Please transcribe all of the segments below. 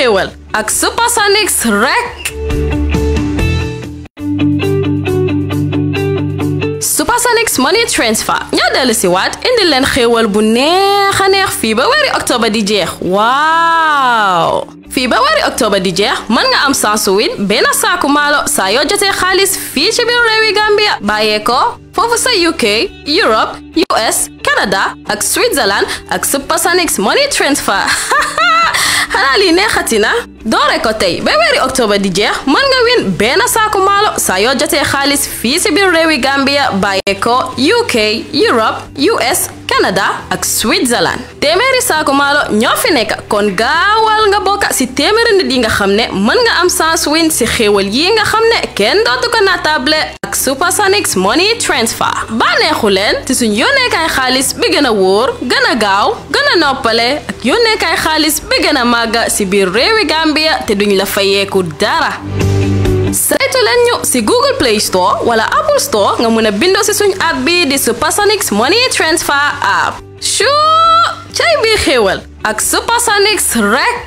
xéewal ak Supersonix rek Supersonix Money Transfer ñoo dellu si waat indi leen xéewal bu neex neex fii ba di jeex waaw fii ba weeri di jeex mën nga am sansu wit benn saaku maalo saa xaalis fii ci biir Gambia bàyyee ko foofu sa UK Europe US Canada ak Switzerland ak Supersonix Money Transfer xanaa lii neexati na doore ko tey ba weeri octobre di jeex mën nga win benn saaku maalo saa xaalis fii si biir réewi Gambia bàyyee UK Europe US Canada ak Switzerland téeméeri saako ñoo fi nekk kon gaawal nga bokka ci téeméeri nit yi nga xam ne mën nga am sans win ci xéewal yi nga xam ne kenn dootu ko naataable ak Supersonix Money Transfer bànneexu leen ci suñ yónneekaay xaalis bi gën a wóor gën a gaaw gën a noppale ak yónneekaay xaalis bi gën màgga màgg ci biir réewi Gambia te duñ la fayeeku dara saytu leen ñu Google Play Store wala Apple Store nga mën a bindoo si suñ app bi di Supersonix Money Transfer app chuu cay ak Supersonix rek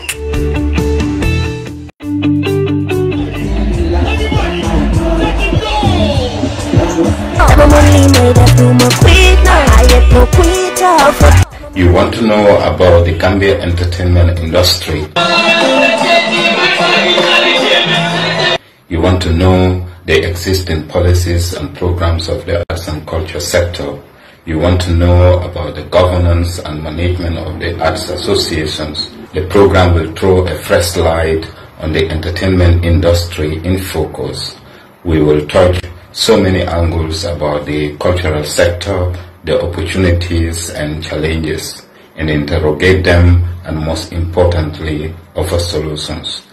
You want to know the existing policies and programs of the arts and culture sector. You want to know about the governance and management of the arts associations. The program will throw a fresh light on the entertainment industry in focus. We will touch so many angles about the cultural sector, the opportunities and challenges, and interrogate them and most importantly, offer solutions.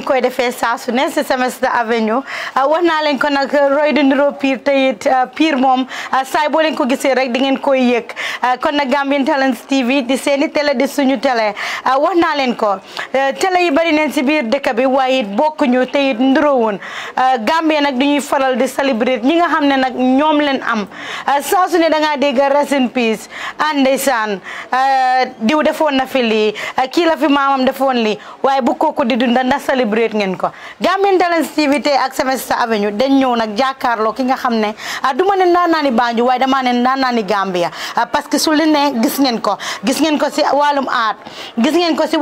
ñu koy defee saa su ne si Semester Avenue ah, wax naa leen ko nag roy du niroo piir te ah, piir moom ah, saay boo leen ko gisee rek di ngeen koy yëg kon nag Gambian Talents TV di seeni télé di suñu télé wax naa leen ko Eh, télé yi bari neen si biir dëkk bi waaye it bokkuñu te it nduroo woon eh, Gambie nag ñuy faral di célébrer ñi nga xam ne nag ñoom leen am eh, saa su ne da ngaa dégg rest in peace ah, ndeysaan diw defoon na fi lii kii la fi maamam defoon lii waaye bu kooku di dunda ndax célébrer ngeen ko Gambian Talents TV tey ak Semester Avenue dañ ñëw nag jàkkaarloo ki nga xam ne ah, du ma ne ndaanaani Banjul waaye damaa ne ndaanaani Gambia ah, parce que su li ne gis ngeen ko gis ngeen ko si wàllum aat gis ngeen ko si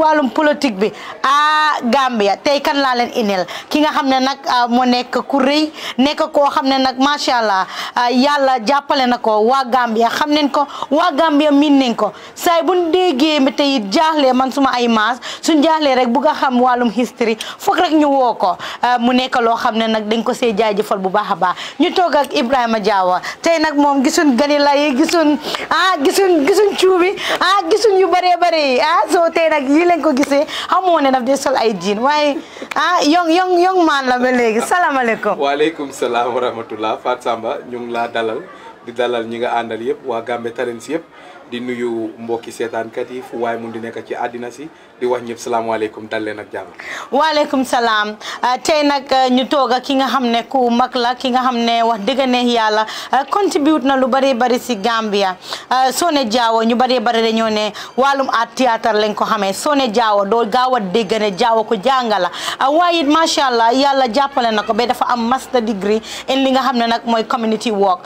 bi ah Gambia tey kan laa leen inel ki nga xam ne nag ah, moo nekk ku rëy nekk koo xam ne nag macha allah ah, yàlla jàppale na ko waa Gambia xam nañ ko waa Gambia miin nañ ko saay buñ déggee ba tey jaaxle man suma ay mas su jaaxlee rek bugg a xam wàllum history foog rek ñu woo ko ah, mu nekk loo xam ne nag dañ ko see jaajëfal bu baax a baax ñu toog ak Ibrahima Jawa tey nag moom gisuñ gani la yi gisuñ ah gisuñ gisuñ cuubi gisuñ yu bëree bëri ah soo tey nag yi lañ ko gisee xamoo ne daf dee sol ay jiin waaye ah yong yong yong maan la ba léegi salaamaaleykum. waaleykum salaam wa rahmatullah Fatou Samba ñu ngi laa dalal di dalal ñi nga àndal yëpp waa Gambian Talents yëpp di nuyu mbokki seetaankat yi fu waaye mu di nekk ci àddina si. di salaamaaleykum dal leen ak jàmm. waaleykum salaam euh, tey nag euh, ñu toog ki nga xam ne ku mag la ki nga xam ne wax dëgg neex yàlla euh, contribute na lu bëree bëri si Gambia Sone Jaawo ñu bëree bëri dañoo ne wàllum art théâtre lañ ko xamee Sone Jaawo doo gaaw a dégg ne Jaawo ko jàngala waaye it macha allah yàlla jàppale na ko be dafa am master degree in li nga xam ne nag mooy community work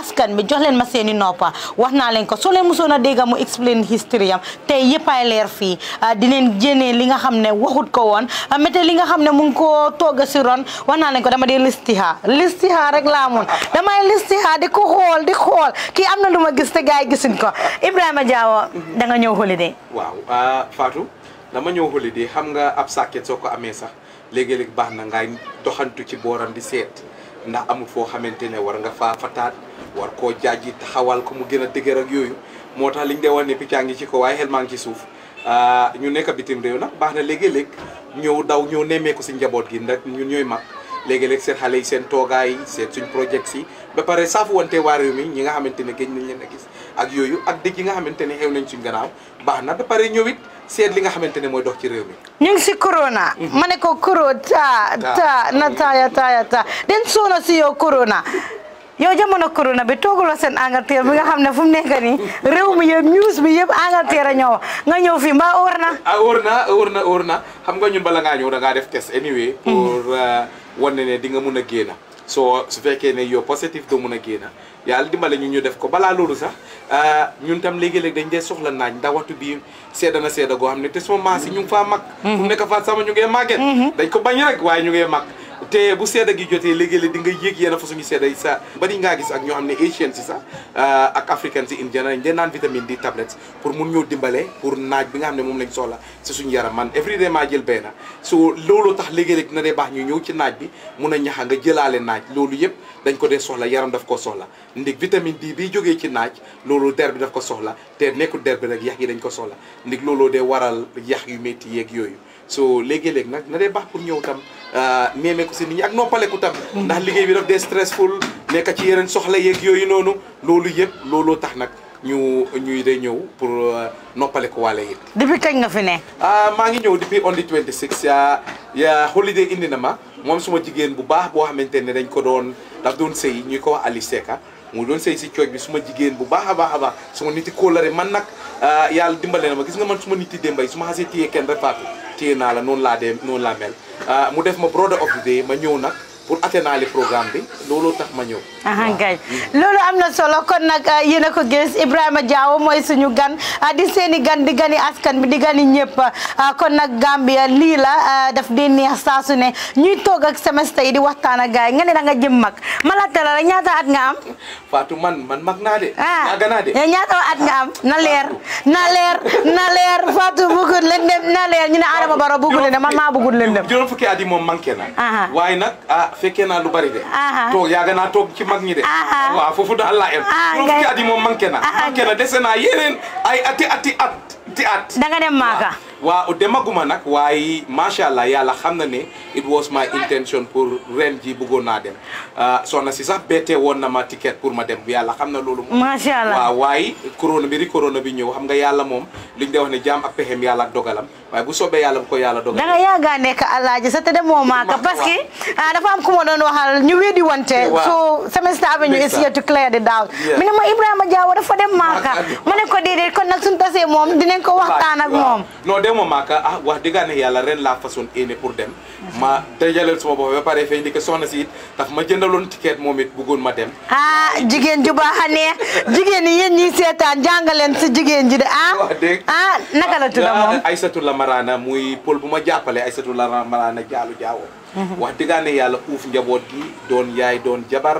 askan bi jox leen ma seeni noppa wax naa leen ko soo leen musoon a dégg mu explain history am tey yëpp ay leer fii. di leen jénee li nga xam ne waxut ko woon ah, mété li nga xam ne mu ngi koo toog a si wax naa leen ko dama dee listiha listiha rek laa mun damay listiha di ko xool di xool kii am na lu ma gis te gars yi ko Ibrahima Jawo da nga ñëw holiday waaw ah, faatu dama ñëw holiday xam nga ab sàkket soo ko amee sax léegi-léegi baax na ngay doxantu ci booram di seet ndax amul foo xamante ne war nga faa fataat war koo jaaji taxawal ko mu gën a dëgër ak yooyu moo tax liñ dee wax ne ngi ci ko waaye xel ngi ci suuf Ah, ñu nekk bitim réew na baax na léegi-léeg ñëw daw ñëw nemmeeku si njaboot gi ndax ñun ñooy mag léegi-léeg seen xale yi seen toogaay seet suñ projets yi ba pare saafu wante waa réew mi ñi nga xamante ne géej nañ leen a gis ak ak dëkk yi nga xamante ne xew nañ suñ gannaaw baax na ba pare ñëw it seet li nga xamante ne mooy dox ci réew mi. ñu ngi si corona. Mhm. ma ne ko corona taa taa na ta taaya taa den soona si yow corona. yow jamono corona bi tooguloo seen Angleterre bi nga xam ne fu mu nekk nii mi yëpp news bi yëpp Angleterre a ñëw nga ñëw fii mbaa óor na. ah óor na óor na na xam nga ñun bala ngaa ñëw da ngaa def test anyway. pour mm. euh, wane ne di nga mun a génn. soo su fekkee ne yow positif doo mun a génn yàlla dimbale ñu ñu def ko balaa loolu sax euh, ñun tam léegi-léeg dañ dee soxla naaj ndax waxtu bi sedda na sedda goo xam ne te ma maas yi ñu ngi faa mag. Mm-hmm. fu mu nekk faa sama ñu ngee màgget. Mm-hmm. dañ ko bañ rek waaye ñu ngee mag. te bu sedda gi jotee léegi-léeg di nga yéeg yenn façon yi sedda yi sa bari nga gis ak ñoo xam ne asian si sax uh, ak africaine si in general dañ naan vitamine D tablets pour mun ñoo dimbale pour naaj bi nga xam ne moom lañ soxla si suñu yaram man every day maa jël benn so loolu tax léegi-léeg na dee baax ñu ñëw ci naaj bi mun a ñaxa nga jëlaale naaj loolu yëpp dañ ko dee soxla yaram daf ko soxla ndig vitamine D bi jógee ci naaj loolu der bi daf ko soxla te nekkul der bi rek yax yi dañ ko soxla ndig looloo dee waral yax yu métti yeeg yooyu so léegi-léeg nag na dee baax pour ñëw tam euh, meemee ko si nit ñi ak ku tam mm. ndax liggéey bi daf dee stressful nekk ci yeneen soxla yéeg yooyu noonu loolu yëpp looloo tax nag ñu ñuy day ñëw pour euh, noppaleku waale it depuis kañ nga fi ne ah, maa ngi ñëw depuis on the 26 ya holiday indi na ma moom suma jigéen bu baax boo xamante ne dañ ko doon daf doon sëy ñuy ko wax Ali Seka mu doon sëy si cooc bi suma jigéen bu baax a baax a baax suma niti kóolare man nag euh, yàlla dimbale na gis nga man suma niti démbay suma xasee téyee kenn refaatu téye naa la noonu laa dee noonu laa mel ah, mu def ma brother of the day ma ñëw na pour atteindre le programme bi lolo tax ma ñëw. ah ngay lolo amna solo kon nak ah, yena ko gess Ibrahima diaw moy suñu gan ah, di seeni gan di gani askan bi di gani ñepp ah, kon nak Gambia li la daf di neex sa su ne ñuy tok ak semestre yi di waxtana ak gars yi nga ne da nga jëm mak mala laajte la ñaata at nga am. Fatou man man mak na de. mag naa de eh, ñaata at nga am na leer na leer na leer Fatou bu ko leen dem na leer ñu ne Adama baro bu ko leen de man ma bu ko leen dem. juróom fukki adi mom moom na. waye nak fekkee naa lu bari de. toog yàgg naa toog ci mag ñi de. a foofu daal laa yem. ah nga fukki at yi moom manqué na. manqué na dese naa yeneen ay ati ati at. ñetti at. danga dem maaka. waaw demaguma nag waaye macha allah yàlla xam na ne it was my intention pour ren ji bëggoon naa dem ah, soxna si sax bettee woon na ma ticket pour ma dem yàlla xam na loolu. macha allah waaw waaye corona bi ri corona bi ñëw xam nga yàlla moom liñ de wax ne jaam a pexem yàlla ak dogalam waaye bu soobee yàlla bu ko yàlla dogal. danga yaaga nekk alaaji sa te demoo maaka. parce que ah, dafa am ku ma doon waxal ñu weddi wante. waaw so semester avenue is here to clear the doubt. mi ne ko waxtaan ak moom non de moom maaka ah wax dëgg ne yàlla ren la façon éene pour dem ma dajaleel suma bopp ba pare fay ndike soxna si it daf ma jëndaloon ticket moom it bëggoon ma dem ah jigéen ju baax a neex jigéen ñi yéen ñiy seetaan jàngaleen si jigéen ji de ah ah naka la tudd ah, moom Aysatu la Marana muy pol bu ma jàppale ay la Marana jaalu jaawo mhm. wax dëgg ne yàlla uuf njaboot gi doon yaay doon jabar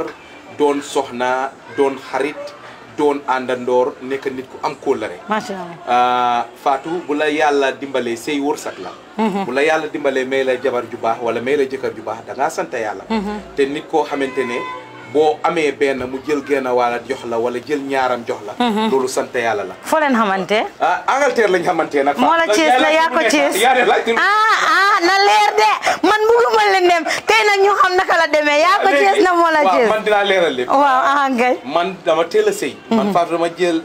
doon soxna doon xarit doon àndandoor nekk nit ku am kóllëre. macha allah ah, Fatou bu la yàlla dimbalee say wërsat la. Mm-hmm. bu la yàlla dimbalee may la jabar ju baax wala may la jëkkër ju baax da ngaa mm-hmm. nit koo xamante boo amee benn mu jël genn wàll jox la wala jël ñaaram jox la. Mhm. loolu sant yàlla la. foo leen xamante. ah Angleterre lañ xamante nag. moo la Thiès la yaa ah, ah, na leer de na moo la man dinaa leeral lépp. waaw ah man dama teel a sëy. man mhm. Fatou dama jël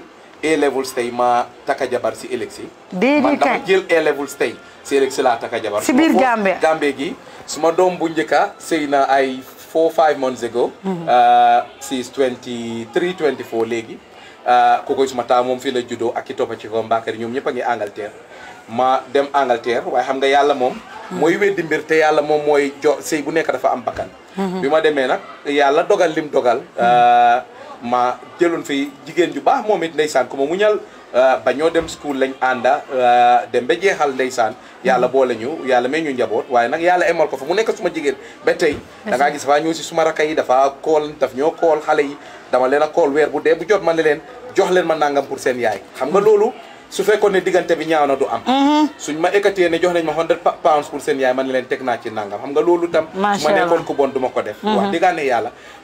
A levels tey ma takka jabar si Elexi. déedéet man dama jël A jabar. si biir Gambie Gambie suma doom bu njëkka sëy na ay. four five months ago. Mm-hmm. Uh, since twenty three twenty four léegi. kooku uh, suma ta moom fii la juddoo ak ki a ci ko Mbakari ñoom ñëpp a ngi Angleterre ma dem Angleterre waaye xam nga yàlla moom. Mm-hmm. mooy weddi mbir te yàlla moom mooy jo sëy bu nekk dafa am bakkan. Mm-hmm. bi ma demee nag yàlla dogal lim dogal. Uh, ma jëloon fi jigéen ju baax moom it ndeysaan ku ma muñal. Euh, ba ñoo dem school lañ ànda euh, dem ba jeexal ndeysaan yàlla mm-hmm. boole ñu yàlla may ñu njaboot waaye nag yàlla emal ko fa mu nekk suma jigéen ba tey da ngaa gis dafaa ñëw si suma rakka yi dafa kool daf ñoo kool xale yi dama leen a kool weer bu dee bu jot ma ne leen jox leen ma nangam pour seen yaay xam nga mm-hmm. loolu su fekkoon ne diggante bi ñaaw na du am mm-hmm. suñ ma ekkatee ne jox nañ ma hundred pounds pour seen yaay ma ne leen teg naa ci nangam xam nga loolu tam su ma nekkoon ku bon ma ko def wax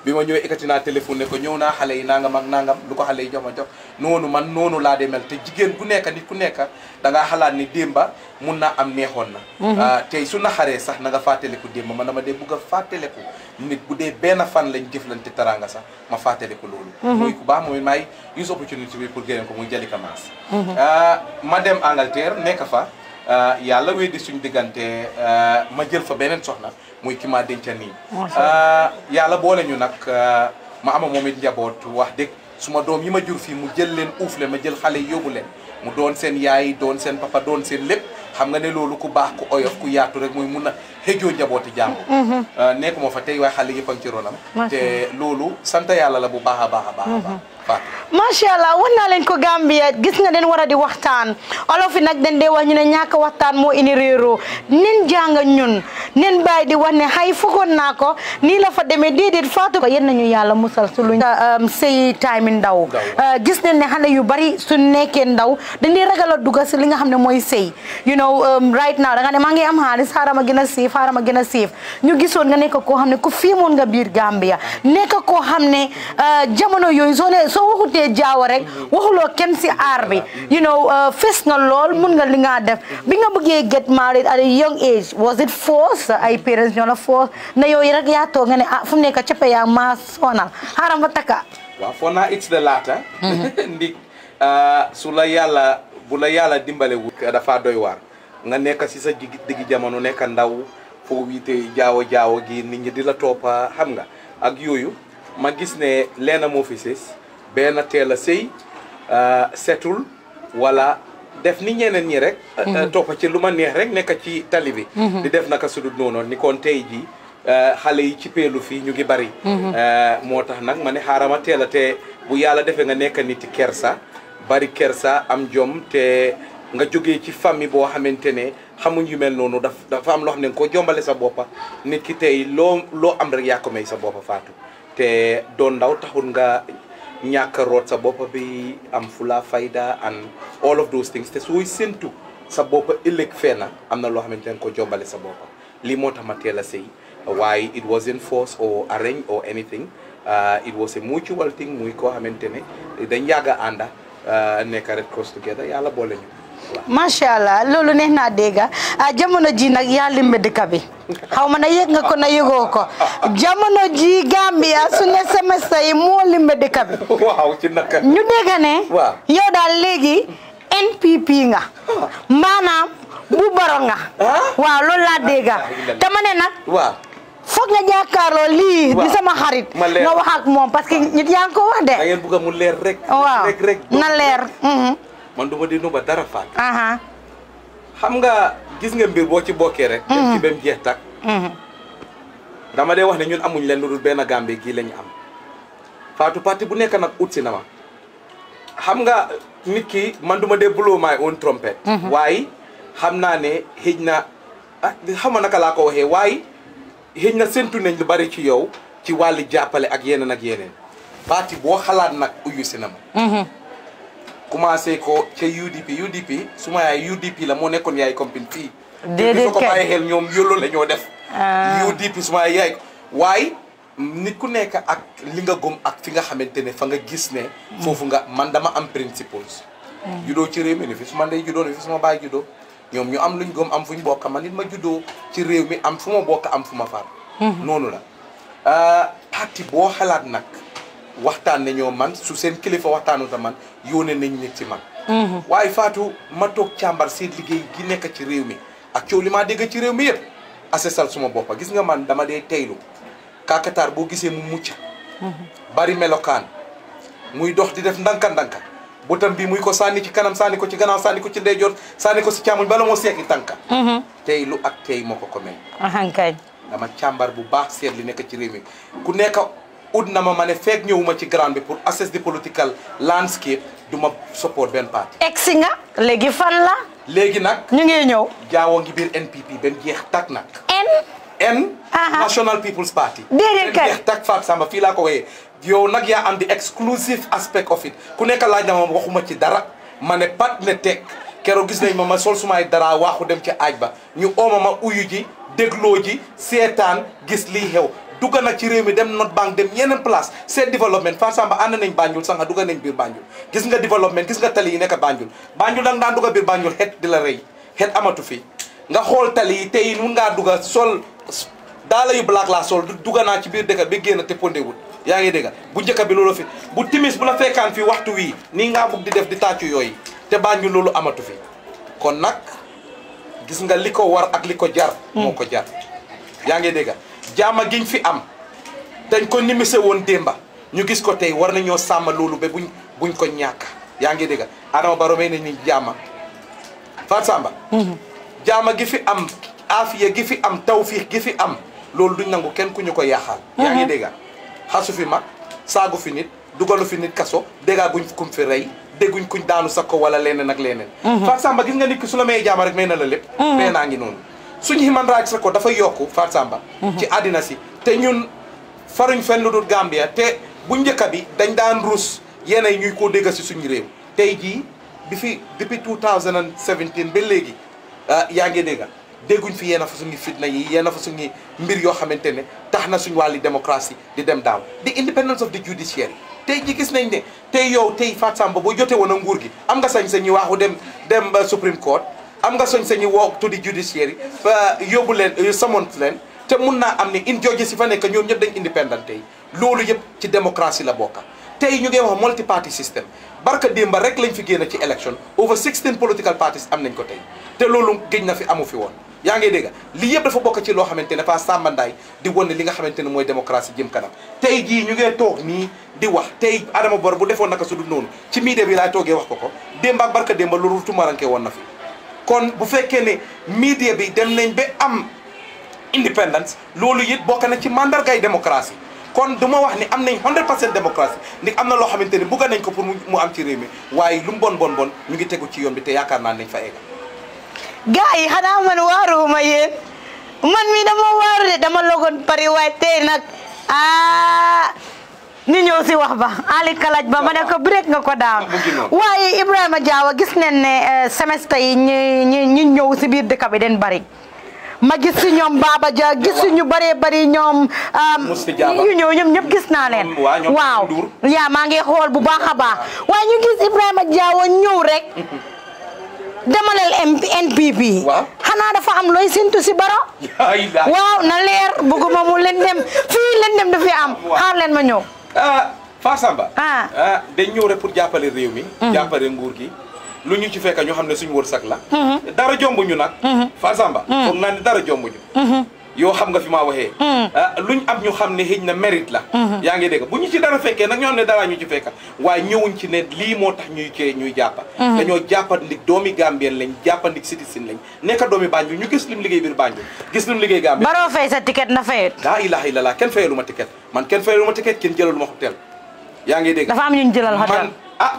bi ma ñëwee ekkati naa téléphone ne ko ñëw naa xale yi nangam ak nangam lu ko xale yi jox ma jox noonu man noonu laa demel te jigéen bu nekk nit ku nekk da ngaa xalaat ni démba mun na am neexoon na mhm. ah, tey su naxaree sax na nga fàttaliku démba man dama dee bugg a fàttaliku nit bu dee benn fan lañ jëflante taranga sax ma fàttaliku loolu muy mhm. ku baax mooy maay use opportunité bi pour gërëm ko muy Jalika Maas mhm. ah, ma dem Angleterre nekk fa ah, yàlla wéy di suñ diggante ma jël fa beneen soxna muy ki ma dencal nii. Ah, yàlla boole ñu nag ah, ma ama moom it njaboot wax dëgg suma doom yi ma jur fii mu jël leen uuf le ma jël xale yóbbu leen mu doon seen yaay doon seen papa doon seen lépp xam nga ne loolu ku baax ku oyof ku yaatu rek mooy mun na xëjoo njabooti jàmbur mm-hmm. euh, nekk moo fa tey waaye xale yëpp a ngi ci ronam te loolu sant yàlla la bu baax a baax a baax mm-hmm. macha allah wax naa leen ko Gambia gis nga den war a di waxtaan olof yi nag den de wax ñu ne ñàkk waxtaan moo indi réeroo nen jàng ñun nen bàyyi di wax ne xay fogoon naa ko nii la fa demee déedéet faatu ko yéen nañu yàlla musal su luñ euh, euh, sëy time ndaw gis nañ ne xale yu bari su nekkee ndaw dañ dee ragal a dugg si li nga xam ne mooy sëy you know um, right now da nga ne maa ngi am xaalis xaaral ma xaaral ma gën a siif ñu gisoon nga nekk koo xam ne ku fiimoon nga biir Gambia nekk koo xam ne euh, jamono yooyu soo ne soo waxutee jaawa rek waxuloo kenn si aar bi you know euh, fes nga lool mun nga li nga def bi nga bëggee get married at a young age was it force ay parents ñoo la force na yow rek yaa toog nga ne ah fu mu nekk cappe yaa maa sonal xaaral ma takka waaw foo naa it's the latter mm-hmm. ndik euh, su la yàlla bu la yàlla dimbale wut dafa doy waar nga nekk si sa digg jamono nekk ndaw foowiite jaaw a jaaw ji nit ñi di la toppa xam nga ak yooyu ma gis ne leena moo fi sës benn teel a sëy euh, setul wala def ni ñeneen ñi rek mhm. euh, toppa ci lu ma neex rek nekk ci tali bi mhm. di def naka sudut noonu ni kon tey ji euh, xale yi ci pelu fii ñu ngi bari mhm. moo tax nag ma ne xaaral ma teel a te bu yàlla defee nga nekk nit kersa bari kersa am jom te nga jógee ci famille boo xamante ne xamuñ yu mel noonu daf dafa am loo xam ne nga ko jombale sa boppa nit ki tey loo loo am rek yaa ko may sa boppa faatu te doon ndaw taxul nga ñàkk root sa boppa bi am fula fayda and all of those things te sooy séntu sa boppa ëllëg feena am na loo xamante ne ko jombale sa boppa lii moo tax ma teel a sëy waaye it wasn't forced or arranged or anything uh, it was a mutual thing muy koo xamante ne dañ yàgg a ànda uh, nekk Red Cross together yàlla boole macha allah loolu na dega. dégg ah jamono ji nag ya limbe dëkk bi xaw na yëg nga ko na yego ko jamono ji Gambia ah, su ne semestre yi limbe waaw ci ñu dega ne. yow dal legi NPP nga mana bu baro nga. waaw loolu laa dégg te ma ne waaw. foog nga di sama xarit nga wax ak parce que ko wax de. da ngeen mu leer rek. rek rek na leer. Mm-hmm. man duma di nuba dara faat xam nga gis nga mbir boo ci bokkee rek mm-hmm. def ci ba jeex tak mm-hmm. dama dee wax ne ñun amuñ leen lu dul benn Gambie gii lañu am faatu parti bu nekk nag ut si na ma xam nga nit ki man duma dee blow my own mm-hmm. waaye xam naa ne xëj na ah xam nga naka laa ko waxee waaye xëj na séntu nañ lu bari ci yow ci wàllu jàppale ak yeneen ak yeneen parti boo xalaat nag uyu si na commencé ko ca UDP UDP su ma yaay UDP la moo nekkoon yaay compil fii. déedéet soo ko bàyyi xel ñoom yollo lañoo def. Ah. UDP su ma yaay waaye nit ku nekk ak li nga gëm ak fi nga xamante ne fa nga gis ne. foofu nga man dama am principles. Hmm. juddoo ci réew mi ne fi su ma ndey juddoo ne fi su ma baay juddoo ñoom ñu am luñ gëm am fu fuñ bokk man nit ma juddoo ci réew mi am fu ma bokk am fu ma far. Hmm. noonu la ah, parti boo xalaat nag. waxtaan ne nyoman man su seen kilifa waxtaanu ta man yónnee nañ nit ci man mhm. waaye Fatou ma toog càmbar seet liggéey gi nekk ci mi ak li ci mi asesal suma bopak gis nga man dama dee teylu kaakataar boo gisee mu mucc mhm. bari melokaan muy dox di def ndankan ndanka botam bi muy ko sànni ci kanam sànni ko ci gannaaw sànni ko ci ndeyjoor sànni ko si càmmoñ bala moo seeki mhm. ak tey moko ko ko may dama chambar bu baax seet li nekk ci réew ku ut na ma ma ne feeg ñëwuma ci ground bi pour assess the political landscape du ma support benn parti. egsi nga léegi fan la. léegi nag. ñu ngi ñëw. jaawoo ngi biir NPP benn jeex tak nag. N. N. National People's Party. déedéet kay jeex tak Fatou Samba fii laa ko wooyee. yow nag yaa am di exclusive aspect of it ku nekk laaj na ma waxuma ci dara ma ne pat ne teg keroog gis nañ ma ma sol sumaay dara waaxu dem ci aaj ba ñu ooma ma uyu ji dégloo ji seetaan gis lii xew. duga nak ci réew mi dem note Bank dem yeneen place c'est développement Far Samba and nañ Banjul sanga duga nañ bir Banjul gis nga développement gis nga tali yi nek Banjul Banjul dang dan duga bir Banjul het di la rëy amatu fi nga xol tali yi tey mun sol dala yu black la sol duga na ci bir deka yang gene te pondewul ya ngi dega bu njëkk bi loolu fi bu timis bu la fekkan fi waxtu wi ni nga di def di tàccu yoy te Banjul lolo amatu fi kon nak gis nga liko war ak liko jar moko jar ya ngi dega jaama giñ fi am dañ ko nimisee woon démba ñu gis ko tey war nañoo sàmm loolu ba buñ ko ñàkk yaa ngi dégg Adama Barrow may ne ni jaama Fatou Samba mhm. jaama gi fi am aafiya gi fi am tawfiix gi fi am loolu duñ nangu kenn ku ñu ko yaaxaal yaa ngi mhm. dégg xasu fi mag saagu fi nit dugalu fi nit kaso déggaa guñ kum fi rey dégguñ kuñ daanu sakko wala leneen ak leneen mhm. Fatou Samba gis nga nit su la mayee jaama rek may na la lépp mais naa ngi noonu suñu human rights ko dafa yokku Fatou Samba ci àddina si te ñun faruñ fenn lu dul Gambia te bu njëkka bi dañ daan ruus yeneen ñuy ko dégg si suñu réew tey jii bi fi depuis 2017 ba léegi ah, yaa ngi dégg dégguñ fi yenn fa suñu fitna yi yenn fa suñu mbir yoo xamante ne tax na suñu wàlli démocratie di dem daaw di independence of the judiciary tey ji gis nañ ne tey yow tey Fatou Samba boo jotee woon a nguur gi am nga sañ-sañ ñu waaxu dem dem Supreme Court am nga sañ-sañi woo tuddi judiciaire yi yóbbu leen euh, samont leen te mun naa am ni in jooju si fa nekk ñoom ñëpp dañ indépendant tey loolu yëpp ci démocratie la bokka tey ñu ngi wax multi party system barka démba rek lañ fi génn ci élection over 16 political parties am nañ ko tey te loolu géej na fi amu fi woon yaa ngi dégg li yëpp dafa bokk ci loo xamante ne dafa sàmmandaay di wane li nga xamante ne mooy démocratie jëm kanam tey jii ñu ngee toog nii di wax tey Adama Barrow bu defoon naka su dul noonu ci media bi laay toogee wax ko ko démba ak barka démba loolu tumaranke woon na fi kon bu fekkee ne média bi dem nañ ba am indépendance loolu it bokk na ci mandargay démocratie kon du wax ni am nañ 100% démocratie ndi am na loo xamante ni bugga nañ ko pour mu am ci réew waaye lu mu bon bon bon ñu ngi tegu ci yoon bi te yaakaar naa nañ fa egg. gars yi xanaa man waaruma yéen man mi dama waaru de dama logoon pare waaye tey nag ah. ñu ñëw si wax ba Ali Kalaj ba ma ne ko break nga ko daan waaye Ibrahima Diawa gis neen ne eh, semestre yi ñu ñu ñëw si biir dëkk bi den bari ma gis si ñoom Baba Dia gis si ñu bëree bëri ñoom. ñu ñëw ñoom ñëpp gis naa leen. waaw yaa maa ngi xool bu baax a baax waaye ñu gis Ibrahima Diawa ñëw rek. demaleel NPP. xanaa dafa am looy sintu si baro. waaw na leer bëgguma mu leen dem fii leen dem dafay am xaar leen ma ñëw. ah Far Samba. Ah. ah dañ ñëw rek pour jàppale réew mi. Mhm. jàppale nguur gi. lu ñu ci fekk ñu xam ne suñu wërsëg la. Mhm. dara ñu nag. Mhm. Far Samba. foog naa ne dara jombuñu. yoo xam nga fi maa waxee hmm. ah, luñ am ñu xam ne xëy na mérite la hmm. yaa ngi dégg bu ñu ci dara fekkee nag ñoo xam ne dara ñu ci fekka waaye ñëwuñ ci ne lii moo tax ñuy cee ñuy jàppa hmm. dañoo jàppandik doomi Gambien lañ jàppandik citizen lañ nekk doomi Banjul ñu gis lim liggéey biir Banjul gis lim liggéey Gambien baroo fay sa ticket na fayet la ilaha illallah kenn fayalu ma ticket man kenn fayalu ma ticket kenn jëlalu ma hôtel yaa ngi dégg dafa am ñu jëlal hôtel ah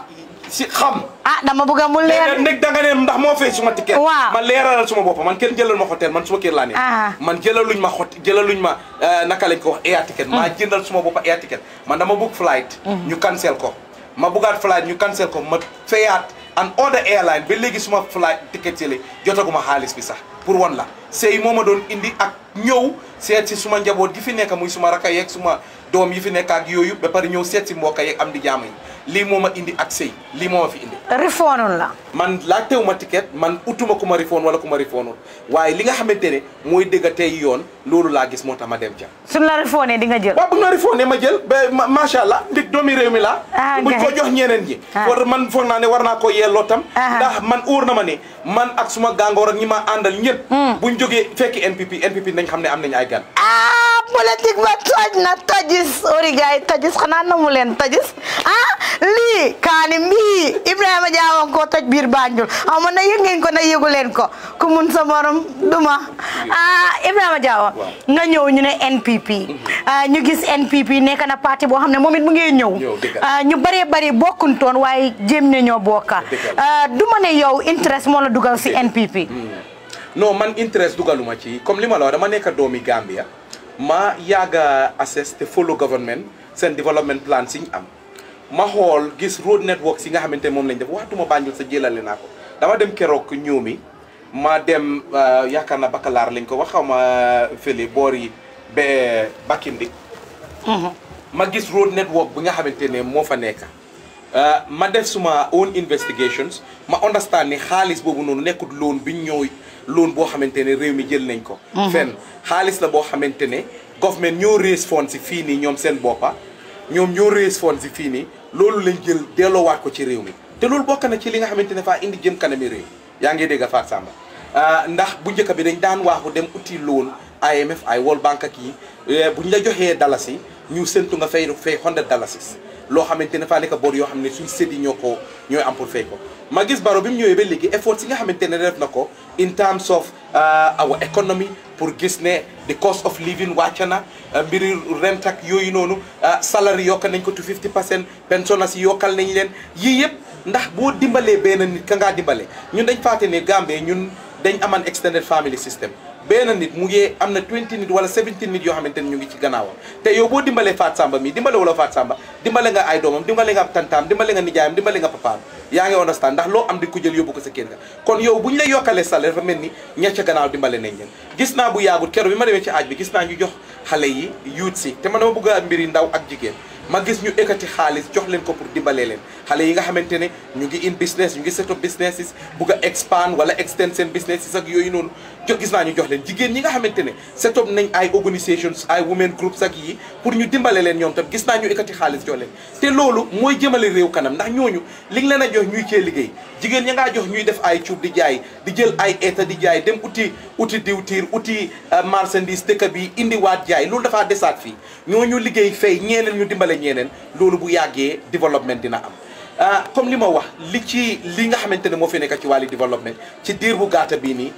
si xam ah dama bëgg mu leer nek da nga ne ndax moo fee suma ticket ma leeralal suma bopp man kenn jëlal ma hôtel man suma kër laa ne ah. man jëlaluñ ma hôtel jëlaluñ ma eh, naka lañ ko wax air ticket mm. maa jëndal suma bopp air ticket man dama bëgg mm. flight ñu cancel ko ma bëggaat flight ñu cancel ko ma feyaat an other airline ba léegi suma flight ticket yi jotaguma xaalis bi sax pour wan la sey moo ma doon indi ak ñëw seet si suma njaboot gi fi nekk muy suma raka yeeg suma doom yi fi nekk ak yooyu ba pare ñëw seet si mbokk yeeg am di jaam yi lii moo ma indi ak sëy lii moo ma fi indi. rifoonul la. man laa teew ma ticket man utuma ku ma rifoon wala ku ma rifoonul waaye li nga xamante ne mooy dëgg tey yoon loolu laa gis moo tax ma dem ca. suñ la rifoonee di nga jël. waaw bu ñu ma jël ba macha allah ndig doomi réew mi la ah buñ ko jox ñeneen ñi. war ah. man foog naa ne war naa ko yelloo tam. Ah. ndax man uur na ma ne man ak suma gàngoor ak ñi ma àndal bu hmm. buñ jógee fekki NPP NPP nañ xam ne am nañ ay gan. Ah. waa politique ba toj na tojis ori gars yi tojis xanaa na mu leen tojis ah lii kaani mbii Ibrahima Diawo ko toj biir Banjul xam ma na yëg ngeen ko na yëgu leen ko ku mun sa morom duma ah Ibrahima Diawo nga ñëw ñu ne NPP mhm. ah, ñu gis NPP nekk na parti boo xam ne moom it mu ngi ñëw ah, ñu bëree bëri bokkuntoon waaye jéem ne ñoo bokka ah, du ma ne yow interest moo la dugal si NPP hmm. non man interest dugaluma ci comme li ma la wax dama nekk doomi Gambia ma yàgga assess te follow government seen development plan si ñu am ma xool gis road network si nga xamante ne moom lañ def waxtuma Banjul sa jëlale naa ko dama dem keroog ñëw mi ma dem euh, yaakaar na bakalaar lañ ko wax xaw ma euh, boor yi ba Bakindi mhm. ma gis road network bi nga xamante ne moo fa nekk euh, ma def suma own investigations ma understand ni xaalis boobu noonu nekkut loon bi ñëw loan boo xamante ne réew mi jël nañ ko. Mhm. fenn xaalis la boo xamante ne government ñoo raise fonds si fii nii ñoom seen boppa ñoom ñoo raise fonds si fii nii loolu lañ jël delloowaat ko ci réew mi te loolu bokk na ci li nga xamante ne faa indi jëm kanami réew yaa ngi dégg Fatou Samba ah, ndax bu njëkk bi dañ daan waaxu dem uti loan IMF ay World Bank ak yi eh, bu ñu la joxee yi ñu séntu nga fay fay hundred dalasis loo xamante ne faa nekk bor yoo xam ne suñ séddi ñoo ko ñooy am pour fay ko ma gis baro bi mu ñëwee ba léegi effort si nga xamante ne def na ko in terms of uh, our economy pour gis ne the cost of living wàcc na uh, mbiri rent ak yooyu noonu uh, salary yokkal nañ ko to 50 percent pension si yokkal nañ leen yii yëpp ndax boo dimbale benn nit ka ngaa dimbale ñun dañ fàtte ne Gambie ñun dañ aman extended family system benn nit mu ngi am na 20 nit wala 17 nit yoo xamante ñu ngi ci gannaawam te yow boo dimbalee Fatou Samba mi dimbale wala Fatou Samba dimbale ay doomam dimbale nga tantaam dimbale nga nijaayam dimbale nga papaam yaa ngi understand ndax loo am di ko jël yóbbu ko sa kër ga kon yow bu ñu lay yokkalee salaire dafa mel ni ña ca gannaaw dimbale nañ leen gis naa bu yaagut keroog bi ma demee ci aaj bi gis naa ñu jox xale yi yuut si te ma dama bëgg a mbiri ndaw ak jigéen ma gis ñu ekkati xaalis jox leen ko pour dimbalee leen xale yi nga xamante ne ñu ngi in business ñu ngi set up businesses bugg a expand wala extend seen businesses ak yooyu noonu jox gis naa ñu jox leen jigéen ñi nga xamante ne set up nañ ay organisations ay women groups ak yi pour ñu dimbale leen ñoom tam gis naa ñu ekkati xaalis jox leen te loolu mooy jëmale réew kanam ndax ñooñu li nga leen a jox ñuy cee liggéey jigéen ñi ngaa jox ñuy def ay cuub di jaay di jël ay eeta di jaay dem uti uti diwtiir uti euh, marchandise dëkk bi indiwaat jaay loolu dafaa desaat fii ñooñu liggéey fay ñeeneen ñu dimbale ñeeneen loolu bu yàggee développement dina am euh, comme li ma wax li ci li nga xamante ne moo fi nekk ci wàllu développement ci diir bu gàtta bii nii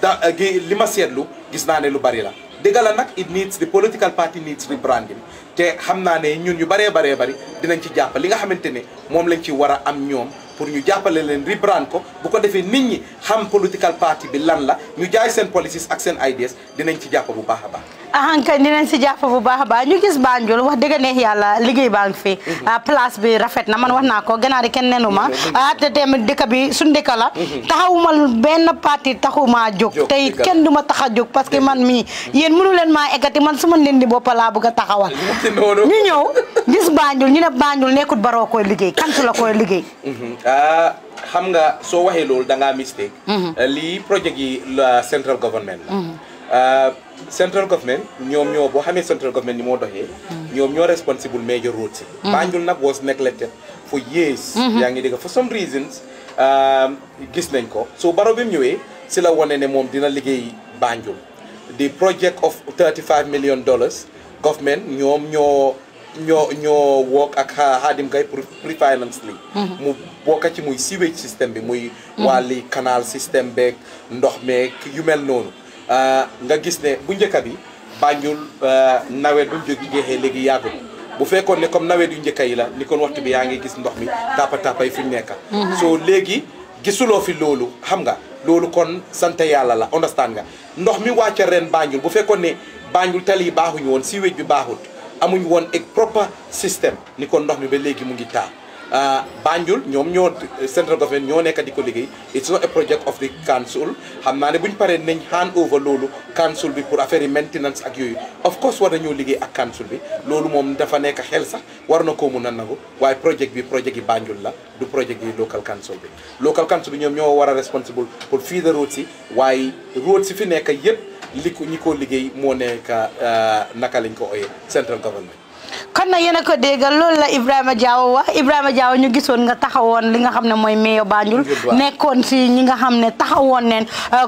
da eh, li ma seetlu gis naa ne lu bari la dëgg la nag it needs the political party needs rebranding te xam naa ne ñun ñu bëree baree bari dinañ ci jàpp li nga xamante ne moom lañ ci war a am ñoom pour ñu jàppale leen rebrand ko bu ko defee nit ñi xam political party bi lan la ñu jaay seen policies ak seen ideas dinañ ci jàpp bu baax a baax Ah, ni dinañ ci jaffa bu baax ba ñu gis Banjul wax dëgg neex yalla liggey baang fi mhm. ah, place bi rafet na man wax na ko ganaari kenn nenu ma mhm. ah, te tamit dëkk bi suñ dekk la mhm. taxawuma ben parti taxuma juk tay kenn duma ma juk parce que man mi yeen mënu len ma égati man suma len di boppa laa bëgg taxawal ñu ñew gis Banjul ñu ne Banjul nekkut baro koy liggéey kantu la koy liggéey xam nga so waxee loolu da nga mistake li projet yi central government la central government ñoom ñoo boo xamee central government ni moo doxee mm. ñoom ñoo responsible major roads yi mm. Banjul nag was neglected for years mm-hmm. yaa ngi dégg for some reasons um, gis nañ ko so baro bi mu ñëwee si la wane ne moom dina liggéey Banjul di project of 35 million dollars government ñoom ñoo ñoo ñoo wook ak Hadim Gay pour pre-finance lii mm-hmm. mu bokka ci muy sewage system bi muy mm-hmm. wàlli canal system beeg ndox meeg yu mel noonu Euh, nga gis ne bu njëkka bi Banjul euh, nawet bu jóg jeexee léegi yàggul bu fekkoon ne comme nawet yu njëkka yi la ni kon waxtu bi yaa ngi gis ndox mi tàppa tàppa yi fi mu nekk mhm. soo léegi gisuloo fi loolu xam nga loolu kon sant yàlla la understand nga ndox mi wàcce ren Banjul bu fekkoon ne Banjul tali yi baaxuñu woon si wéj bi baaxut amuñ woon ak proper système ni kon ndox mi ba léegi mu ngi taa Euh, Banjul ñoom ñoo central government ñoo nekka di ko liggéey it's not a project of the council xam naa ne bu ñu paree nañ hand over loolu council bi pour affaire yi maintenance ak yooyu of course war nañoo liggéey ak council bi loolu moom dafa nekk xel sax war na ko mun a nangu waaye project bi project yi Banjul la du project yi local council bi local council bi ñoom ñoo war a responsible pour fii de road si waaye road si fi nekk yëpp li ko ñi ko liggéey moo nekk euh, naka lañ ko ooyee central government kon nag yéen a ko déggal loolu la Ibrahima Diawo wax Ibrahima Diawo ñu gisoon nga taxawoon li nga xam ne mooy meeyo Banjul nekkoon si ñi nga xam ne taxawoon nen euh,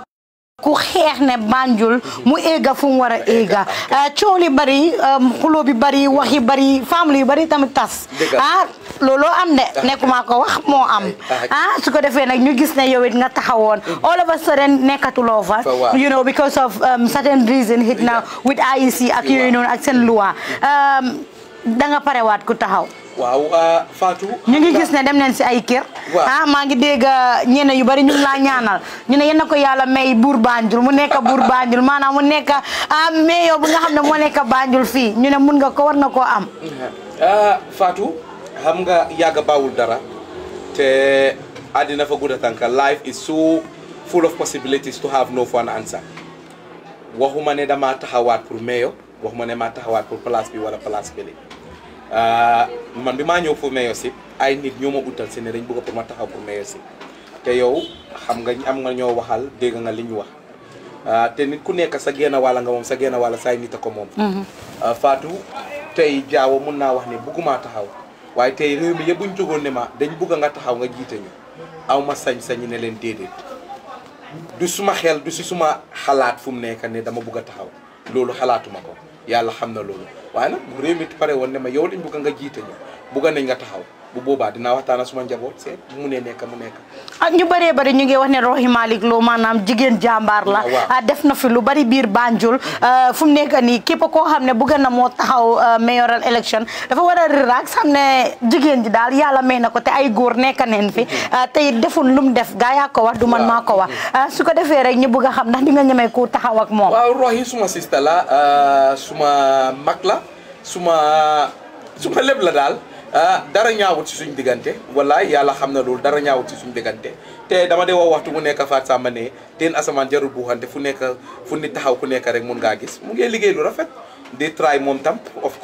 ku xeex ne Banjul mu éega fu mu war a éega euh, coow bari euh, xuloo bi bari wax bari famille yi bari tamit tas ah am de nekkuma ko wax moo am ah su ko defee nag ñu gis ne yow it nga taxawoon mm-hmm. all of a sudden nekkatuloo fa you know because of um, certain reason hit na with IEC ak yooyu noonu ak seen loi mm-hmm. um, da nga parewaat ku taxaw waaw Fatou. ñu ngi gis ne dem nañ si ay kër. ah maa ngi dégg ah, ñenn yu bari ñu ngi ñaanal ñu ne yéen a ko yàlla may buur Banjul mu nekk buur Banjul maanaam mu nekk ah meeyoo bi nga xam ne moo nekk Banjul fii ñu ne mun nga ko war na koo am. Ah, Fatou xam nga yàgg baawul dara te addina fa gudd a tànk life is so full of possibilities to have no one answer waxuma ne damaa taxawaat pour meeyoo waxuma ne maa taxawaat pour place bi wala place bi Euh, man bi maa ñëw pour mayor si ay nit ñoo ma utal si ne dañ bëgg pour taxaw pour mayor si te yow xam nga am nga ñoo waxal dégg nga li ñu wax euh, te nit ku nekk sa genn wàll nga moom sa genn wàll saay nit a ko moom mhm. euh, Fatou tey jaawo mun naa wax ne bëgguma taxaw waaye tey réew mi ñu jógoon ne ma dañ bëgg nga taxaw nga jiite ñu aw ma sañ-sañ ne leen déedéet du suma xel du si suma xalaat fu mu nekk ne dama bëgg a taxaw loolu xalaatuma ko yàlla xam na loolu waaye nag bu réew mi pare woon ne ma yow lañ bugg nga jiite ñu bugg nañ nga taxaw bu boobaa dinaa waxtaan suma njaboot seet bu mu nee nekk mu nekk. ak ah, ñu bëree bëri ñu ngi wax ne Rohey Malick Lowe maanaam jigéen jàmbaar la. Ah, ah, def na fi lu bari biir Banjul. fu mu nekk nii képp koo xam ne bëgg na moo taxaw mayoral election dafa war a relax xam ne jigéen ji daal yàlla may na ko te ay góor nekk neen fi mm-hmm. tey deful lu mu def gaa ya ko wax du man maa ko wax. Mm-hmm. su ko defee rek ñu bëgg a xam ndax di nga ñemee ku taxaw ak moom. waaw Rohey suma sista la suma mag la suma suma la daal. ah dara ñaawut ci suñ diggante wala yàlla xam na loolu dara ñaawut ci suñ diggante te dama de wax waxtu mu nekk Fatou Samba ne teen asamaan jarul buuxante fu nekk fu nit taxaw ku nekk rek mun ngaa gis mu ngi liggéey lu rafet di try moom tam of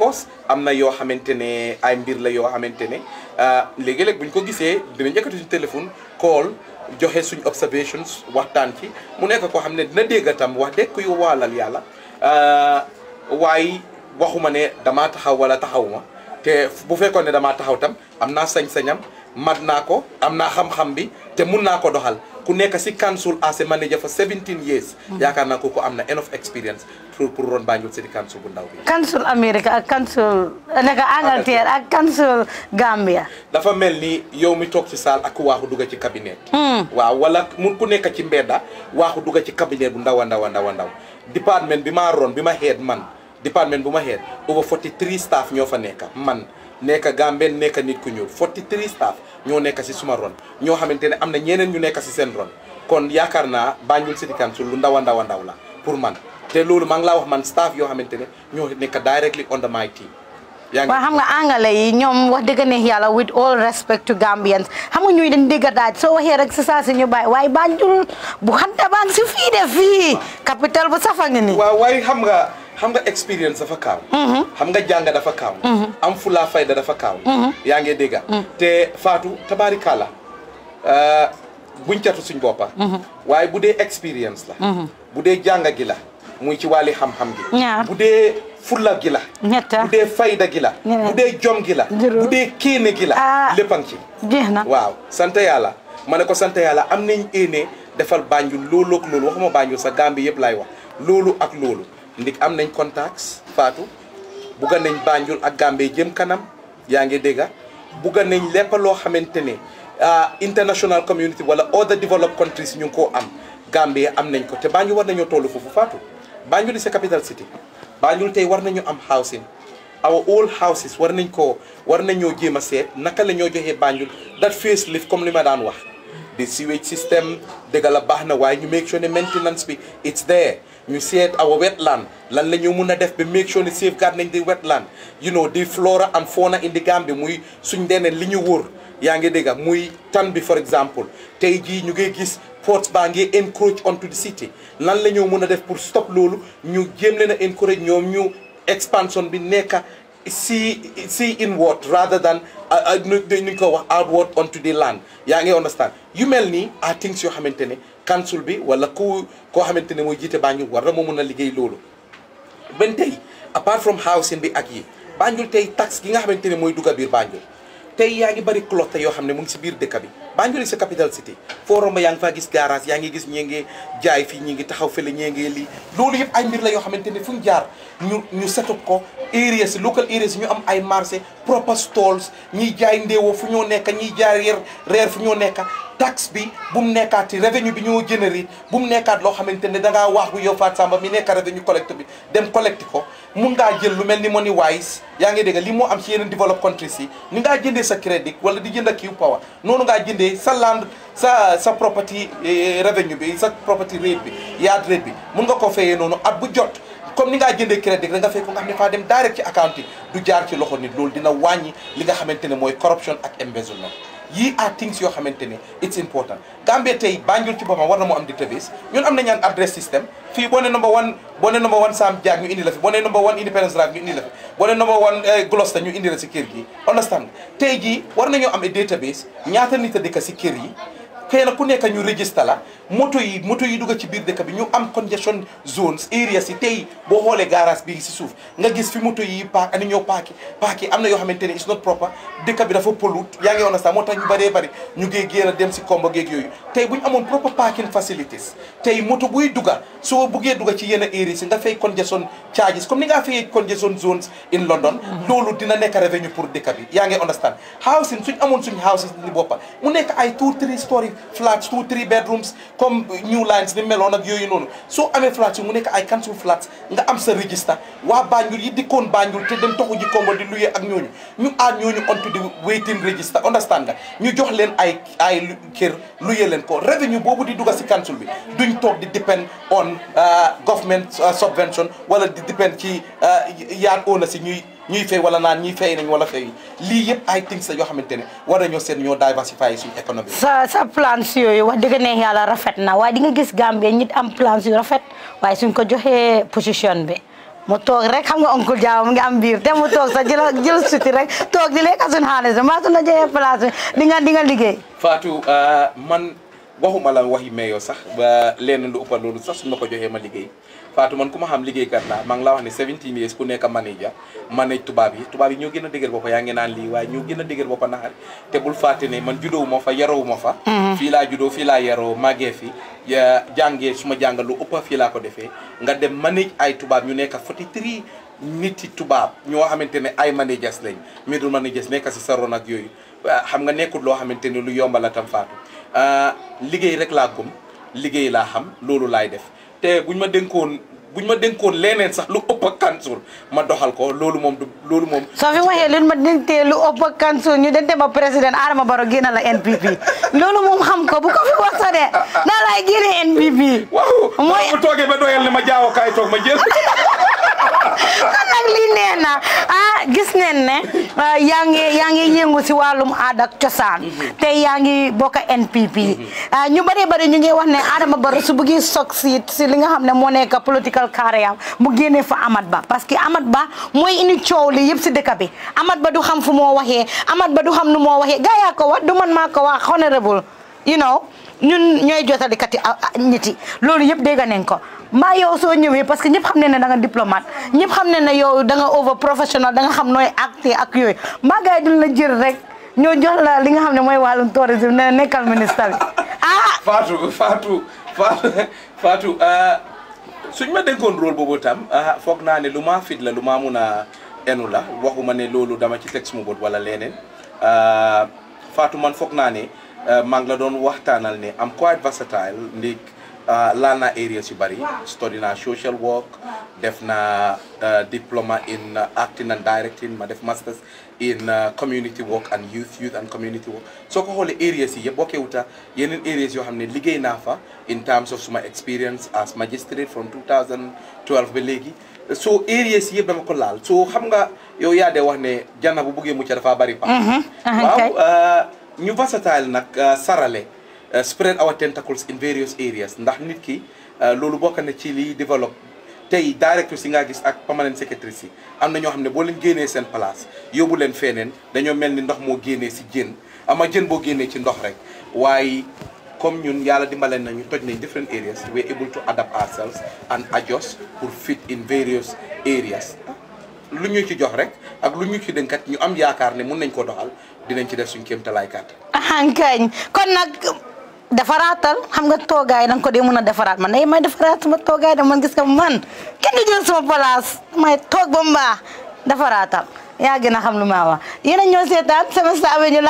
am na yoo xamante ne ay mbir la yoo xamante ne ah, léegi-léeg buñ ko gisee dina njëkkati suñ téléphone call joxe suñ observations waxtaan ci mu nekk koo xam ne dina dégg tam wax dëgg kuy waalal yàlla ah, waaye waxuma ne damaa taxaw wala taxaw ma te bu fekkoon ne damaa taxaw tam am naa sañ-sañam mat naa ko am naa xam-xam bi te mun naa ko doxal ku nekk si council as a manager for 17 years. Mm-hmm. yaakaar naa ko ko am na enough experience pour pour ron Banjul City Council bu ndaw bi. council Amérique ak council nekk Angleterre ak council Gambia. dafa mel ni yow mi toog ci saal ak waaxu dugg ci cabinet. Hmm. waaw wala mun ku nekk ci mbedda waaxu dugg ci cabinet bu ndaw a ndaw a ndaw a ndaw bi ma ron bi ma head man. département bu ma xeet over 43 staff ñoo fa nekka man nekka Gambien nekka nit ku ñuul 43 staff ñoo nekka si suma ron ñoo xamante ne am na ñeneen ñu nekka si seen ron kon yaakaar naa Banjul City Council lu ndaw a ndaw a ndaw la pour man te loolu maa ngi laa wax man staff yoo xamante ne ñoo nekka directly under my team waa xam nga angale yi ñoom wax dëgg neex yàlla with all respect to Gambians xam nga ñuy dañ dégg daaj soo waxee rek si saa si ñu xam nga expérience dafa kaaw mm-hmm. xam nga jàng dafa kaaw mm-hmm. am fulaa fayda dafa kaaw mm-hmm. yaa ngi dégga te tabarikala euh buñ catu suñ boppa waaye bu dee expérience la bu dee jàng gi la muy ci wàlli xam-xam gi bu dee fula gi la budé dee fayda gi la bu dee jom gi la budé dee gi la ah. léppan ci jehna waaw sante yàlla ma ne ko sante yàlla am nañ éné defal Banjul loolu lolou waxuma Banjul sa gambi yëpp lay wax loolu ak loolu ndik am nañ contacts Fatou bugga nañ Banjul ak Gambie jëm kanam yaa ngi dégga bugga nañ lépp loo xamante ne ah, international community wala other developed countries ñu ngi koo am gambe am nañ ko te Banjul war nañoo toll foofu Fatou Banjul c'est capital city Banjul tey war nañu am housing our old houses war nañ koo war nañoo jéem a seet naka la ñoo joxee Banjul that face lift comme li ma daan wax di sewage system dëgg la baax na waaye ñu make sure ne maintenance bi it's ñu seet our wetland lan la ñu mun a def ba make sure ne safeguard nañ di wetland you know di flora and fauna indi the Gambia muy suñ deneen li ñu wóor yaa ngi dégg muy tan bi for example tey jii ñu ngi gis ports baa ngi encroach onto the city lan la ñu mun a def pour stop loolu ñu jéem leen a encourage ñoom ñu expansion bi nekk see see inward rather than nu ñu ko wax outward onto the land yaa ngi understand yu mel nii ah things yoo xamante ne kansul bi wala ku koo xamante ne mooy jiite Banjul war na moo mën a liggéey loolu benn tey apart from housing bi ak yi Banjul tey taxe gi nga xamante ne mooy dugg biir Banjul tey yaa ngi bëri clotte yoo xam ne mu ngi si biir dëkk bi Banjul yi sa capital city foo romb yaa ngi faa gis garage yaa ngi gis ñee ngi jaay fii ñii ngi taxaw fële ñee ngi lii loolu yëpp ay mbir la yoo xamante ne fu ñu jaar ñu ñu setup ko area si local area si ñu am ay marché proper stalls ñiy jaay ndéewoo fu ñoo nekk ñiy jaay reer reer fu ñoo nekk taxe bi bu mu nekkaat ci revenu bi ñoo généré bu mu nekkaat loo xamante ne da ngaa waax bu yow Fatou Samba mi nekk revenu collecte bi dem collecte ko mun ngaa jël lu mel ni Moneywise yaa ngi dégg li moo am ci yeneen develop countries yi ni ngaa jëndee sa crédit wala di jënd kiw power noonu ngaa jënde sa land sa sa property eh, revenu bi sa property rate bi yaad rate bi mun nga ko fayee noonu at bu jot comme ni ngaa jënde crédit da nga fekk nga xam faa dem direct ci account yi du jaar ci loxo nit lool dina wàññi li nga xamante ne mooy corruption ak embezzlement yii are things yoo xamante ne it's important Gambia tey Banjul ci boppam war na moo am database ñun am na ñaan adresse système fii boo ne number one boo ne number one Sam Jaag ñu indi la fi ne number one Independence Drive ñu indi la fi boo ne number one eh, Gloucester ñu indi si kër gi understand tey jii war na ñu am a database ñaata nit a dëkk si kër yi xëy na ku nekk ñu registré la moto yi moto yi dugg ci biir dëkk bi ñu am congestion zones areas yi tey boo xoolee garage bi si suuf nga gis fi moto yi paak am na yoo xamante ne it's not proper dëkk bi dafa pollute yaa ngi woon a dem si komba géeg yooyu tey bu moto buy dugga soo buggee dugga ci yenn areas yi nga fay congestion charges comme ni ngaa fayee congestion zones in London mhm. loolu dina nekk revenu pour dëkk bi yaa ngi understand housing suñ amoon suñ housing ni boppa flats two three bedrooms comme new lines ni meloon ak yooyu noonu soo amee flats mu nekk ay council flats nga am sa register waa Banjul yi dikkoon Banjul te dem toxu ji Kombo di luyee ak ñooñu ñu add ñooñu onto the waiting register understand nga ñu jox leen ay ay kër luyee leen ko revenu boobu di dugga si council bi duñ toog di depend on uh, government uh, subvention wala di depend ci uh, yaan oona si ñuy ñuy fay wala naan ñuy fay nañ wala fay lii yëpp ay things la yoo xamante ne war nañoo seet ñoo diversifier suñu économie. sa sa plans yooyu wax dëgg neex rafet na waaye di nga gis Gambie ñit am plans yu rafet waaye suñ ko joxee position be moo toog rek xam nga oncle Jaw mu ngi am biir te mu toog sax jël jël suti rek toog di lekk suñu xaalis maa suñu jëyee place di nga di nga liggéey. faatu euh, man waxuma la waxi meeyoo sax ba lenn lu ëpp loolu sax su ma ko joxee ma liggéey. Fatou man ku ma xam liggéeykat laa maa ngi laa wax ne 17 years ku nekk manager manage tubaab yi tubaab yi ñoo gën a dëgër boppa yaa ngi naan lii waaye ñoo gën a dëgër boppa naxari te bul fàtte ne man judóowu ma fa yaroowu ma fa mm-hmm. fii laa judoo fii laa yaroo màggee fi jàngee su ma jàngal lu ëpp fii laa ko defee nga dem manage ay tubaab ñu nekk 43 niti tubaab ñoo xamante ne ay managers lañ middle managers nekk si sa ron ak yooyu xam nga nekkul loo xamante ne lu yomba la tam faatu ah, liggéey rek laa gëm liggéey laa xam loolu laay def te buñ ma dénkoon buñ ma dénkoon leneen sax lu ëpp ak ma doxal ko loolu moom du loolu moom. soo fi waxee luñ ma dénkee lu ëpp ak Kansour ñu dente ba président Adama Barrow génne la NPP loolu moom xam ko bu ko fi wax de naa laay génne NPP. waaw mooy bu toogee ba ne ma jaawoo kaay toog ma jël. kon nag lii nee na ah gis neen ne ah, yaa ngi yaa ngi yëngu si wàllum aada ak cosaan te yaa ngi bokk NPP ah, ñu bëree bari ñu ngi wax ne Adama Barrow su bëggee succeed si li nga xam ne moo nekk political career mu génnee fa Amat ba parce que Amat ba mooy indi coow li yëpp si dëkk bi Amat ba du xam fu moo waxee Amat ba du xam nu moo waxee gaa yaa ko wax du man maa ko wax honorable you know ñun ñooy jotalikat yi ah, ah, nit yi loolu yëpp dégg nañ ko mbaa yow soo ñëwee parce que ñëpp xam ne ne danga nga diplomate ñëpp xam ne na yow da nga over professionnel da nga xam nooy acte ak yooyu mbaa gars yi la jër rek ñoo jox la li nga xam ne mooy wàllum tourisme ne nekkal ministre bi ah. Fatou Fatou Fatou Fatou euh, suñ ma dénkoon rôle boobu tam euh, foog naa ne lu maa fit la lu maa mun a enu la waxuma ne loolu dama ci teg suma bët wala leneen euh, Fatou man foog naa ne. Euh, maa ngi la doon waxtaanal ne am quite versatile ndig euh, laal naa areas yu bari study naa social work def naa euh, diploma in acting and directing ma def masters in community work and youth youth and community work soo ko xoolee areas yi yëpp bokkee wuta yeneen areas yoo xam ne liggéey naa fa in terms of suma experience as magistrate from 2012 ba léegi so areas yëpp dama ko laal so xam nga yow yaa dee wax ne janna bu buggee mucc dafa bari pa mhm. ñu versatile nag euh, sarale euh, spread our tentacles in various areas ndax nit ki euh, loolu bokk na ci liy develop tey directeurs yi nga gis ak permanent secrétaires yi am na ñoo xam ne boo leen génnee seen place yóbbu leen feneen dañoo mel ni ndox moo génnee si jën ama jën boo génnee ci ndox rek waaye comme ñun yàlla dimbale nañu toj nañ different areas we able to adapt ourselves and adjust pour fit in various areas lu ñu ci jox rek ak lu ñu ci dënkat ñu am yaakaar ne mun nañ ko doxal dinañ ci def suñ kéem talaay kàttan. ahankañ kon nag defaraatal xam nga toogaay da nga ko dee mun a defaraat ma day may defaraat sama toogaay da man gis nga man kenn du jël sama place may toog ba mu baax defaraatal. ya gëna xam lu ma wax yéen a ñoo seetaan Semester Avenue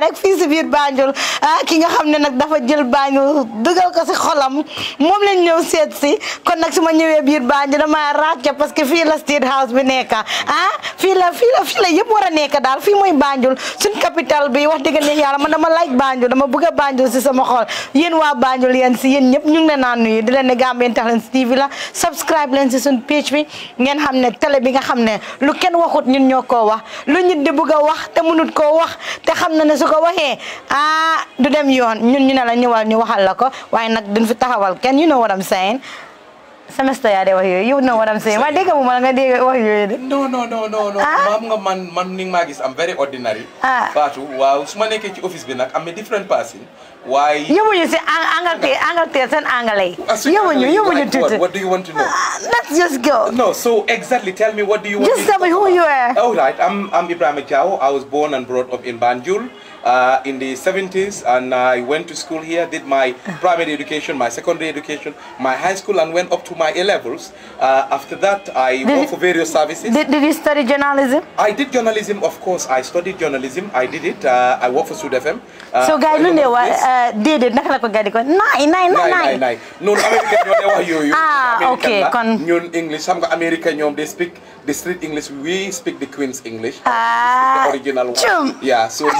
rek fi ci biir Banjul ah ki nga xamne nak dafa jël Banjul dugal ko ci xolam mom lañ ñew sét si kon nak suma ñewé Banjul damaa ràcce parce que fi la State House bi nekk ah fi la fi la fi la yëpp wara daal fi moy Banjul sun capital bi wax dëgg ne yalla man dama like Banjul dama bëgg Banjul si sama xol yeen wa Banjul yeen si yeen ñëpp ñu ngi na naan nuyu di leen TV la subscribe leen si sun page bi ngeen xamne télé bi nga xamne lu kenn waxut ñun ñoo ko wax lu nit di bugg a wax te mënut koo wax te xam na ne su ko waxee ah du dem yoon ñun ñu ne la ñëwal ñu waxal la ko waaye nag duñ fi taxawal kenn you know what I'm saying semester ya de wax yooyu you know what I'm saying. waaye dégg nga ma nga dégg wax no, no, no, no. non non. maam nga man man ni magis. i am very ordinary. ah Fatou waaw su ma nekkee ci office bi i am a different person. Why? You waaye yóbbuñu si Angleterre Angleterre seen you? yi. yóbbuñu yóbbuñu tuuti what do you want to know. Ah, let's just go. no so exactly tell me what do you want. just tell me who you are. all right I'm I'm Ibrahim Thiaw I was born and brought up in Banjul uh, in the 70s and I went to school here, did my ah. primary education, my secondary education, my high school and went up to my A levels. Uh, after that, I did worked for various services. Did, did you study journalism? I did journalism, of course. I studied journalism. I did it. Uh, I worked for Sud FM. Ah, so gars yi lu ne wa déedéet naka la ko gars di ko naay naay naay naay noonu américain ñoo ne wax yooyu ah ok kon ñun english xam nga américain ñoom they speak the street english we speak the queen's english ah, the original one yeah so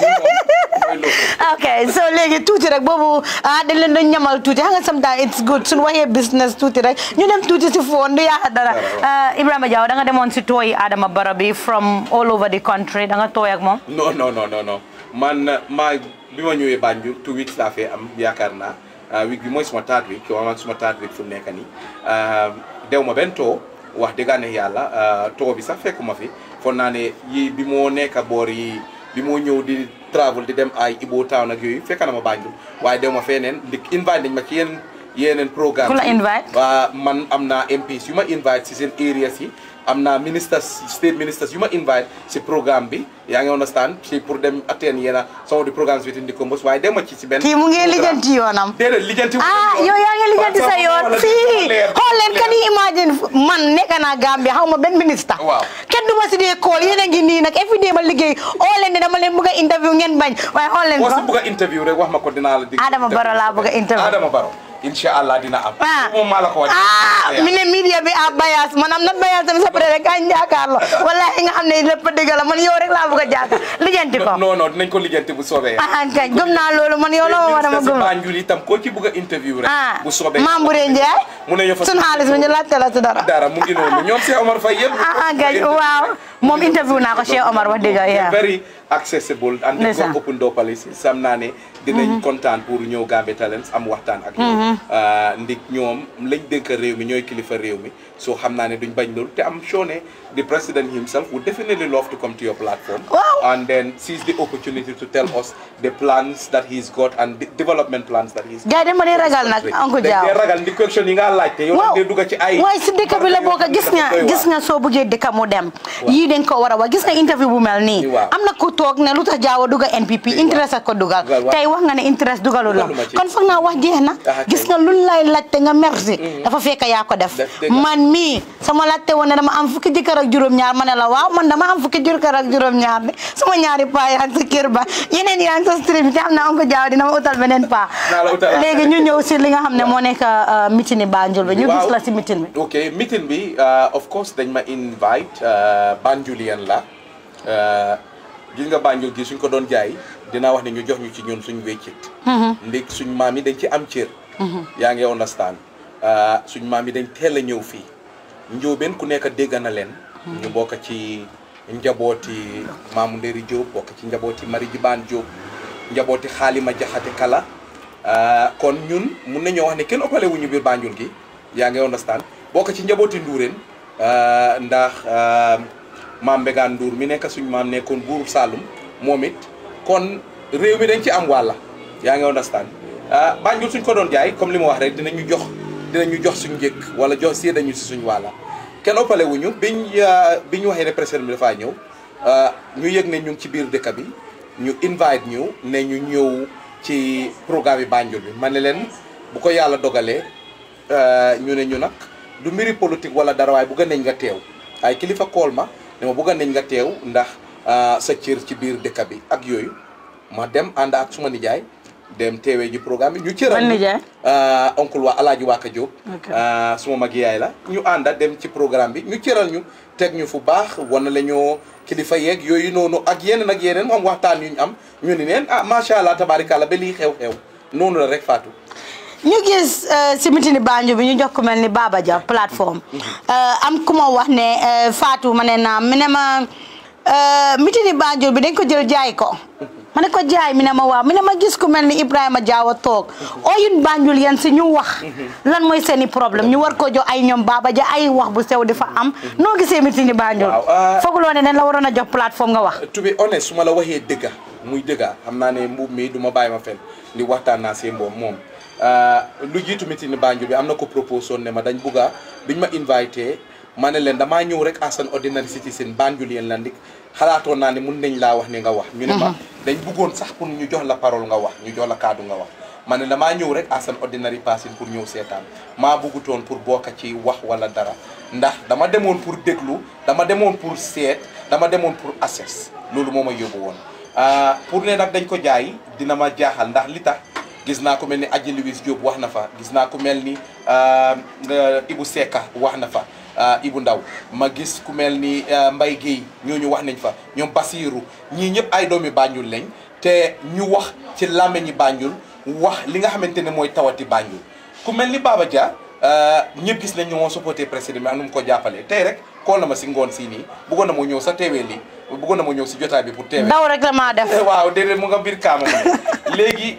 ok so léegi tuuti rek boobu ah dañ leen doon ñamal tuuti xam nga sometimes it's good suñu waxee business tuuti rek ñu dem tuuti si foon du yaa dara ah, Ibrahima Jaw da nga demoon si tooyi Adama Barrow bi from all over the country da nga tooy ak moom non non non non man maa bi ma ñëwee Banjul two weeks laa fee am yaakaar naa ah, week bi mooy suma third week ma ak suma third week fu mu nekk nii ah, dew ma benn too wax dëgg ne yàlla ah, too bi sax fekkuma fi fon naa ne yi bi moo nekk boor yi bi moo ñëw di travel di dem ay Ibo Town ak yooyu fekk na ma Banjul waaye dew ma feeneen ndik invite nañ ma ci yeneen yeneen programme ku la invite man am naa MPs yu ma invite si seen areas yi amna ministers state ministers you invite ci programme bi ya nga understand ci pour dem atteindre yena a some of the programmes within the combos waaye dem ci ci ben. ki mu ngi lijanti yonam dede lijanti ah yo ya nga lijanti sa yoon fii holen kan You imagine man nekana gambia Gambie ben minister benn ministre. waaw ma si dee call? yéen ngi ni nak every day ma liggéey holen leen ne dama leen interview ngeen bañ way holen leen ko. boo interview rek wax ma ko dina la dig. Adama baro la bëgg interview Adama baro incha allah dina am. ah moom maa ah, mi ne media bi à ah, Bayas man am na Bayas tamit sa pare rek kañ jàkkaarloo wallaahi nga xam ne lépp dëgg la man yow laa bëgg a jàkkaar lijanti ko. non non dinañ ko lijanti bu soobee. ah kay gëm naa loolu man yow la ma war a ma gëm. Banjul itam koo ci a interview rek. Ah, bu soobee maam bu dee Ndiaye. mu ne ñoo fa sunu xaalis bi ñu laajte la si dara. dara mu ngi noonu ñoom Cheikh Omar Faye yëpp. ah kay waaw moom interview naa ko Cheikh Omar wax dëgg very accessible and open door policy sam naa dinañ mhm. kontaan pour ñëw Gambian Talents am waxtaan ak ñoom mhm. ah, ndig ñoom lañ dénk réew mi ñooy kilifa réew mi soo xam naa ne duñ bañ loolu te am show the president himself would definitely love to come to your platform wow. and then seize the opportunity to tell us the plans that he's got and the development plans that he's got. dama ne ragal nak Uncle Jaw. ragal di question yi nga laajte yow dañ dugg ci ay. waay si dëkk bi la bokk gis nga gis nga soo bëggee dëkk mu dem. yii dañ ko war a gis nga interview bu mel nii. Iya. am na ku toog ne lu tax Jawo NPP iya. interest ak ko dugal. tey wax nga ne interest dugalu la kon foog naa wax jeex na. gis nga luñ lay laajte nga merci. Mm. dafa fekk yaa ko def. man mii sama laajte woon ne dama am fukki jëkkër ak jurom ñaar mané la waaw man dama am fukki jur kër ak jurom ñaar ni sama ñaari pa yaa ngi sa kër ba yeneen yaa sa stream ci xam naa ko jaaw dina ma utal benen pa. légui ñu ñëw ci li nga xamné mo nek meeting Banjul bi ñu gis la ci meeting bi ok meeting bi of course dañ ma invite eh, banjulian la eh, gis nga Banjul gi suñ ko doon jaay dina wax ni ñu jox ñu ci ñun suñ wéccit ndik suñ mami dañ ci am cër yaa ngi understand suñ mami dañ téla a fi ñu ben ku nekk dégg na ñu bokk ci njabooti Maamu Nderi Diop bokk ci njabooti Mari Jibaan Diop njabooti Xaalima Jaxate Kala ah, kon ñun mun nañoo wax ne kenn ëppale wuñu biir Banjul gi yaa ngi understand bokk ci njabooti Nduuréen ah, ndax ah, maam Mbegaan Nduur mi nekk suñu maam nekkoon buurub Saalum moom it kon réew mi dañ ci am wàlla yaa ngi understand Banjul suñ ko doon jaay comme li ma wax rek dinañu jox dinañu jox suñu njëkk wala jox see dañu si suñu wàlla kenn oppale ñu biñ euh, bi waxee ne président bi dafaa ñëw euh, ñu yëg ne ñu ngi ci biir dëkk bi ñu invite ñu ne ñu ñëw ci programme yi Banjul bi ma ne leen bu ko yàlla dogalee euh, ñu ne ñu nag du mbiri politique wala dara waaye bugg nañ nga teew waaye kilifa kool ma ne ma bugg nañ nga teew ndax sa cër ci biir dëkk bi ak yooyu ma dem ànd ak suma nijaay dem teewee ji programme bi ñu cëral man nijaay euh, oncle waa alaaji Waaka Diop euh, suma mag yaay la ñu ànda dem ci programme bi ñu cëral ñu teg ñu fu baax wana la ñoo kilifa yeeg yooyu noonu ak yeneen ak yeneen mu am waxtaan yu ñu am ñu ni neen ah macha allah tabaarikàlla ba lii xew-xew noonu la rek Fatou ñu gis euh, si mitini Banjul bi ñu jox ku mel ni Baba Jah plateforme mhm. am ku ma wax ne Fatou ma ne naam mu ne ma mitini bi dañ ko jël jaay ko mhm. mane ne ko jaay mi ne ma waaw mi ne ma gis ku mel ni Ibrahima Diaw a toog mhm. ooyun oh, Banjul yéen si ñu wax mhm. lan mooy seeni problème ñu war ko jox ay ñoom baaba ja ay wax bu sew defa am mhm. noo gisee meeting Banjul euh, fooguloo ne dañ la waroon a jox plateforme nga wax to be honest su la waxee dëgga muy dëgga xam naa ne mbuub mi du ma bàyyi ma fen li waxtaan naa see mboom moom euh, lu jiitu meeting Banjul bi am na ko propose ne ma dañ bugga biñ ma invité ma ne leen damaa ñëw rek as an ordinary citizen Banjul yéen lan dik xalaatoon naa ne mun nañ laa wax ne nga wax ñu ne ma dañ bëggoon sax pour ñu jox la parole nga wax ñu jox la kaddu nga wax ma ne damaa ñëw rek asan ordinary passin pour ñëw seetaan maa bëggutoon pour bokk ci wax wala dara ndax dama demoon pour déglu dama demoon pour seet dama demoon pour assess loolu moo ma yóbbu woon ah, pour ne nag dañ ko jaay dina ma jaaxal ndax li tax gis naa ko mel ni Aji Louis wax na fa gis naa ko mel ni ah, Ibou Seka wax na fa Euh, ibu Ndaw ma gis ku mel ni euh, Mbaye Guèye ñooñu wax nañ fa ñoom Basiiru ñii ñëpp ay doomi Banjul lañ te ñu wax ci làmmiñi Banjul wax li nga xamante ne mooy tawati Banjul ku mel ni Baba Dia euh, ñëpp gis nañ ñu moo supporté président bi ak nu mu ko jàppalee tey rek kool ma si ngoon si nii bëggoon na moo ñëw sa teewee lii bëggoon na moo ñëw si jotaay bi pour teewee. daw rek la maa def. waaw déedéet mu nga biir kaama léegi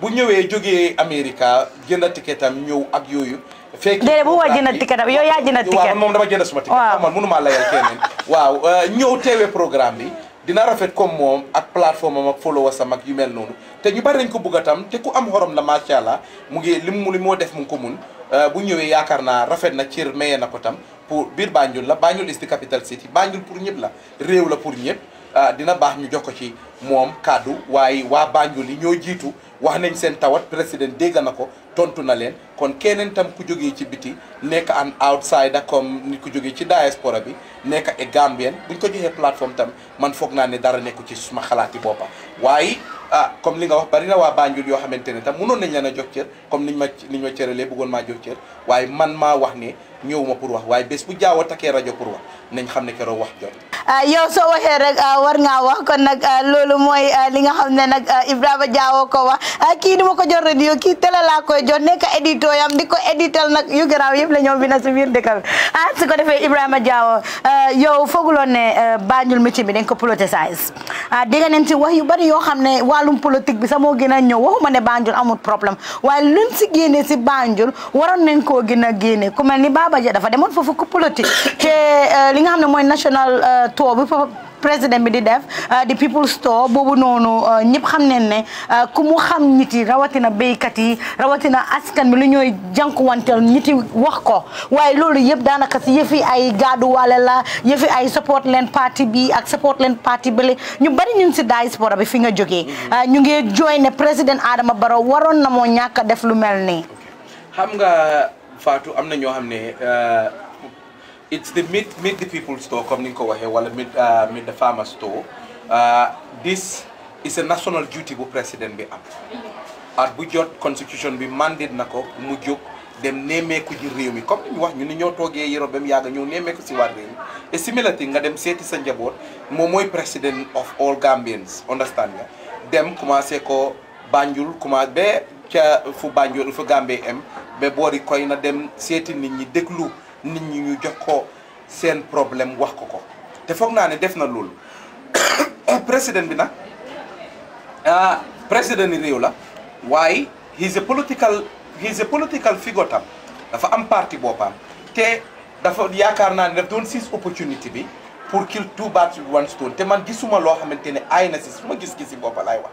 bu ñëwee jógee Amérique jënd ticketam ñëw ak yooyu fekk déedéet bu waa jënd ticket yow yaa jënd ticket waaw moom dama jënd suma ticket waaw man mënumaa layal waaw euh, ñëw teewe programme bi dina rafet comme moom ak plateforme am ak followers am ak yu mel noonu te ñu bari nañ ko bëgg a tam te ku am xorom la macha allah mu ngi li mu li moo def mu ko mun euh, bu ñëwee yaakaar naa rafet na cër maye na ko tam pour biir Banjul la Banjul is the capital city Banjul pour ñëpp la réew la pour ñëpp euh, dina baax ñu jox ko ci moom kàddu waaye waa Banjul yi ñoo jiitu wax nañ seen tawat président dégg na ko tontu na leen kon keneen tam ku jógee ci biti nekk an outsider comme ni ko jógee ci diaspora bi nekk e Gambien buñ ko joxee plateforme tam man foog naa ne dara nekku ci suma xalaati boppa waaye ah comme li nga wax bari na waa Banjul yoo xamante ne tam mënoon nañ leen a jox cër comme niñ ma niñ ma cëralee bëggoon maa jox cër waaye man maa wax ne. ñëwuma pour wax waaye bés bu jaaw takkee rajo pour wax nañ xam ne keroog wax jot ah, yow soo waxee rek ah, war ngaa wax kon nag ah, loolu mooy li nga xam ne nag Ibrahima jaawo ko wax kii ni ko jot radio kii télé laa koy jot nekk édito yam di ko éditel nag yu garaaw yëpp la ñoom bi na si biir dëkk bi ah su ko defee Ibrahima Jawo yow fooguloon ne bi dañ ko politicize ah dégg nañ si wax yu bari yoo xam ne wàllum politique bi sax moo gën a ñëw waxuma ne Banjul amul problème waaye luñ si génnee si Banjul waroon nañ koo gën a génne Daba Dia dafa demoon foofu ku politique te euh, li nga xam ne mooy national euh, tour bi président bi di def euh, di people store boobu noonu ñëpp xam ne ne ku mu xam nit yi rawatina béykat yi rawatina askan bi lu ñooy jànkuwanteel nit ñiti wax ko waaye loolu yëpp daanaka si yëfi ay gaaduwaale la yëfi ay support leen parti bi ak support leen parti bële ñu bari ñun si diaspora bi fi nga jógee ñu ngi jooy ne président Adama Barrow waroon na moo ñàkk def lu mel nii Fatou am na ñoo xam ne it euh, it's the meet meet the people store comme ni nga ko waxee wala meet euh, meet the farmer store euh, this is a national duty bu président bi am at bu jot constitution bi mandate na ko mu jóg dem nemmeeku ji réew mi comme ni ñu wax ñu ni ñoo toogee yoro ba mu yàgg ñëw nemmeeku si waat réew mi et similar thing nga dem seeti sa njaboot moom mooy president of all Gambians understand nga dem commencé ko Banjul commencé ba ca fu Banjul fu Gambie am ba boori koy na dem seeti nit ñi déglu nit ñi ñu jox ko seen problème wax ko ko te foog naa ne def na loolu président bi nag ah président ni réew la waaye he is a political he tam dafa am parti boppam te dafa yaakaar naa ne daf doon siis opportunité bi pour kill two birds with one stone te man gisuma loo xamante ne aay na si su ma gis-gisi boppa laay wax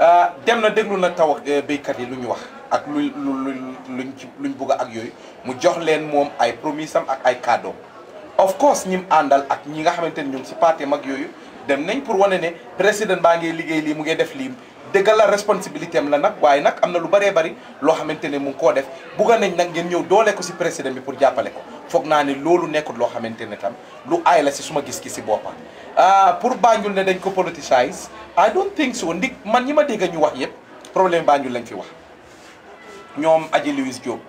Euh, dem na déglu na taw euh, béykat yi lu ñu wax ak lu lu lu ci luñ bugg ak yooyu mu jox leen moom ay promise am ak ay cadeau of course ñim àndal ak ñi nga xamante ni ñu ngi si parti mag yooyu dem nañ pour wane ne président baa ngee liggéey lii mu ngee def lii dëgg la responsabilité am la nag waaye nag am na lu bëree bëri loo xamante ne mu ngi koo def bugga nañ nag ngeen ñëw doole ko si président bi pour jàppale ko foog naa ne loolu nekkut loo xamante ne tam lu aay la si suma gis-gis si boppam ah, pour Banjul ne dañ ko politicize I don't think so ndig man ñi ma dégg ñu wax yëpp problème Banjul lañ fi wax ñoom Aji Louis Diop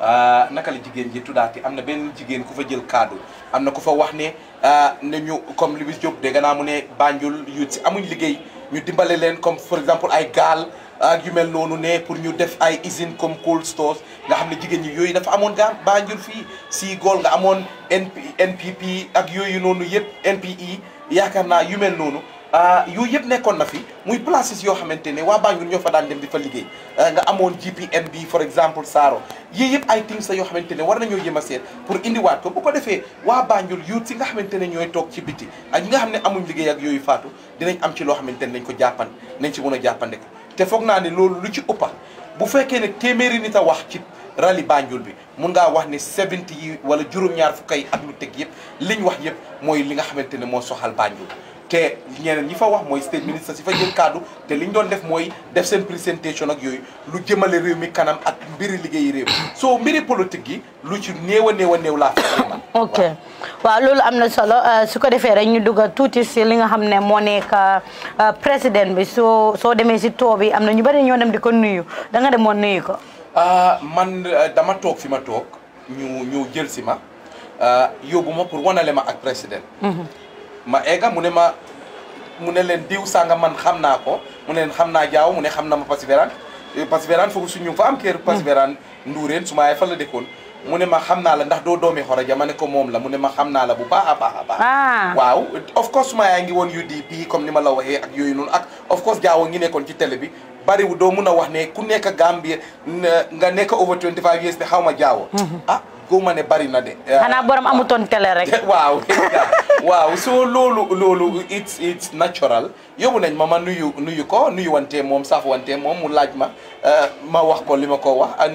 ah, naka la jigéen ji tuddaati am na benn jigéen ku fa jël kaddu am na ku fa wax ne ah, ne ñu comme Louis Diop dégg naa mu ne Banjul youth si amuñ liggéey ñu dimbale leen comme par exemple ay gaal ak yu mel noonu ne pour ñu def ay usine comme cold stores nga xam ne jigéen ñi yooyu dafa amoon gaa Banjul fii si gool nga amoon NPP ak yooyu noonu yëpp NPE yaakaar naa yu mel noonu ah, yooyu yëpp nekkoon na fi muy places yoo xamante ne waa Banjul ñoo fa daan dem di fa liggéey ah, nga amoon GPM bi for exemple Saaro yii yëpp ay things yoo xamante ne war nañoo jëm a seet pour indiwaat ko bu ko defee waa Banjul youth si nga xamante ne ñooy toog ci biti ak ñi nga xam ne amuñ liggéey ak yooyu faatu dinañ am ci loo xamante ne nañ ko jàppan nañ ci mën a jàppande te foog naa ne loolu lu ci ëppa bu fekkee ne téeméeri nit a wax ci rali Banjul bi mun ngaa wax ne 70 yi wala juróom-ñaar fukk yi ak lu teg yëpp liñ wax yëpp mooy li nga xamante ne moo soxal Banjul te ñeneen ñi fa wax mooy state minister si fa jël kaddu te li ñu doon def mooy def seen présentation ak yooyu lu jëmale réew mi kanam ak mbiri liggéeyi réew soo mbiri politique gi lu ci néew a néew a néew laa fa ok waaw loolu am na solo euh, su ko defee rek ñu dugga tuuti si li nga xam ne moo nekk euh, président bi soo soo demee si too bi am na ñu bari ñoo dem di ko nuyu da nga demoon nuyu ko euh, man dama toog fi ma toog ñu ñu jël si ma yóbbu ma pour wanale ma ak ma ega mu ne ma mu ne leen diw sanga man xam naa ko mu ne leen xam naa jaaw mu ne xam na ma persévérance eh, persévérance foofu suñu fa am kër persévérance nduuréen su ma yaay fa la dëkkoon mu ne ma xam naa la ndax doo doomi xoroja ma ne ko moom la mu ne ma xam naa la bu baax a baax a baax ah. waaw of course su ma yaay ngi woon UDP comme ni ma la waxee ak yooyu noonu ak of course jaawo ngi nekkoon ci télé bi bariwu doo mun a wax ne ku nekk Gambie nga nekk over 25 years té xaw ma jaawo mm-hmm. ah guma ne bari na de. xanaa borom amutoon télé rek. waaw waaw so loolu loolu it's it's natural yóbbu nañ ma ma nu nuyu ko nuyu wante moom saaf wante moom mu laaj ma eh, ma wax ko li ma ko wax and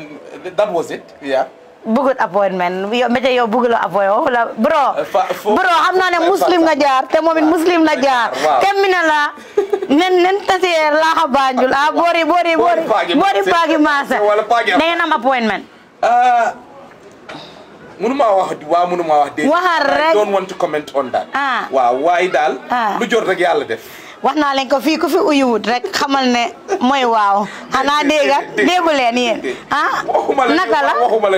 that was it yeah. bëggut appointment yow météo yow bëggu la appointment wala bro. Eh, bro xam naa ne muslim nga jaar te moom it muslim la jaar. waaw kenn mi na la nen nen tase laaxa Banjul a ah, boori boori. boori boori paagi maasa da appointment. Eh, mënuma wax waaw mënuma wax dee. waxal rek I don't want to comment on that. ah waaw waaye daal. Ah. lu jot rek yàlla def. wax naa leen ko fii ku fi uyuwut rek xamal ne mooy waaw xanaa dégg ak déebu ah, naka la waxuma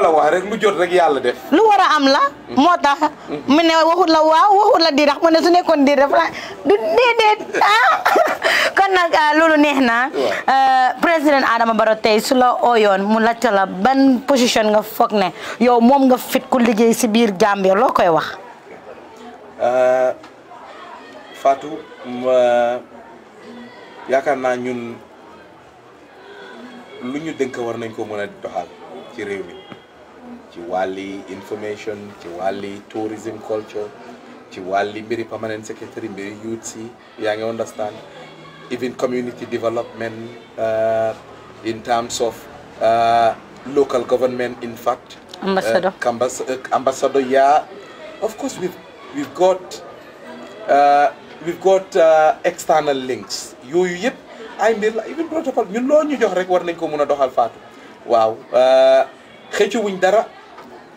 la wax rek lu jot rek yàlla def lu war am la moo tax mu ne waxut la waaw waxut la déet mu ne su nekkoon déet def du déedéet ah nag ah, loolu neex na euh, président Adama Barrow tey su la ooyoon mu laajte la ban position nga foog ne yow moom nga fit ku liggéey si biir Gambia loo koy wax euh, fatu ma naa ñun lu ñu dënk war nañ ko mëna doxal ci réew mi ci wali information ci wali tourism culture ci wali mbiri permanent secretary mbiri youth ci ya nga understand even community development uh, in terms of uh, local government in fact ambassador uh, ambassador yeah of course we've we've got we've got uh, external links yooyu yëpp ay mbir la even protocol ñun loo ñu jox rek war nañ ko mun a doxal faatu waaw uh, xëccuwuñ dara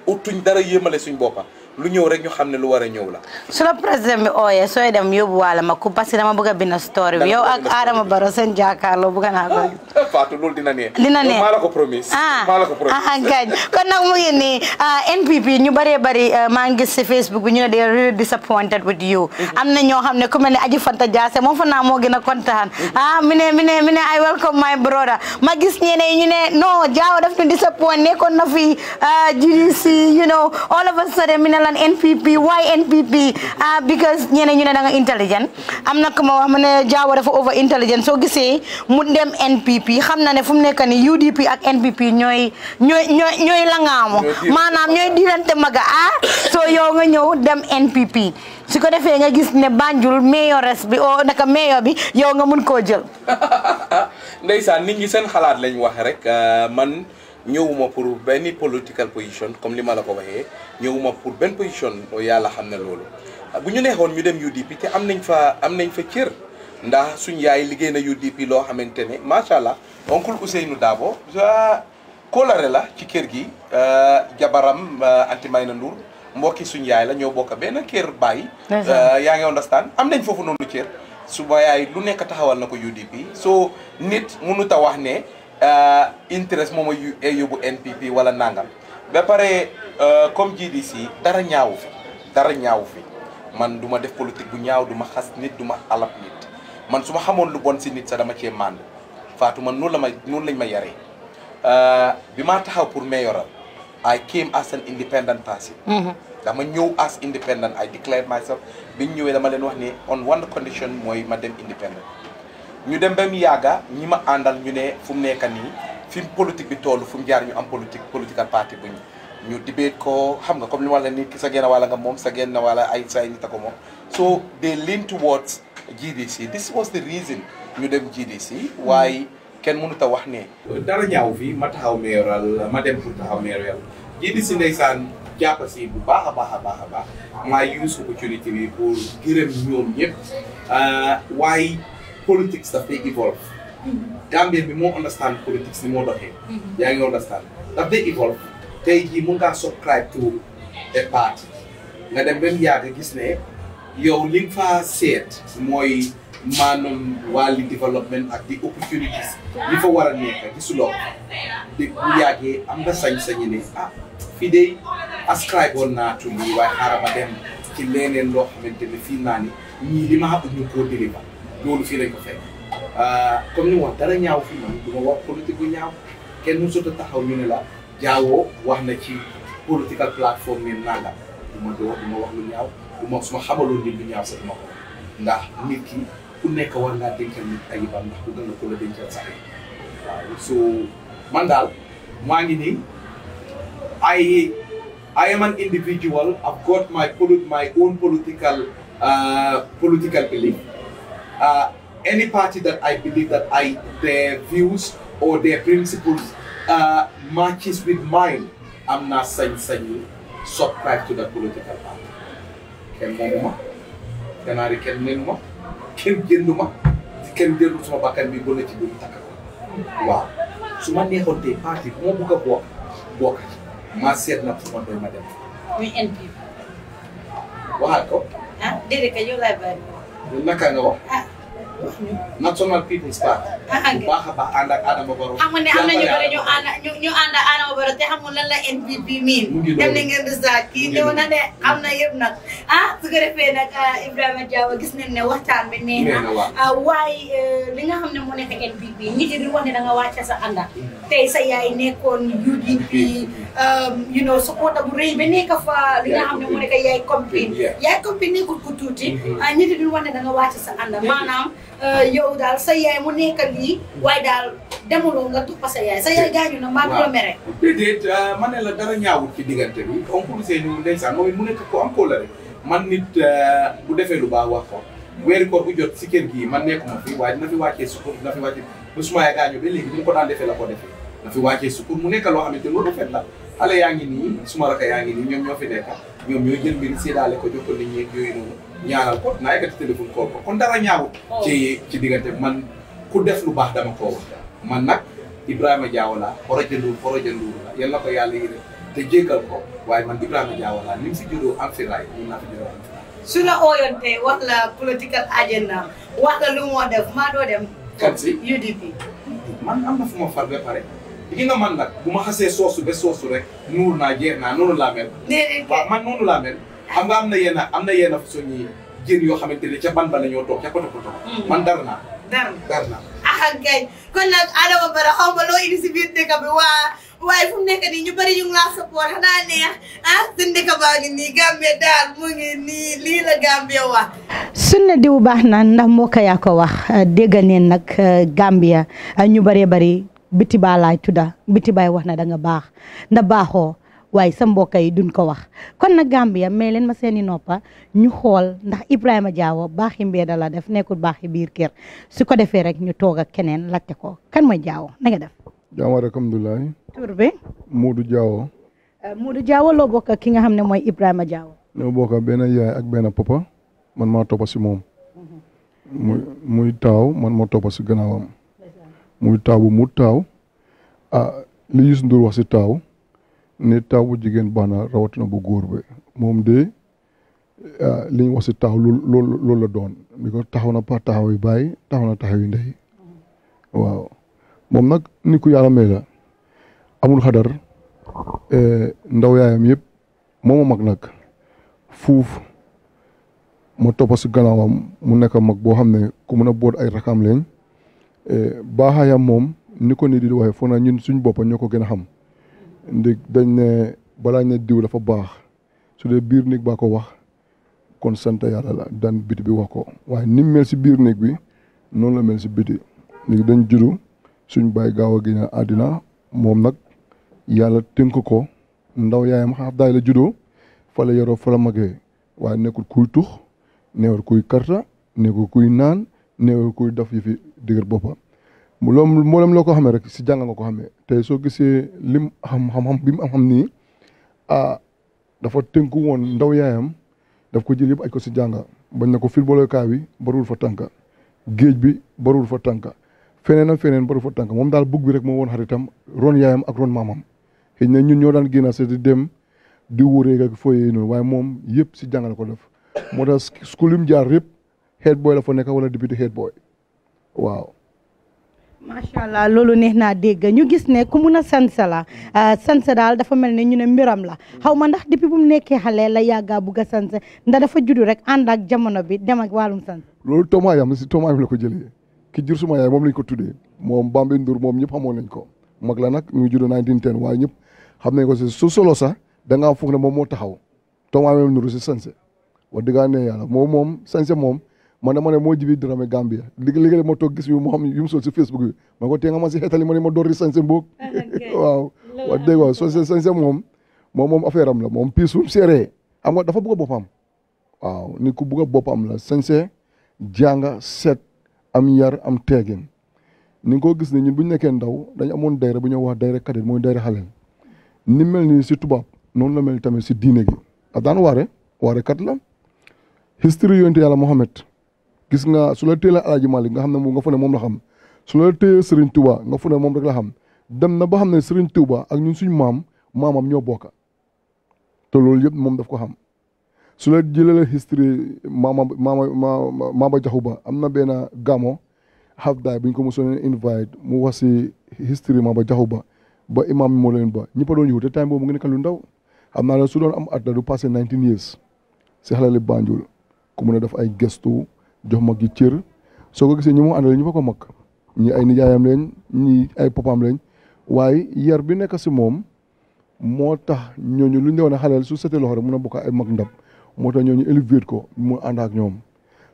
utuñ dara yéemale suñ boppa lu ñëw rek ñu xam lu war a ñëw la. su la président bi ooyee sooy dem yóbbuwaale ma ku parce que dama bëgg a bind story bi yow ak Adama Barrow seen jàkkaarloo bëgg naa ko. Fatou loolu dina ne. dina ne maa na ñoo xam ne Fanta Jaase moom fa naa moo gën a kontaan mm-hmm. ah mi ne mi ne mi ne I welcome my brother ma gis ñeneen ñu ne non Jawo daf ñu disappoint nekkoon na fi ah, GDC you know all of a sudden mi ne naan NPP why NPP ah uh, because ñene ñu ne da nga intelligent amna ko ma wax mané jaawu dafa over intelligent so gisé mu dem NPP xamna né ne fu mu nekk ni UDP ak NPP ñoy ñoy ñooy ñooy langaamu manam ñoy diirante maga ah so yo nga ñew dem NPP su ko defee nga gis ne Banjul mayoress bi o naka mayor bi yo nga mën ko jël ndeysaan nit ñi seen xalaat lañ wax rek euh, man ñëwuma pour benn political position comme li ma la ko waxee ñëwuma pour benn position yàlla xam na loolu ah, bu ñu neexoon ñu dem UDP te am nañ fa am nañ fa cër ndax suñ yaay liggéey na UDP loo xamante ne macha allah oncle Ousseynou Dabo kóolare la ci kër gi euh, jabaram euh, anti may na nduur mbokki suñ yaay la ñoo bokk benn kër bàyyi euh, yaa ngi understand am nañ foofu noonu cër su ma yaay lu nekk taxawal na ko UDP so nit mënut a wax ne Euh, interest moom a yóbbu NPP wala nangam ba pare euh, comme GDC dara ñaawu fi dara ñaawu fi man du ma def politique bu ñaaw du ma xas nit du ma alab nit man su ma xamoon lu bon si nit sax dama cee mànd Fatou man noonu la ma noonu lañ euh, bi maa taxaw pour mayoral I came as an independent person. Mm-hmm. dama ñëw as independent I declared myself bi ñu ñëwee dama leen wax ni on one condition mooy ma dem independent. ñu dem ba mu yàgga ñi ma àndal ñu ne fu mu nekk nii fi mu bi toll fu mu jaar ñu am politique political party buñ ñu dibee ko xam nga comme li ma nii ni sa genn wàll nga moom sa genn wàll ay say nit a ko moom so they lean towards GDC this was the reason ñu dem GDC waaye kenn mënut a wax ne dara ñaaw fii ma taxaw mayoral ma dem pour taxaw mayoral GDC ndeysaan jàpp si bu baax a baax a baax a baax maa use opportunité bi pour gërëm ñoom ñëpp ah, waaye politics daf day evolve Gambien bi moo understand politics ni moo doxee mm-hmm. yaa ngi understand daf day evolve tey jii mun ngaa subscribe to a party nga dem ba mu yàgg gis ne yow li nga seet mooy maanaam wàlli development ak di opportunities li fa war a nekk gisuloo de bu yàggee am nga sañ-sañi ne ah fii de ascribe woon naa tulli waaye xaaral ma dem ci leneen loo xamante ne fii naa ni ñii li ma xam ñu ko deliver loolu fii lañ ko fekk euh, comme ni mu wax dara ñaaw fii man du wax politique bu ñaaw kenn mu sot a taxaw ñu ne la jaawoo wax na ci political platform yi nangam du ma wax du ma wax ñaaw du ma su ma xamaloon nit lu ñaaw sax du ma ko ndax nit ki ku nekk war ngaa dencal nit ayibam ndax ku gën a ko la dencal sax waaw so man daal maa ngi nii ay I am an individual. I've got my my own political uh, political belief. uh, any party that I believe that I their views or their principles uh, matches with mine, I'm not saying subscribe to the political party. Ken momuma, ken ari ken nenuma, ken genduma, ken gendu sama bakkan bi boleh ci dum takal. Waaw. Su ma neexoon tey parti bu ma bëgg a bokk bokk maa seet nag su ma doy ma dem. Muy NPP. Waxaat ko. Ah 中の not so much people start bu baax a baax ànd ak Adama Barrow xam nga ne am na ñu bëri ñu ànd ñu ñu ànd ak Adama Barrow te xamul lan la NPP miin dem na ngeen research kii ñëw na de xam na yëpp ah su ko defee nag ah, Ibrahima Diawa gis nañ ne waxtaan bi nee na waaye ah, eh, li nga xam ne moo nekk NPP nit yi di wax da nga wàcce sa anda tay sa yaay nekkoon UDP um you know supporter bu rëy ba nekk fa li nga xam ya, mo moo nekk iya, yaay compine yaay compine nekkul ku tuuti mm-hmm. ah, nit yi di wax da nga wàcce sa anda maanaam Euh, yow daal sa yaay mu nekkal lii waaye daal demuloo nga tuppa sa yaay sa yaay gaañu na maa ngi la mere. déedéet euh, ma ne la dara ñaawut ci diggante bi oncle Seynou ndeysaan moom it mu nekk ko am kóolare man nit euh, bu defee lu baax wax ko weeri koor bu jot si kër gii man nekkuma fi waaye dina fi wàccee sukkur dina fi wàccee ba mu ko daan defee la ko defee dina fi mu nekk loo xamante lu rafet la xale yaa ngi nii suma rakk yaa ngi nii ñoom ñoo fi nekk ñoom ñooy jël mbir séddaale ko jox ko nit ñi ñaanal ko naa yëkkati téléphone call ko kon dara ñaaw oh. ci ci diggante man ku def lu baax dama koo wax man nag ibrahima jaaw laa xoroja nduur xoroja la yal ko yàlla yi te jéggal ko waaye man ibrahima jaaw laa ni mu fi juddoo am fi raay mun naa fi juddoo am fi su la wax la political agenda wax la lu moo def maa doo dem kan si udp man am na fu ma far ba pare li nga man nag bu ma xasee soosu ba soosu rek nuur naa jeex naa noonu laa mel waaw man noonu laa mel xam nga am na yenn am na yenn yoo xamante ne ca ba la ñoo toog ca poto poto. Mm. man dar naa. dar naa dar ah, kay kon nag Adama Barrow xaw ma si biir dëkk bi waa waaye fu mu nii ñu bari ñu ngi laa support ah, diw baax na ndax moo ko wax dégg neen nag Gambia ñu bëree bari biti baa laay tudda biti baay wax na da nga baax nda baaxoo. waaye sa mbokk yi duñ ko wax kon nag Gambia may leen ma seeni noppa ñu xool ndax Ibrahima Jawo baaxi mbeeda la def baax baaxi biir kër su ko defee rek ñu toog ak keneen laajte ko kan mooy Jawo na def. jaamare alhamdulilah. tur bi. Moodu Jawo. Euh, Moodu ki nga xam ne mooy Ibrahima Jawo. ñoo bokk benn yaay ak benn papa man maa toppa si moom. Mhm. muy muy taaw man moo toppa si gannaawam. muy taaw bu mu taaw ah li Youssou Ndour wax si taaw. ne taaw bu jigéen baax na rawatina bu góor bi moom de ah, li ñu wax si taaw loolu loolu la doon bi ko taxaw na pa taxaw yu bàyyi taxaw na tax yu ndey waaw moom nag ni ku yàlla may la amul xadar eh, ndaw yaayam yëpp mooma mag nag fuuf ma toppa si gannaawam mu nekk mag boo xam ne ku mun a boot ay rakam leen eh, baaxaayam moom ni ko nit di waxee foog naa ñun suñ boppa ñoo ko gën a xam ndi dañ ne balaa ñu diw dafa baax su dee biir néeg baa ko wax kon sant yàlla la daan biti bi wax ko waaye nim mel si biir néeg bi noonu la mel si biti léegi dañ juddu suñ bàyyi gaaw a génn àddina moom nag yàlla tënk ko ndaw yaayam xaaf daay la juddoo fa la yoroo fa waaye nekkul kuy tux neewul kuy karta nekkul kuy naan neewul kuy daf yi fi dëgër boppam loolu mboolem loo ko xamee rek si jàng nga ko xamee te soo gisee lim xam xam bi mu am xam nii ah dafa tënku woon ndaw yaayam daf ko jël yëpp aj ko si jànga bañ na ko footballukaay bi barul fa tànka géej bi barul fa tanka feneen ak feneen barul fa tànka moom daal bugg bi rek moo woon xaritam ron yaayam ak ron maamam xëy na ñun ñoo daan génn si di dem di wóoree ak fooyee noonu waaye moom yëpp si jànga ko def moo tax school yi mu jaar yëpp head la fa nekk wala député head boy waaw macha allah loolu neex naa dégg ñu gis ne ku mun a sansa la euh, sansa daal dafa mel ne ñu ne mbiram la xaw ma ndax depuis bu mu nekkee xale la yàggaa bugg a sansa ndax dafa juddu rek ànd ak jamono bi dem ak wàllum sans loolu toomaayam si toomaayam la ko jëlee ki jur suma yaay moom lañ ko tuddee moom Bambi Ndour moom ñëpp xamoon nañ ko mag la nag ñu ngi judd 1910 waaye ñëpp xam nañ ko si su solo sax da ngaa foog ne moom moo taxaw toomaayam Ndour si sansa wax dëgg ne yàlla moom moom sansa moom man dama ne moo Djiby Dramé Gambia léegi léegi ma toog gis yu mu xam yu mu sol si Facebook bi ma ko tee nga si xeetali ma ne door di sañse waaw wax dëgg waaw so sañse moom moo moom affaire am la moom piis fu mu am nga dafa bëgg a waaw nit ku bëgg a boppam la sañse jànga set am yar am teegin ni ko gis ne ñun bu ñu nekkee ndaw dañ moon dayra bu ñoo wax dayra kadet mooy dayra xaleel ni mel nii si tubaab noonu la mel tamit si diine gi a daan waare waare kat la history yonte yàlla Mohamed gis nga su la téelee Alaaji Malik nga xam ne moom nga fa ne moom la xam su la téye Serigne Touba nga fa moom rek la xam dem na ba xam ne Serigne Touba ak ñun suñu maam maam maamam ñoo bokka te loolu yëpp moom daf ko xam su la jëlee history maama maama maama jaxu ba am na benn gamo xafdaay bu ñu ko mosoon invite mu wax si history ba jaxu ba ba imaam moo leen ba ñëpp a doon yëngu te time boobu mu ngi nekk lu ndaw xam naa la su doon am at la du passé 19 years si xelali Banjul ku mun a def ay gëstu. jox ma gi cër soo ko gisee ñi mu àndal ñu fa ko mag ñi ay nijaayam lañ ñi ay popam lañ waaye yar bi nekk si moom moo tax ñooñu lu ñu doon xalal su setee loxo rek mun a bokk ay mag ndab moo tax ñooñu élevé ko mu ànd ak ñoom.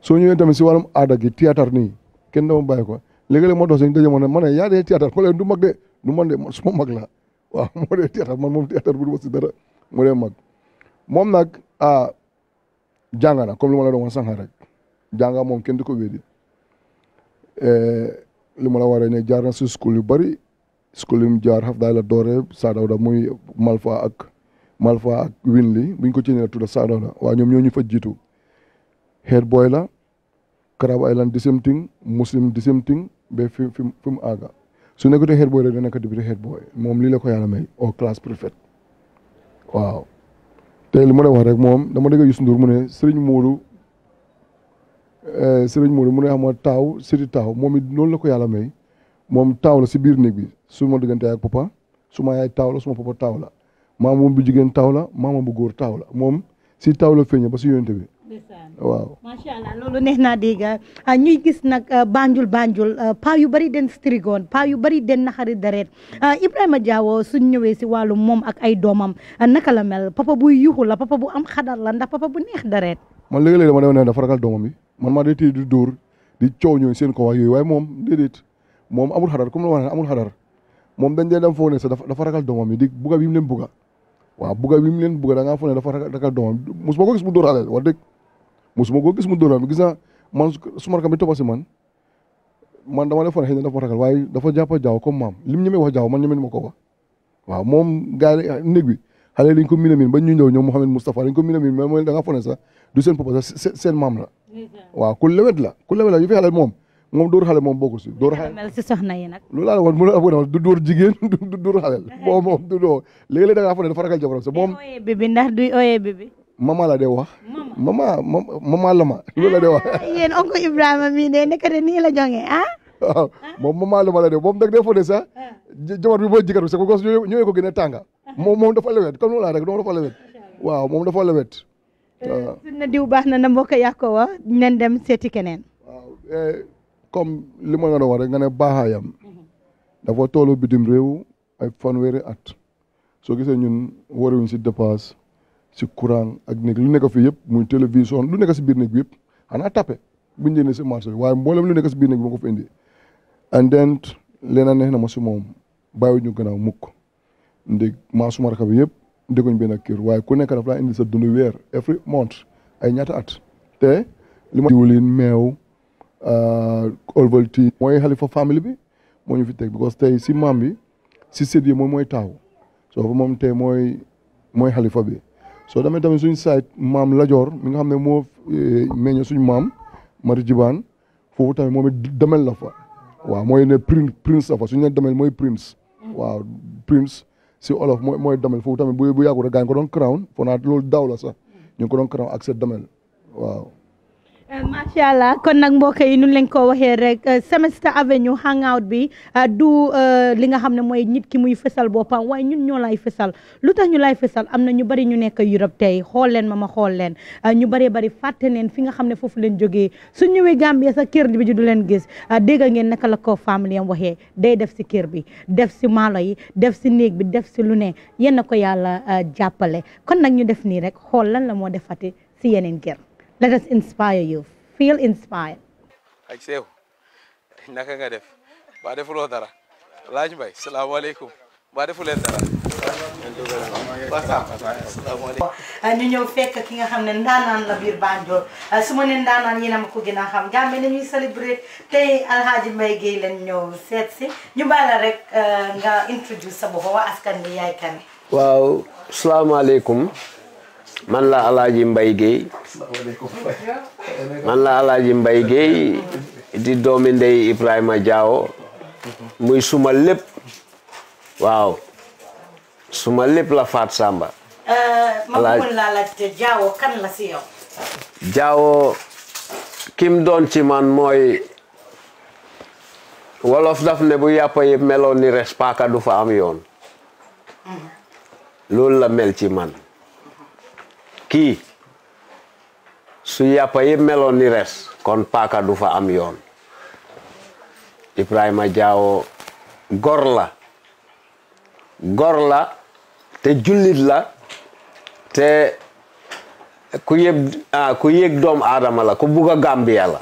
soo ñëwee tamit si wàllum aada gi théâtre nii kenn dama bàyyi ko léeg-léeg moo dox suñu daje ma ne ma ne yaa dee théâtre ko leen du mag de du man de su ma mag la waaw moo dee théâtre man moom théâtre bu du ma si dara mu dee mag moom nag ah jàng na comme lu ma la doon wax sànq rek jànga mom kenn du ko euh eh, luma la waré né jaar na si school yu bari school yu jaar muy Malfa ak Malfa ak Winli buñ ko ci nee tudda Saadawda wa ñom ñoo ñu fa jitu head boy la Crab Island the same thing Muslim the same thing be fim fim, fim aga su head boy rek dana nekk head boy mom li la ko yalla may au prefect. Wow. waaw té li mom, la wax rek mom dama dégg mu né Serigne Modou Euh, sëriñ Modou mu ne xam ah, taaw sëriñ taaw moom it loolu la ko yàlla may moom taaw la si biir néeg bi su ma diggante ak papa su ma yaay taaw la su ma papa taaw la maam moom bu jigéen taaw la maamam bu góor taaw la moom si taaw la feeñee ba si yónente bi waaw macha loolu neex naa dégg ah, ñuy gis nag ah, banjul banjul paa yu bari den strigoon paa yu bari den naxari dareet Ibrahima jaawoo suñ ñëwee si wàllu moom ak ay doomam naka la mel papa buy yuxu la papa bu am xadar la ndax papa bu neex dareet man léegi-léegi dama demoon man ma day téye di di coow ñooñu seen ko wax yoy way mom dedet mom amul xadar kum la wax amul xadar mom dañ dee dem foo sa dafa ragal domam yi di buga bi mu leen buga wa buga bi mu leen buga da nga foo dafa ragal domam musuma ko gis mu dóor xale wax dëgg mosuma ko gis mu dóor gis na man suma rakam bi topasi man man dama lay fone dafa ragal waaye dafa jàppa jaaw comme mam lim ñemee wax jaaw man ñemee mako wax wa mom gaal neeg bi xale liñ ko minamin ba ñu ñëw ñoom Mouhamed mustafa liñ ko minamin da nga fone sa du seen papa seen la Mm-hmm. waaw ku lewet la ku lewet la ñu fi xale moom moom dóor xale moom bokkul si dóor xale mel si soxna yi nag loolu laa woon mënul afo du dóor jigéen du dóor xale moom du dóor léeg da nga fo ne dafa ragal jabaram sa moom ooyee bébé ndax du ma loolu la ah, de ah? wax yéen ah. moom mama la ma la de moom nag des fois de sax jabar bi mooy jëkkër bi sa ko gos ñëwee ko gën a tànga moom moom dafa lewet comme noonu laa rek moom dafa lewet waaw moom dafa lewet Euh, ah. na diw baax na na mbokk yàqoo wa nen dem seeti keneen. waaw eh, comme li ma la doon wax rek nga ne baaxaayam. dafa toolu bitim réew ay fanweeri at. soo gisee ñun waruñ si dépasse si courant ak néeg lu nekk fi yëpp muy télévision lu nekk si biir néeg bi yëpp xanaa tapé bu ñu jëndee si marché bi waaye mboolem lu nekk si biir néeg bi moo ko fi indi. and then leneen neex na ma si moom bàyyiwuñu gannaaw mukk ndig maa suma rakk bi yëpp. dégguñ benn cure waaye ku nekk daf laa indi sa dundu weer every month ay ñaata at te li ma diwlin meew euh, Ovaltine mooy xalifa famille bi moo ñu fi teg because tey si maam bi si sët yi moom mooy taaw soo fa moom tey mooy mooy xalifa bi soo demee tamit suñ site maam Lajoor mi nga xam ne moo eh, meññe suñ maam mari jibaan foofu tamit moom it demel la fa waaw mooy ne prince prince la suñ ne demel mooy prince waaw prince si olof mooy mooy damel foofu tamit bu bu yàggul rek gaañ ko doon crown foo naa loolu daaw la sax mm. ñu ngi crown ak seen damel waaw Euh, macha allah kon nag mbokk yi nun lañ ko waxee rek euh, Semester Avenue hangout bi euh, du li nga xam ne mooy nit ki muy fësal boppam waaye ñun ñoo lay fësal lu tax ñu lay fësal am na ñu bari ñu nekk Europe tey xool leen ma ma xool leen ñu bari bari fàtte neen fi nga xam ne foofu leen jógee su ñëwee Gambia sa kër bi du leen gis dégg naka la ko famille am waxee day def si kër bi def si maalo yi def si néeg bi def si lu ne yéen na ko yàlla jàppale kon nag ñu def nii rek xool lan la moo defati si yeneen kër. let us inspire you feel inspired. ak Seydou naka nga def ba defuloo dara laaj mbay salaamaaleykum ba defuleen dara. ñu ñëw fekk ki nga xam ne ndaanaan la biir Banjul su ma ne ndaanaan yéen a ma ko gën a xam Gambie nañuy célébrer tey Alhaji Mbaye Gueye lañ ñëw seet si ñu bàyyi la rek nga introduce sa bopp waa askan bi yaay kan. waaw salaamaaleykum. man la alaaji Mbay Géey man Mbay Géey di doomi ndey Ibrahima Diawo muy suma lépp waaw suma lépp la faat Samba euh, ma kim doon ci man mooy wolof daf ne bu yàppa yëpp meloon ni res paaka du fa am yoon mm. loolu la mel ci man Ki, suya yàppa yëpp ni res kon paaka du fa am yon Ibrahima Jawo gorla gorla te julit la te ku yeb ah ku yëg dom adama la ku buga kubuga Gambia la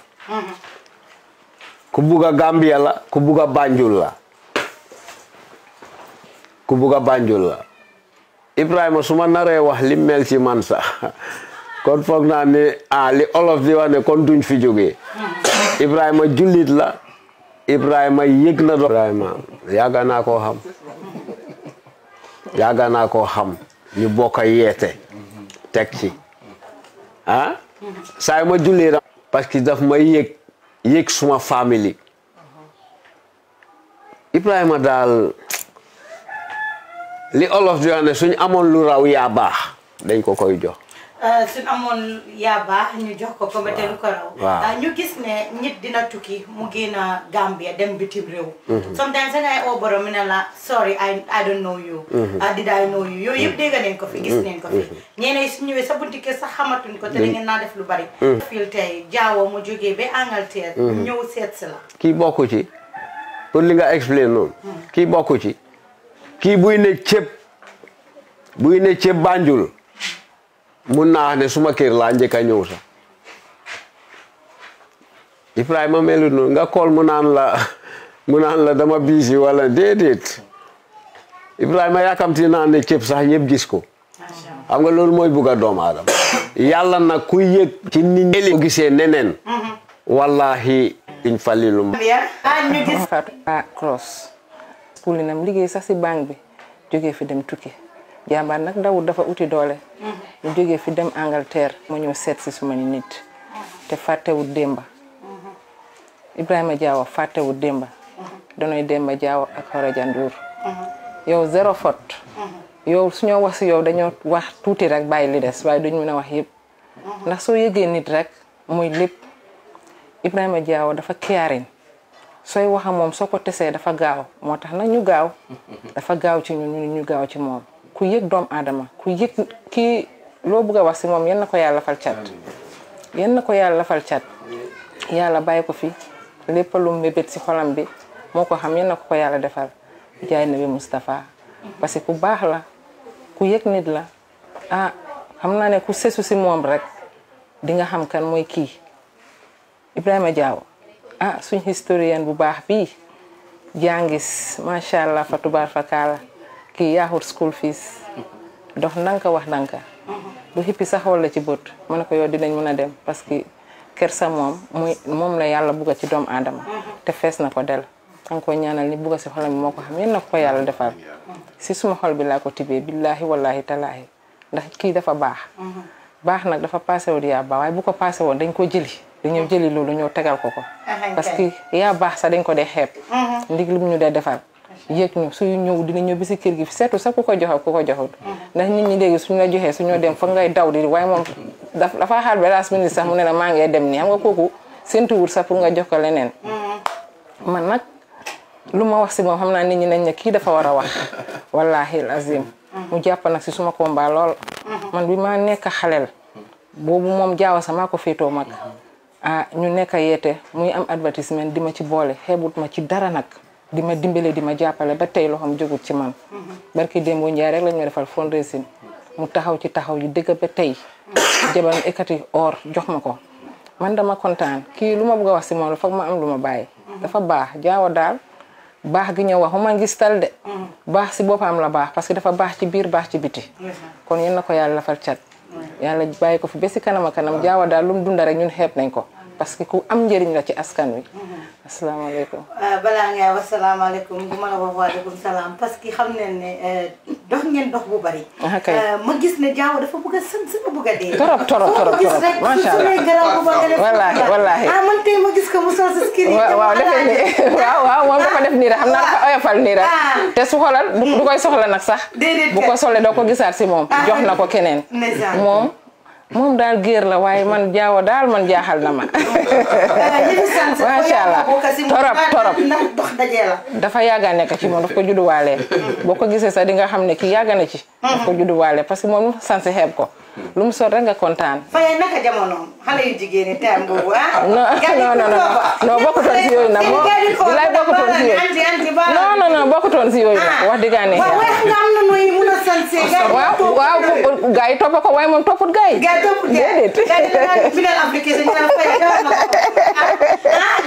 ku buga Gambia la ku buga Banjul la ku buga Banjul la Ibrahima suma ma naree wax li mel ci man sax kon foog naa ne ah li olof di wax ne kon duñ fi jóge Ibrahima jullit la Ibrahima yëg na do Ibrahima yàgga naa koo xam yàgga naa koo xam ñu bokk a yeete teg ci ah saay ma julli ra parce que daf ma yëg yëg suma famille Ibrahima daal li olof di wax suñ amoon lu raw yaa baax dañ ko koy jox. Euh, suñ amoon yaa baax ñu jox ko ko ba lu ko raw. Euh, ñu gis ne nit dina tukki mu génn Gambia dem bitim réew. Mhm. sometimes da ngay oo borom ne la sorry I I don't know you. Mhm. Uh, did yooyu yëpp mhm. dégg nañ ko su ñëwee sa bunti kër ko te da naa def lu bari. fil tey jaawoo mu jógee ba Angleterre. ñëw seet si la. kii bokku ci pour li nga expliqué noonu. kii bokku ci. kii buy ne ceeb buy ne ceeb Banjul mun naa ne suma kër laa njëkk a ñëw sax Ibrahima melu noonu nga kool mu naan la mu naan la dama biisi wala déedéet Ibrahima yaakamti naa ne ceeb sax ñëpp gis ko xam nga loolu mooy bugga a doomu aadama yàlla na ku yëg ci nit ñi ko gisee neneen wallahi iñ falilu mba school yi nam liggéey sax si banque bi jógee fi dem tukki jàmbaar nag dawul dafa uti doole ñu mhm. jógee fi dem Angleterre ma ñu seet si suma nit mhm. te fàttewul démba mhm. Ibrahima Diawa fàttewul démba donoy démba Diawa ak Xora Jandour yow zéro fot yow suñoo wax si yow dañoo wax tuuti rek bàyyi li des waaye duñu mën a wax yëpp ndax soo yëgee nit rek mooy lépp Ibrahima Diawa dafa kiyaariñ sooy waxa moom soo ko tesee dafa gaaw moo tax nag ñu gaaw dafa gaaw ci ñun ñu gaaw ci moom ku yëg doom aadama ku yëg kii loo bugg a wax si moom yal na ko yàlla fal cat yal na ko yàlla cat yàlla bàyyi ko fi lépp lu mébét si xolam bi moo ko xam yal na ko ko yàlla defal jaay na bi Moustapha parce que ku baax la ku yëg nit la ah xam naa ne ku sesu si moom rek di nga xam kan mooy kii Ibrahima jaaw ah suñ historienne bu baax bii jàngis macha allah fa tubaar fa kaala kii yaaxul school fees dox nanka wax nanka bu xippi sax wala ci bët ma ne ko yow dinañ mën a dem parce que kersa moom muy moom la yàlla bugga ci doomu aadama te fees na ko del danga ko ñaanal ni bugga si xolam bi moo ko xam yéen na ko yàlla defal si suma xol bi laa ko tibee billaahi wallaahi talaahi ndax kii dafa baax mm-hmm. baax nag dafa passé woon yaa baax waaye bu ko passé woon dañ ko jëli di ñëw jëli loolu ñëw tegal ko ko ah, parce que yaa baax sa dañ ko dee xeeb mm-hmm. ndig lu mu ñu dee defal yéeg ñu su ñëw dina ñëw si kër gi seetu sax ku ko joxe ku ko joxut mm-hmm. ndax nit ñi léegi suñu la joxee suñoo dem fa ngay daw di waaye moom dafa xaar ba last minute sax mu ne la maa ngi dem nii xam kooku séntuwul sax pour nga jox ko leneen mm-hmm. man nag lu ma wax si moom xam naa nit ñi nañ ne kii dafa war a wax wallahi azim mu jàpp nag si suma combat lool man bi ma nekk xaleel boobu moom jaaw maa ko féetoo mag ah ñu nekk a yeete muy am advertisement di ma ci boole xeebut ma ci dara nag di ma dimbalee di ma jàppale ba tey loxoom jógut ci man. Mm-hmm. barki démb Njaay rek lañ ma defal fundraising mu taxaw ci taxaw yi dëgg ba tey. jabaram ekkati or jox ma ko. man dama kontaan kii lu ma bëgg wax si moom foog ma am lu ma bàyyi. Mm-hmm. dafa baax jaawa daal baax gi ñëw waxu ma ngis tal mm-hmm. baax si boppam la baax parce que dafa baax ci biir baax ci biti. kon yéen na ko yàlla lafal cat. yàlla bàyyi ko fi ba si kanam kanam jaawa daal lu mu dunda rek ñun xeep nañ ko. parce que ku am njëriñ la ci askan wi. asalaamaaleykum. Euh, balaa ngay wax salaam parce que xam nañ ne euh, dox bu bari. Ah, euh, ma gis ne jaaw dafa bëgg a sant dafa dee. torop torop torop torop macha wallaahi wallaahi. Ah, man tey ma gis ko mu sol sa kii ah. te su xoolal du koy soxla nag sax. bu ko soxla doo ko gisaat si moom. jox na ko keneen moom. moom daal géer la waaye man jaawa daal man jaaxal na ma. macha allah torop torop dafa yàgg a nekk ci moom daf ko judduwaale. Mm-hmm. boo ko gisee sax di nga xam ne kii yàgg na ci. daf ko judduwaale parce que moom sanse ko. lum mu sol rek nga kontaan. naka jamono xale yu jigéen ñi eh? no no no no no non non si yooyu na di lay bokkutoon si yooyu. non non non bokkutoon si yooyu nag wax dëgg yàlla. waaw waaye nga am na nooy mun a sansé. waaw waaw gars yi topp ko waaye moom topput gars yi. gars yi topput gars yi application ah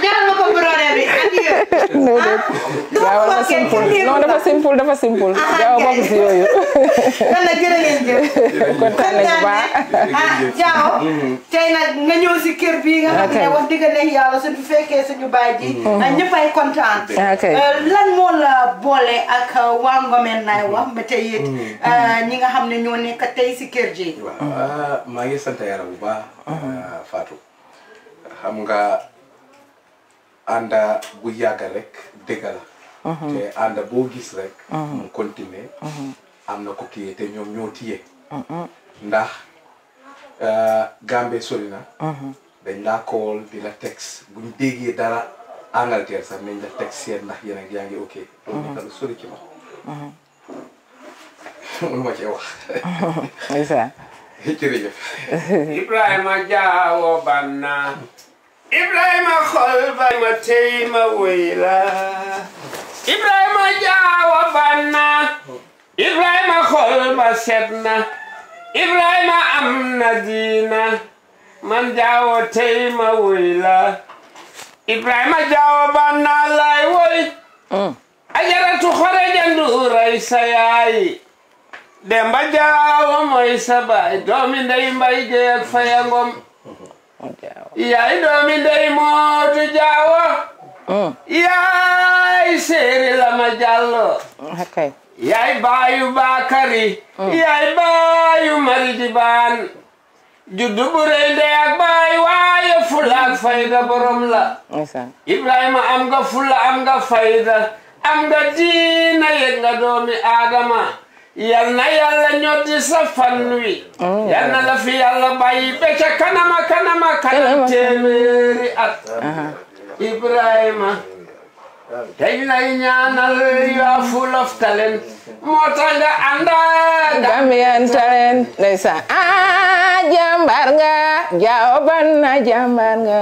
jaral ko broder bi ak dafa simple non dafa simple dafa simple. jaw bokk si ngeen ah Diaw mm-hmm. tey nag nga ñëw si kër bii nga xam ne ah, fekkee suñu baay ji mm-hmm. ah, ñëpp ay kontaan ah, euh, lan ak euh, waa Ngomen naay wax ba tey mm-hmm. euh, ñi nga xam ne ñoo nekk si kër ji waaw maa ngi sant yàlla bu baax nga ànda bu yàgg rek dëgg boo gis rek mu continuer am na ko kiyee te ñoom ñoo tiye ndax euh, Gambie sori na. Mhm. dañ laa call di la text buñ déggee dara Angleterre sax nañ la text seen ndax yéen ok. Mhm. loolu dafa sori ci mhm. ma. mënu ma cee wax. ndeysaan. jërëjëf. Ibrahima Jaawo Banna. Ibrahima xol ma tey ibrahima am na diina man jaawo tey ma woy la ibrahima jaawo ban naa lay woy mm. ajaratu xoreja nduuray sa yaay demba jaawo mooy sa baay doomi ndey mbay jeey ak fayangom yaay doomi ndey mootu jaawo mm. yaay séeri la ma jàllo mm, yaay baayu baakari oh. yaay baayu mari di baan juddu bu rëy ndey ak baay waaye fulla ak fayda borom la ibrahima am nga fulla am nga fayda am nga diina yëg nga doomi aadama yal na yàlla ñoddi sa fan wi oh. yal na la fi yàlla bàyyi ba ca kanama kanama kanam téeméeri at ibrahima tey nay ñaanal Yoff Love Talent ah, moo tax nga ànd ak Talent ndeysaan ah jàmbaar nga jaaw na jàmbaar nga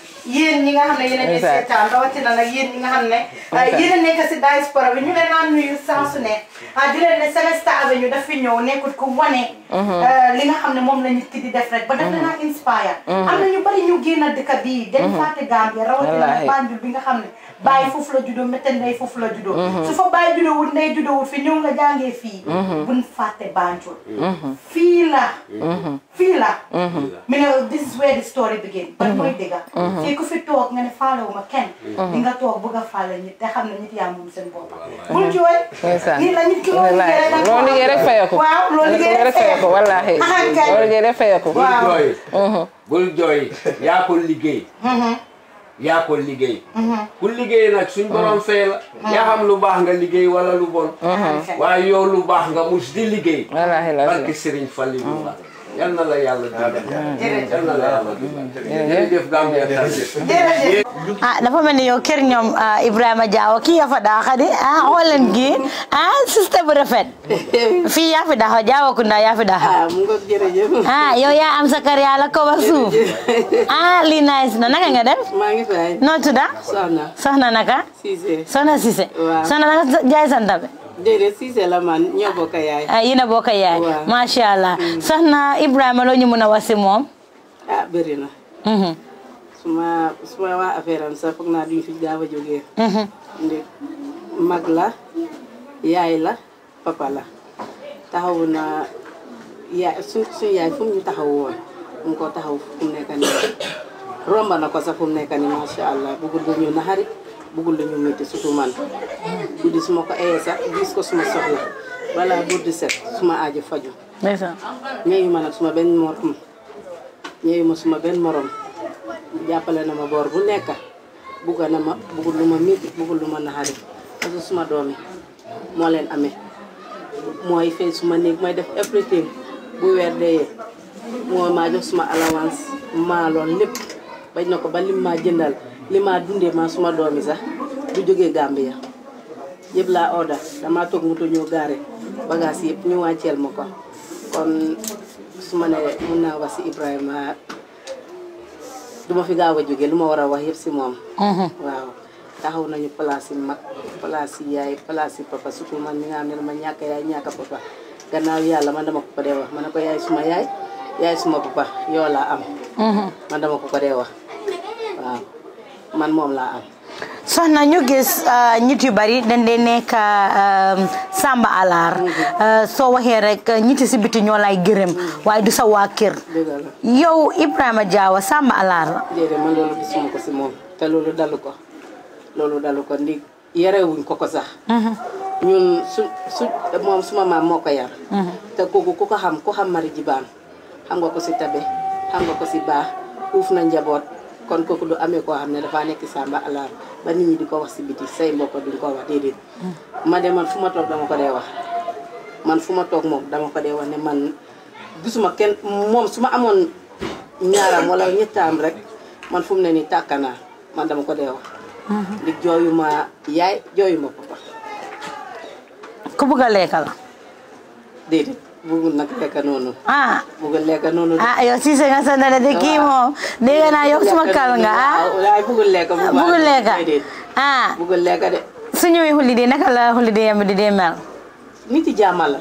yéen nga xam ne yéen a ñuy seetaan rawatina nag yéen ñi nga xam ne ah, yéen a nekk si diaspora bi ñu leen naan nuyu saa su ne mm-hmm. ah di leen ne Semester Avenue daf fi ñëw nekkut ku wane mm-hmm. euh, li nga xam ne moom la ñu ki di def rek ba daf leen mm-hmm. inspire am na ñu bari ñu génn dëkk bii dem fàtte Gambie rawatina Banjul bi nga xam ne bàyyi foofu la juddoo métte ndey foofu la juddoo mhm. su fa bàyyi juddoo wut ndey juddoo wut fi ñëw nga jàngee fii mhm. buñ fàtte Banjul mhm. fii la fii la mi ne this is where the story begin ban mooy dëgga fii ku fi toog nga ne faalewuma kenn di nga toog bëgg a faale nit te xam ne nit yaa moom seen bopp bul jooy nii la nit ki loolu liggéey rek loolu liggéey rek fayeku waaw loolu liggéey rek fayeku wallaahi loolu liggéey rek fayeku bul jooy bul jooy yaa ko liggéey yaa ko liggéey mhm. ku liggéey nag suñ borom mhm. fay la mhm. yaa xam lu baax nga liggéey wala lu bon waaye yow lu baax nga mus di liggéey barki Sëriñ Fallilu la yal na la ah dafa mel ni yow kër ñoom ah, Ibrahima Diaw kii yaa fa daaxa di ah xool leen kii ah système bu rafet fii yaa fi daaxa Diawakunda yaa fi daaxa. ah mu ah, yaa am sa kër ko ba suuf. ah lii nice na naka nga def. maa ngi fay. noo naka. Cissé. Soxna Cissé. waaw Soxna naka jaay déedéet si la man ñoo bokk yaay. ah yéen a yaay. waaw macha allah. Hmm. sax Ibrahim Ibrahima ñu mën a berina. ah mhm. suma suma wa affaire am sax foog naa duñ fi gaaw a jógee. Mhm. yaay la papa la na ya, su suñu yaay fu mu ñu taxaw woon mu ko taxaw fu mu nekk nii na ko fu allah bëggul ñu naxari. bëggul lu ñu métti surtout man guddi su ma ko ayee sax gis ko suma soxla balaa set suma aajo faju ñëwu ma nag suma benn morom mm. ñëwu ma suma benn jàppale na ma boor bu nekk bugga na ma bëggul lu ma métti bëggul lu ma naxari parce suma doomi moo leen ame mooy fay suma néeg may def everything bu weer deyee moo maa jox suma allowance maa loon lépp bañ na ko ba lim maa jëndal lima ma suma domi sax du jógee Gambia yeb la order dama tok moto ñu garé bagage yeb ñu wàcceel mako kon suma ma nee na wax ci Ibrahima ah. duma fi gawa a luma wara ma wax yeb ci mom mhm. waaw taxaw nañu place yi mak place yi yaay place yi papa suku man mi nga mel ma ñaka yaay ñaka papa gannaaw yalla man dama ko ko wax man ko yaay suma yaay yaay suma papa yo la am mhm. man dama ko ko dee wax man moom laa am. soxna ñu gis ñit euh, yu bari dañ dee euh, sàmba alaar euh, soo waxee rek ñiti si biti ñoo lay gërëm waaye du sa waa kër yow Ibrahima Jawo sàmba alaar la déedéet man loolu gisuma ko ko loolu sax mhm. ñun su su suma maam moo ko yar mhm. te kooku ku ko xam ku xam mari jibaan xam nga ko si tabe xam nga ko si baax uuf na njaboot kon koku du amé ko xamné dafa nek nekk sàmba ba nit ñi di wax ci biti sey mbokk duñ ko wax dedet ma de man fuma tok damu dama ko dé wax man fuma tok mom dama ko dé wax né man gisuma kenn mom suma amone ñaaram wala ñettam rek man fum né ni takana man dama ko dé wax di joyuma yaay joyuma papa ku bëgg a bugul nakle kanono ah bugul le kanono ah yo ah. ah. ah, eh, si se ngasa na de na yo suma kal ah ulai bugul le ka bugul le ah bugul le ka de suñu wi hulide naka la hulide yam de mel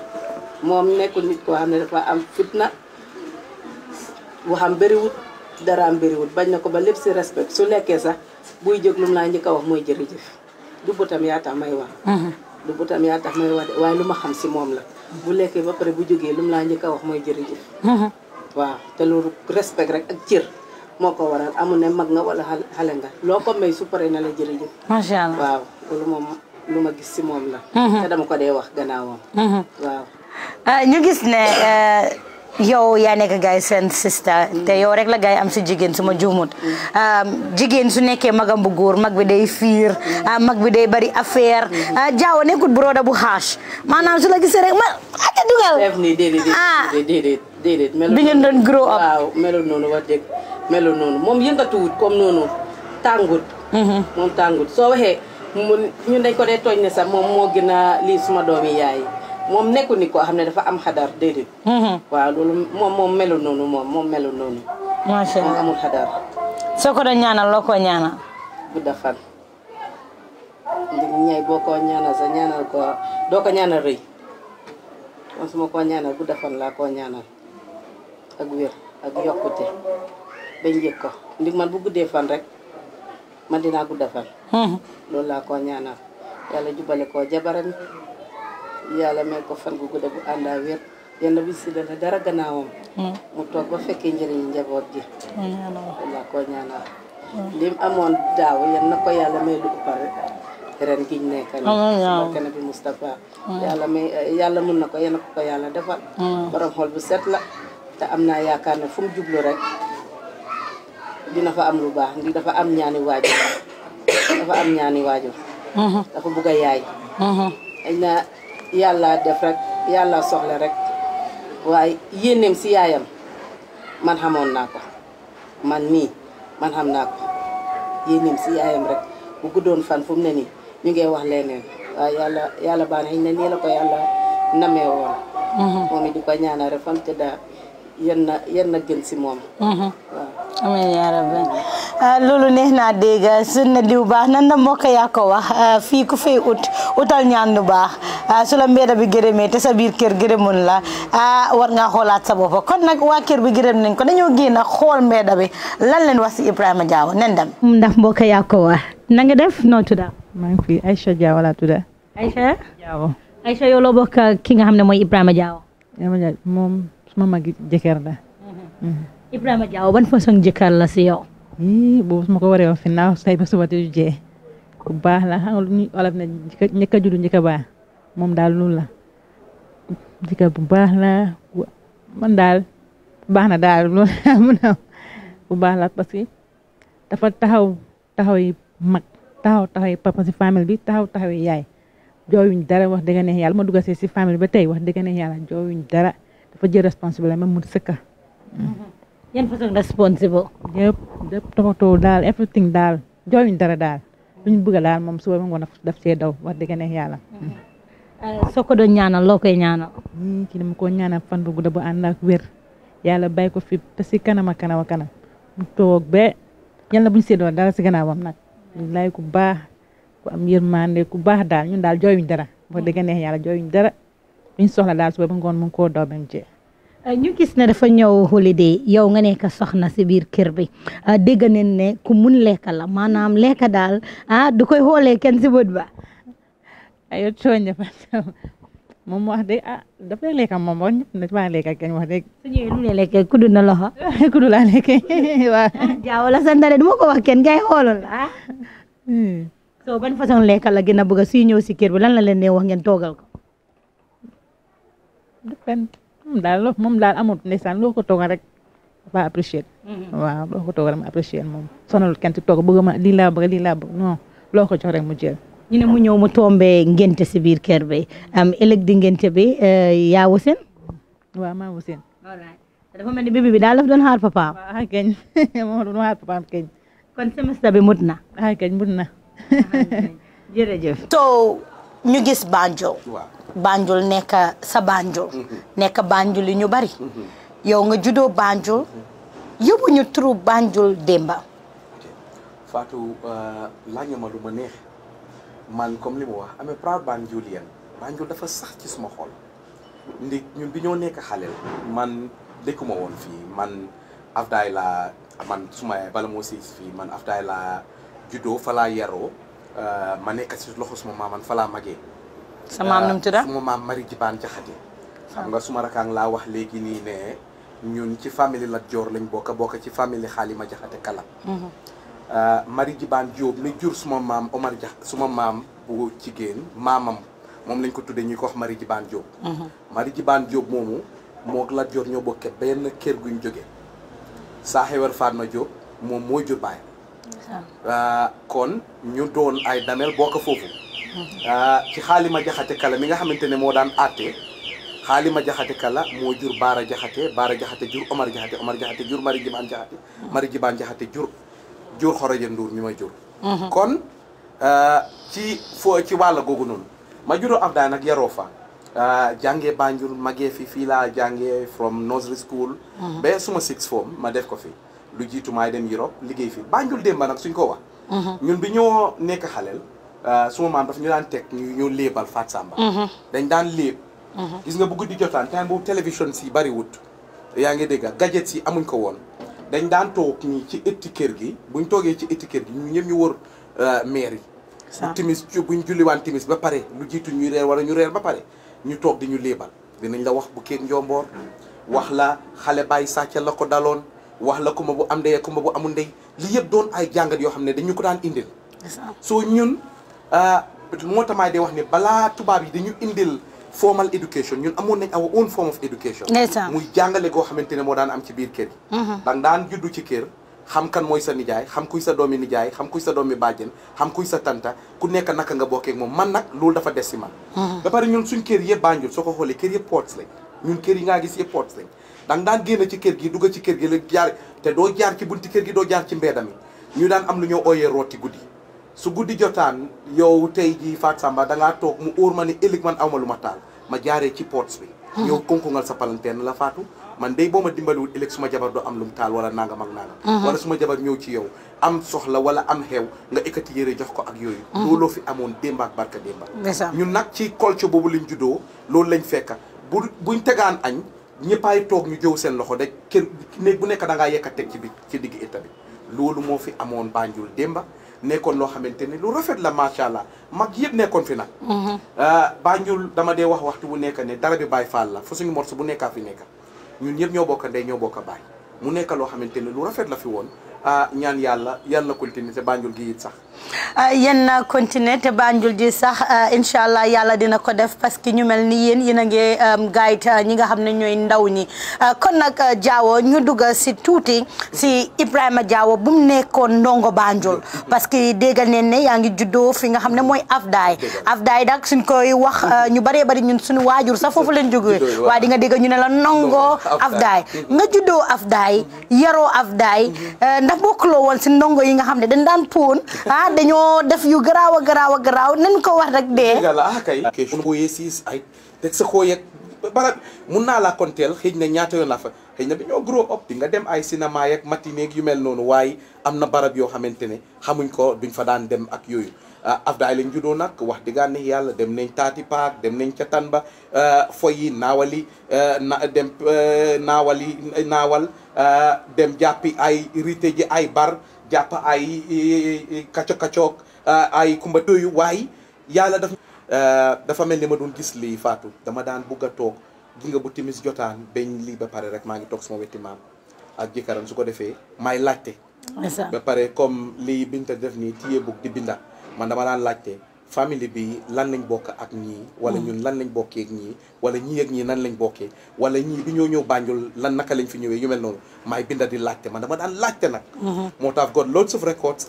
mom nekul nit ko xamne am fitna waxam bari wut dara am bari wut bañ nako respect su lekke sax buy joglum la ñika wax moy jere jëf du botam ya tax may wax mom la bu lekkee ba pare bu jógee lu mu laa njëkk a wax mooy jërëjëf. waaw te loolu respect rek ak cër moo ko waral amul ne mag nga wala xale nga loo ko may su paree na la jërëjëf. macha allah waaw loolu moom lu ma gis si moom la. te dama ko dee wax gannaawam. waaw. Ah, ñu gis ne. Eh, yow yaa nekk gaay seen sister te yow rek la gaay am si jigéen su ma juumut jigéen su nekkee magam bu góor mag bi day fiir mag bi day bari affaire ah, jaaw nekkut broda bu xaas maanaam su la gisee rek ma xaja ah, dugal ah déedéet bi ngeen doon grow up waaw meloon moom yëngatuwut comme noonu tàngut mhm. ko dee tooñ moom nekku ni koo xam ne dafa am xadar déedéet. Mm-hmm. waaw loolu moom moom melul noonu moom moom melul noonu. macha allah moom amul xadar. soo ko doon ñaanal loo ko ñaanal. gudda fan. ñay ko ñaanal sa ñaanal ko doo ko ñaanal rëy kon su ma koo ñaanal gudda fan laa koo ak wér ak yokkute bañ yëg ko ndig man bu guddee fan rek man dinaa gudda fan. Mm-hmm. laa koo ñaanal yàlla jubale koo jabaram yalla may ko fan gu gudda bu anda wér yàlla bi si dala dara gannaawam hmm. mu tok ba fekke njëriñu njabot ji allah ko ñana hmm. lim amon daw yan nako yalla yàlla may lu ëpp ren giñ nekkal nii bi Mustafa hmm. yàlla may mun na ko ko yalla defal borom xol bu set la te amna naa na fu mu dina fa am lu baax ndi dafa am ñaani waju dafa am ñaani waajur dafa bugg a yaay ay yàlla def rek yàlla soxla rek waaye yéeneem si yaayam man xamoon naa ko man mii man xam naa ko yéeneem si yaayam rek bu guddoon fan fu mu ne nii ñu ngi wax leneen waaye yàlla yàlla baax na ne nii la ko yàlla namee woon. Mhm. moom it di ko ñaanal rek fan te yan na yan na gën si moom. amiin yaa rabbi loolu neex naa dégg sunna diw baax nan la mbokk yaa ko wax ah, fii ku fay ut utal ñaan lu baax ah, su la mbeeda bi gërëmee te sa biir kër gërëmun la ah, war ngaa xoolaat sa bopp kon nag waa kër bi gërëm nañ ko dañoo génn xool mbeeda bi lan leen wax si Ibrahima Jawo nen dem mm, ndax mbokk yaa wax na def noo tudda maa ngi fi Aïcha ki nga xam ne mooy Ibrahima Jawo moom suma magi jëkkër la. Mm-hmm. Ibrahima Diaw ban façon jëkkër la si yow. ii boobu ma ko waree wa fi naaw tey ba suba te jee ku baax la xam nga lu ñuy olof ne njëkk a judd njëkk a baax moom daal loolu la jëkkër bu baax la man daal baax na daal loolu mun na bu baax la parce que dafa taxaw yi mag taxaw taxaw yi papa si famille bi taxaw taxaw yi yaay jooyuñ dara wax dëgg neex yàlla ma dugg see si famille ba tey wax dëgg neex yàlla jooyuñ dara. dafa responsible memang mudah sëkka mm-hmm. yan pasang responsible yep, yëpp tomatoo dal, everything dal, join dara dal. Pun ñu dal, mam moom suba moom daf see daw wax dëgg neex yàlla mm-hmm. eh, soo ko doon ñaanal loo koy kini kii nyana, koo ñaanal mm, fan bu gudda bu ànd ak wér yàlla bàyyi ko fi te si kanama kanama ba ku baax ku bah dal, ku dal dal, darah. daal jooyuñ dara wax dëgg neex luñ soxla daal suba ba ngoon mu koo daw ba mu euh, ñu gis ne dafa ñëw holiday yow nga nekk na si biir kër bi euh, dégg nañ ne ku mun lekka la maanaam lekka daal ah du koy xoolee kenn si bët ba ayo cooñ fa moom wax dëgg ah lekka moom wax ñëpp ne maa lekka kenn wax dëgg su ñëwee la santane du ma ko wax kenn ngay xoolal ah hmm. so ban façon lekka la gën a bëgg lan la leen ne wax ngeen toogal ko du fen moom daal loo moom daal amul ndeysaan loo ko tooga mm-hmm. waaw loo ko tooga rek mu apprécier moom sonalul kenn ci toog bëgg ma lii laa bëgg lii laa rek mu jël ñu ne mu ñëw mu tombé ngénte si biir kër bi am ëllëg di ngénte bi euh, yaa wasin waaw maa wasin dafa ni bébé bi daal doon xaar papaam keñ kon semestre bi mut na ah keñ mut na ñu gis Banjo banjul neka sa banjul mm-hmm. neka banjul li ñu bari mm-hmm. yow nga judo banjul mm-hmm. yobu ñu tru banjul demba Fatou euh nga ma lu ma neex man comme limu ma wax amee proud banjulien banjul dafa sax ci suma xol ndi ñun biñu nekk man dëkkuma won fi man afday la man suma yaay bala moo siis man afday la judo fala yero euh ma nekk ci loxo suma maman man fa sa maam nu mu tudda ah, suma maam Mari Jibaan Jaxate xam nga suma rakaang laa wax léegi nii ne ñun ci famille Lat Joor lañ bokk bokk ci famille Xaalima Jaxate Kala mhm. ah, Mari Jibaan Jóob mi jur suma maam Omar Jax suma maam bu jigéen maamam moom lañ ko tuddee ñu ko wax Mari Jibaan Jóob mhm. Mari Jibaan Jóob moomu moo Lat Joor ñoo bokkee benn kër guñ jógee Saaxewar Fatma Jóob moom moo jur baay Ah, kon ñu doon ay damel bokk foofu ki ah, xaalima jaxate kala mi nga xamante ne moo daan àtte xaalima jaxate kala moo jur baara jaxate baara jaxate jur omar jaxate omar jaxate jur mari jibaan jaxate mari jibaan jaxate jur jur xoroja nduur mi ma jur mhm. kon ah, ci foo wàll googu noonu ma juroo Abda nag yaroo fa jànge Banjul magee fi fii laa jànge from nursery school mhm. ba suma six form ma def ko fi lu jiitu maay dem Europe liggéey fii Banjul démba nag suñ ko wax. Mhm. ñun bi ñoo nekk xaleel euh, suma maam daf ñu daan teg ñu ñu léebal Fat Samba. Mhm. dañ daan léeb. Mhm. gis nga bu guddi jotaan temps boobu télévision si bari wut. yaa ngi dégg gadget si amuñ ko woon dañ daan toog nii ci ëtti kër gi buñ toogee ci ëtti kër gi ñu ñëpp ñu wër euh, mairie. bu timis buñ julliwaan timis ba pare lu jiitu ñuy reer wala ñu reer ba pare ñu toog di ñu léebal dinañ la wax bu keeg njomboor wax la xale wax la kumba bu am ndey kumba bu amul ndey li yëpp doon ay jàngat yoo xam ne dañu ko daan indil. soo ñun euh, moo tamaay de wax ne balaa tubaab yi dañu indil formal education ñun amoon nañ awa own form of education. muy ne moo daan am ci biir kër yi. Mm-hmm. danga daan juddu ci kër. xam kan mooy sa nijaay xam kuy sa doomi nijaay xam kuy sa doomi bàjjen xam kuy sa tanta ku nekk naka nga bokkee ak moom man nag loolu dafa des si man. Mm-hmm. ba pare ñun suñ kër yëpp Banjul soo ko xoolee kër yëpp ports lañ ñun kër yi ngaa gis yëpp ports lañ. danga daan génn ci kër gi dugg ci kër gi léegi jaar te doo jaar ci bunti kër gi doo jaar ci mbedd mi ñu daan am lu ñoo ooyee rooti guddi su guddi jotaan yow tey jii faat Samba dangaa toog mu óor ma ne ëllëg man awma lu ma taal ma jaaree ci porte bi hmm. yow konkongal sa palanteen la faatu man day boo ma dimbaliwul ëllëg suma jabar doo am lu mu taal wala nangam ak nangam hmm. wala suma jabar ñëw ci yow am soxla wala am xew nga ekkati yére jox ko ak yooyu hmm. looloo fi amoon démb ak barka démba ñun nag ci culture boobu lañ juddoo loolu lañ fekka bu buñ tegaan añ ñëppaay toog ñu jëw seen loxo de kër néeg bu nekk da ngaa yekk a teg ci bi ci digg état bi loolu moo fi amoon Banjul démba nekkoon loo xamante ni lu rafet la macha allah mag yëpp nekkoon fi nag. Mhm. Ah, Banjul dama dee wax waxtu wu nekk ne dara bi Baay Faal la fu suñu morso bu nekkaa fi nekk ñun ñëpp ñoo bokk ndey ñoo bokk a mu nekk loo xamante ni lu rafet la fi woon ah, ñaan yàlla yàlla na continuer te gi sax. Euh, yéen continuer te Banjul ji sax euh, incha allah yàlla dina ko def parce que ñu mel ni yéen yéen a ngi euh, guide ñi nga xam ne ñooy ndaw ñi kon nag Jawo ñu dugal si tuuti si Ibrahima Jawo bu mu nekkoon ndongo Banjul parce que dégg neen ne yaa ngi juddoo fi nga xam ne mooy Afdaay Afdaay nag suñ koy wax ñu bëree bëri ñun suñu waajur sax foofu leen jógee waa di nga dégg ñu ne la ndongo Afdaay nga juddoo Afdaay yaroo Afdaay mm-hmm. ndax bokkuloo woon si ndongo yi nga xam ne dañ sax dañoo def yu garaaw a garaaw a garaaw nañ ko wax rek dee. Ah, ay teg sa xoo yeeg bara mun naa laa konteel na ñaata yoon laa fa xëy na dañoo grow up di nga dem ay cinéma yu mel noonu waaye am na barab yoo xamante ne xamuñ ko duñ fa daan dem ak yooyu. Ah, afdaay lañ nag wax dëgg yàlla dem nañ taati paak dem nañ ca Tànba ah, foyi naawali na dem naawali dem jàppi ay rite ji ay bar. jàpp ay e, e, kacok kacok ay kumba doyu waay yàlla daf e, dafa mel ni ma doon gis lii faatu dama daan bugg a toog gi nga bu timis jotaan beñ lii ba pare rek maa ngi toog sama wetti maam ak jëkkëram su ko defee may laajte ba pare comme lii binta def nii téye bug di binda man dama daan laajte famille bi lan lañ bokk ak ñii wala mm. ñun lan lañ bokkee ak ñii wala ñii ak ñii nan lañ bokkee wala ñii bi ñoo ñëw Banjul lan naka lañ fi ñëwee yu mel noonu maay binda di laajte man dama daan laajte nag mm-hmm. moo tax got lots of records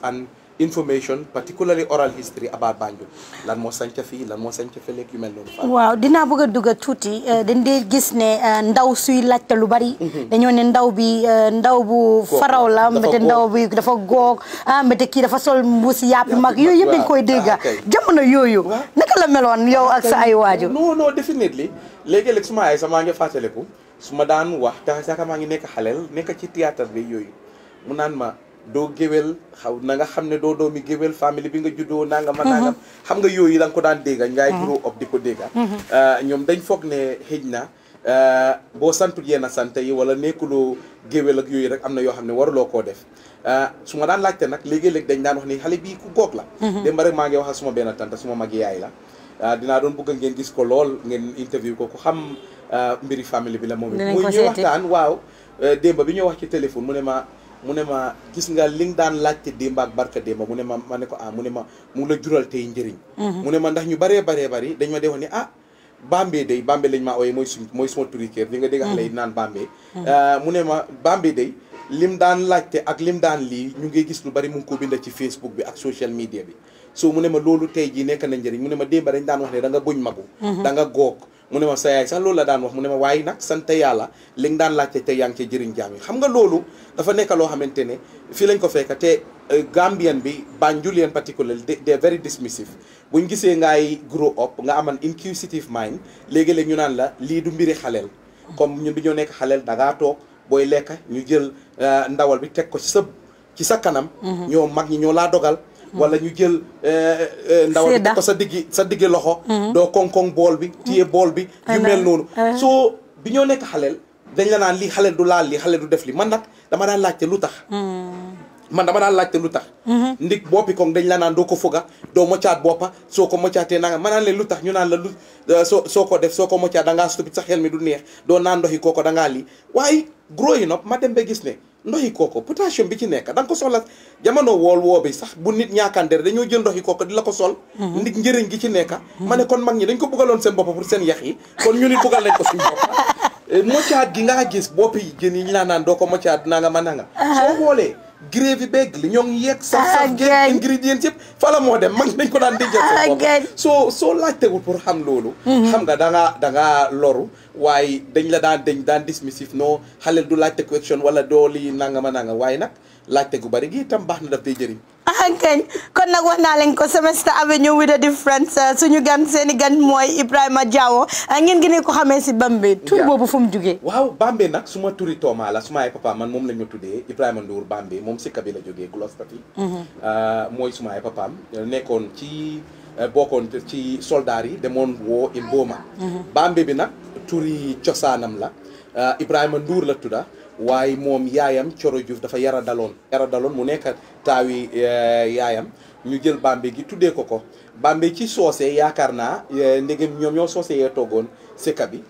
information particularly oral history about Banjul lan moo sanca fii lan moo sanca fële yu mel noonu waaw dinaa bëgg a dugga tuuti eh, dañ dee gis ne eh, ndaw suy laajte lu bari mhm. dañoo ne ndaw bi eh, ndaw bu faraw la mbete ndaw dafa goog ah mbete kii dafa sol mbuus yàpp mag yooyu yëpp dañ koy dégga ah, jamono yooyu naka la meloon yow ak sa ay waajur non non definitely léegi-léeg su ma ay sama ngi fàttaliku su ma daan wax daanaka maa ngi nekk xaleel nekk ci théâtre bi yooyu doo géwél xaw na nga xam ne doo doomi géwél famille bi nga juddoo nangam a mhm. xam nga yooyu da ko daan dégga ngay mhm. grow up di ko dégga mhm. euh, ñoom dañ foog ne xëj na euh, boo santu yenn sant yi wala nekkuloo géwél ak yooyu rek am na yoo xam ne waruloo koo def euh, su ma daan laajte nag léegi-léeg dañ daan wax ni xale bii ku góog la dem ba rek maa ngi wax suma benn tante suma mag yaay la dinaa doon bëgg ngeen gis ko lool ngeen interview ko ku xam mbiri famille bi la moom it muy ñuy bi ñoo wax ci téléphone ma mu ne ma gis nga li nga daan laajte démb ak barka démb mu ne ma ma ne ko ah mu ne ma mu la jural tey njëriñ mhm. mu ne ma ndax ñu bëree baree bari dañ ma dee wax ni ah Bambey dey Bambey lañ ma ooyee mooy suñ mooy suma turi kër nga dégg xale yi mhm. naan Bambey mhm. ah, mu ne ma Bambey day lim daan laajte ak lim daan lii ñu ngi gis lu bari mu ngi ko binda ci Facebook bi ak social media bi so mu ne ma loolu tey jii nekk na njëriñ mu ne ma démb dañ daan wax ne da nga bëñ magu da nga goog mu ne ma sa yaay sax loolu la daan wax mu ne ma waaye nag sant yàlla li nga daan laajte te yaa ngi ci jëriñ jaam yi xam nga loolu dafa nekk loo xamante ne fii lañ ko fekk te euh, Gambien bi Banjulien particular they very dismissive buñ gisee ngaay grow up nga aman inquisitive mind léegi-léeg ñu naan la lii du mbiri xaleel comme ñun bi ñoo nekk xaleel dangaa toog booy lekk ñu jël euh, ndawal bi teg ko ci sa ci sa kanam mm-hmm. ñoo mag ñi ñoo laa dogal wala ñu jël euh, euh, ndaw bi ko sa diggi sa diggi loxo mm-hmm. doo koŋ-koŋ bool bi téye bool bi yu mel noonu soo bi ñoo nekk xaleel dañ la naan lii xaleel du laal lii xaleel du def lii man nag dama daan laajte lu tax mm. man dama daan laajte lu tax mm-hmm. ndig boppi koŋ dañ la naan doo ko foga doo moccaat boppa soo ko moccaatee nanga ma naan leen lu tax ñu naan la lu soo soo ko def soo ko moccaat dangaa stupide sa xel mi du neex doo naan ndoxi kooko dangaa lii waaye growing up ma dem ba gis ne ndoxi koko potassium bi ci nek dang ko solat jamono wol woo bi sax bu nit der dañu jël ndoxi koko di ko sol nit mhm. ngeereñ gi ci nek mhm. mané kon mag ñi dañ ko bëggaloon seen bop pour seen yahi kon ñu nit bëggal lañ ko suñu bopp eh, moccaat gi nga gis bop yi jën yi naan ko na nga man nga ah. so wolé gravy beeg li ñong yek sax ah, sax géej ingredients yep fa la mo dem mag dañ ko daan ah, so pour xam lolu mhm. xam nga da nga da nga loru waaye dañ la daan dañ daan dismissif non xale du laajte question wala doo lii nangama nangam waaye nag laajte gu bari gi itam baax na daf day jëriñ. ankañ ah, kon nag wax naa leen ko Semester Avenue with a difference ah, suñu gan seeni gan mooy Ibrahima Jawo ah, ngeen gën ko xamee si Bambey tur boobu fu mu jugee waaw Bambey nag suma turi tooma la suma ay papa man moom la ñu tuddee Ibrahima Ndour Bambey moom sikka bi la jógee Gloucester mhm. mooy suma ay papaam nekkoon ci eh, bokkoon ci soldaar yi demoon woo Imboma mhm. Bambey bi nag turi cosaanam la euh, Ibrahima Ndour la tudda waaye moom yaayam Coro Diouf dafa yara daloon yara mu nekk taawi euh, yaayam ñu jël bambe gi tuddee ko ko bambe ci soose yaakaar naa euh, ndegem ñoom ñoo soose yee toggoon sëkka bi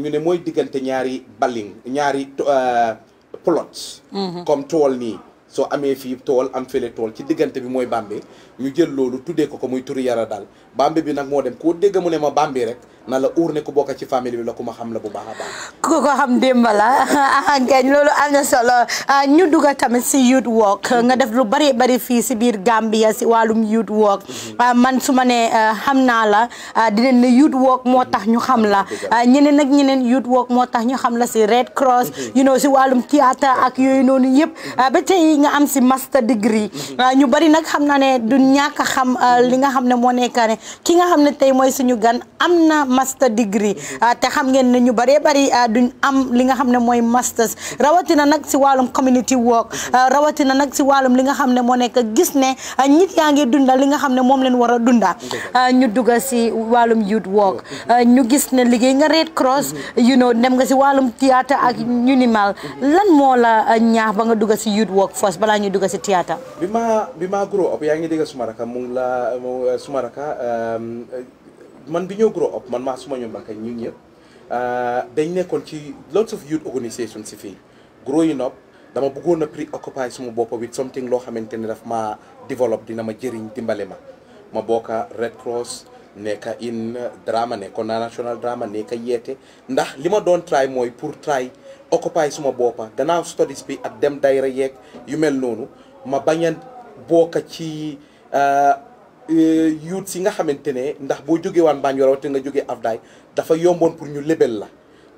ñu ne mooy diggante ñaari balling ñaari plot mm-hmm. comme tool nii soo amee fii tool am fële tool ci diggante bi mooy bambe ñu jël loolu tuddee ko ko muy turi yara daal bambi bi nag moo dem koo dégg mu ne ma bambi rek na uur ne ku bokk ci famille bi la ku ma xam la bu baax a baax ku ko xam démba la angeñ loolu am na solo ah, ñu dugga tamit si youth work nga def lu bari bari fii si biir Gambia si wàllum youth work mhm. ah, man su ma ah, xam naa la dinañ ne youth work moo tax ñu xam la mhm. ñeneen ak ñeneen youth work moo tax ñu xam la si Red Cross mhm. you si wàllum théâtre ak yooyu noonu yëpp am si master degree ñu bari nag xam naa ne ñàkk xam euh, li nga xam ne moo nekkaane ki nga xam ne tey mooy suñu gan am na master degree euh, te xam ngeen ne ñu bëree bëri euh, duñ am li nga xam ne mooy masters rawatina nag si wàllum community work rawatina nag si wàllum li nga xam ne moo nekk gis ne ñit yaa ngi dunda li nga xam ne moom leen war a dunda ñu duga si wàllum youth work ñu gis ne liggéey nga Red Cross mm-hmm. you know dem nga si wàllum théâtre ak ñu ni mal lan moo la ñaax ba nga duga si youth work force balaa ñu duga si théâtre Soumaraka mu ngi laa euh, Soumaraka euh, man bi ñoo grow up man maa suma ñoom Mbacke ñu ñëpp euh, dañ nekkoon ci lots of youth organisation si fii growing up dama bëggoon a préoccupy suma bopp with something loo xamante ne daf ma dina ma jëriñ dimbale ma ma bokka Red Cross nekka in drama nekkoon naa national drama nekka yeete ndax li ma doon try mooy pour try occupy suma boppa gannaaw studies bi ak dem dayra yeeg yu mel noonu ma bañ a ci Euh, euh, youths si nga xamante ne ndax boo jógee waan Banjul te nga jógee Afdaay dafa yomboon pour ñu lebel la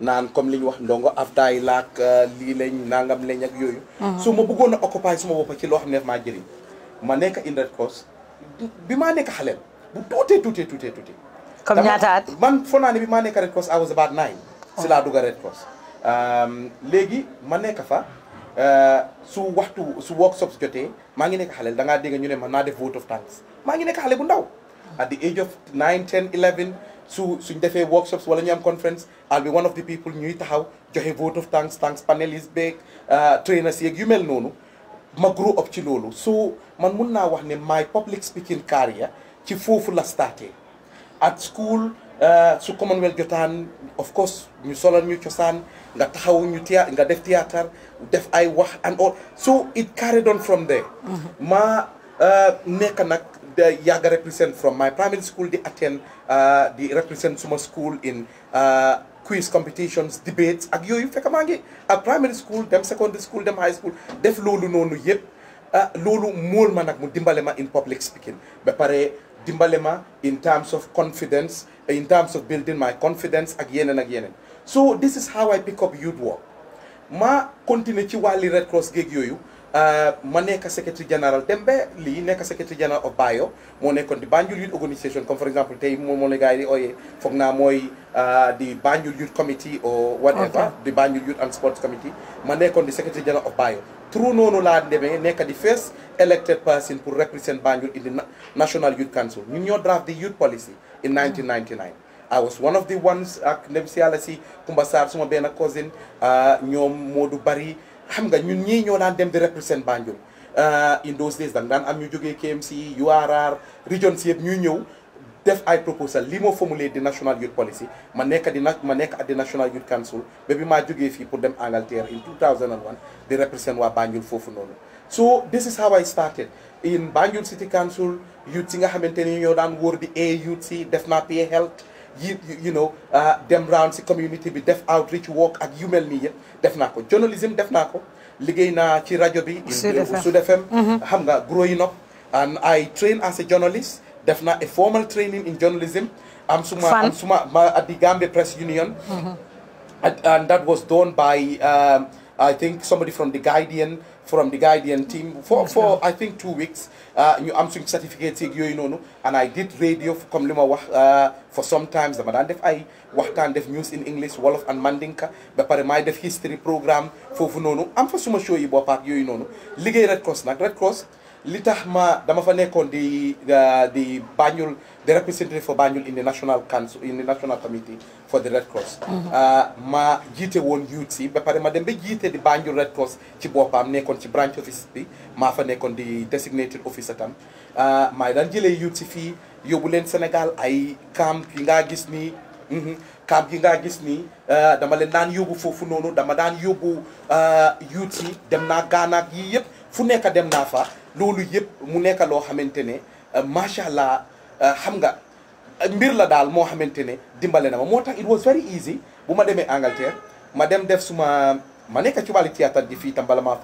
naan comme li ñu wax ndongo Afdaay laak euh, lii lañ nangam lañ ak yooyu. Mhm. su ma bëggoon a occupy suma bopp ci loo xam ne maa jëriñ ma nekk in Red Cross bi maa nekk xaleel bu tuutee tuutee tuutee tuutee. comme ñaata at man foog ne bi maa nekk Red Cross I was about nine. si laa dugg Red Cross léegi ma nekk fa. Euh, su waxtu su workshops jotee maa ngi nekk xale da ngaa dégg ñu ne man naa def vote of thanks maa ngi nekk xale bu ndaw at the age of 9 10 11 su suñ defee workshops wala ñu am conference I'll be one of the people ñuy taxaw joxe vote of thanks thanks panelists beeg euh, trainers yeeg yu mel noonu ma grow up ci loolu so man mun naa wax ne my public speaking career ci foofu la starté at school euh, su commonwealth jotaan of course ñu solal ñu cosaan nga taxaw ñu nga def théâtre def ay wax and all so it carried on from there ma uh, nekk nag the Yaga represent from my primary school they attend uh, the represent summer school in uh, quiz competitions debates ak yooyu fekk maa ngi primary school dem secondary school dem high school def lulu noonu yëpp ah uh, loolu mool ma nag mu dimbale ma in public speaking ba pare dimbale ma in terms of confidence in terms of building my confidence ak and ak so this is how I pick up youth work ma continuer ci wàlli Red Cross géeg yooyu euh, ma nekk secrétaire général dem ba lii nekk secrétaire général of Bayo moo nekkoon di Banjul Youth Organisation comme for exemple tey moom moo la gars yi di ooyee foog naa mooy euh, di Banjul Youth Committee or whatever di Banjul Youth and Sports Committee ma nekkoon di secrétaire général of Bayo trou noonu laa demee nekk di first elected person pour represent Banjul in the National Youth Council ñun ñoo draft the youth policy in 1999 I was one of the ones ak uh, ndem si yàlla si Kumba Sarr suma benn cousin uh, ñoom Modou Bari xam nga ñun ñii ñoo daan dem di represent Banjul uh, in those days dang daan am ñu jógee KMC URR region si yëpp ñuy ñëw def ay proposal lii moo formulé di national youth policy ma the di ma at di national youth council maybe bi maa jógee fii pour dem Angleterre in 2001 di represent waa Banjul foofu noonu so this is how I started in Banjul City Council youth think nga xamante ni ñoo daan wóor di a youth si def naa health you know uh, dem round si community bi def outreach work ak yu mel nii yëpp def naa ko journalism def naa ko liggéey naa ci rajo bi. Sud FM eh, mhm. xam nga growing up and I train as a journalist def naa a formal training in journalism. am suma am suma ma at the Gambia Press Union. Mhm. and that was done by um, I think somebody from the Guardian from the Guardian team for for I think two weeks ñu uh, am suñ certificates here yooyu noonu and I did radio comme li ma wax for uh, sometimes dama daan def ay waxtaan def news in English wolof and mandinka ba pare maay def history programme foofu noonu am fa suma show yi boppaak yooyu noonu liggéey Red Cross nag Red Cross li tax ma dama fa nekkoon di uh, di the representative for Banjul in the national council in the national committee for the Red Cross. Mm-hmm. Uh, ma jiite woon youth si ba pare ma dem ba jiite di Banjul Red Cross ci boppam nekkoon ci branch office bi maa fa nekkoon di designated officer tam uh, maay daan jëlee youth si fii yóbbu leen senegal ay camp yi ngaa gis nii. Mm-hmm, camp yi ngaa gis nii uh, dama leen daan yóbbu foofu noonu dama daan yóbbu youth yi dem naa gaanaak yii yëpp fu nekk dem naa fa loolu yëpp mu nekka loo xamante ne macha allah. Euh, xam nga mbir la daal moo xamante ne dimbale na ma moo tax it was very easy bu ma demee Angleterre ma dem def suma ma nekk ci wàllu théâtre ji fii tam bala maa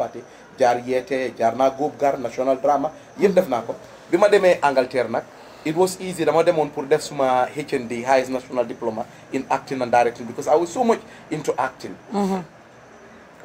jaar yeete jaar naa góob gar national drama yëpp def naa ko bi ma demee Angleterre nag it was easy dama demoon pour def suma HND highest national diploma in acting and directing because I was so much into acting mm-hmm.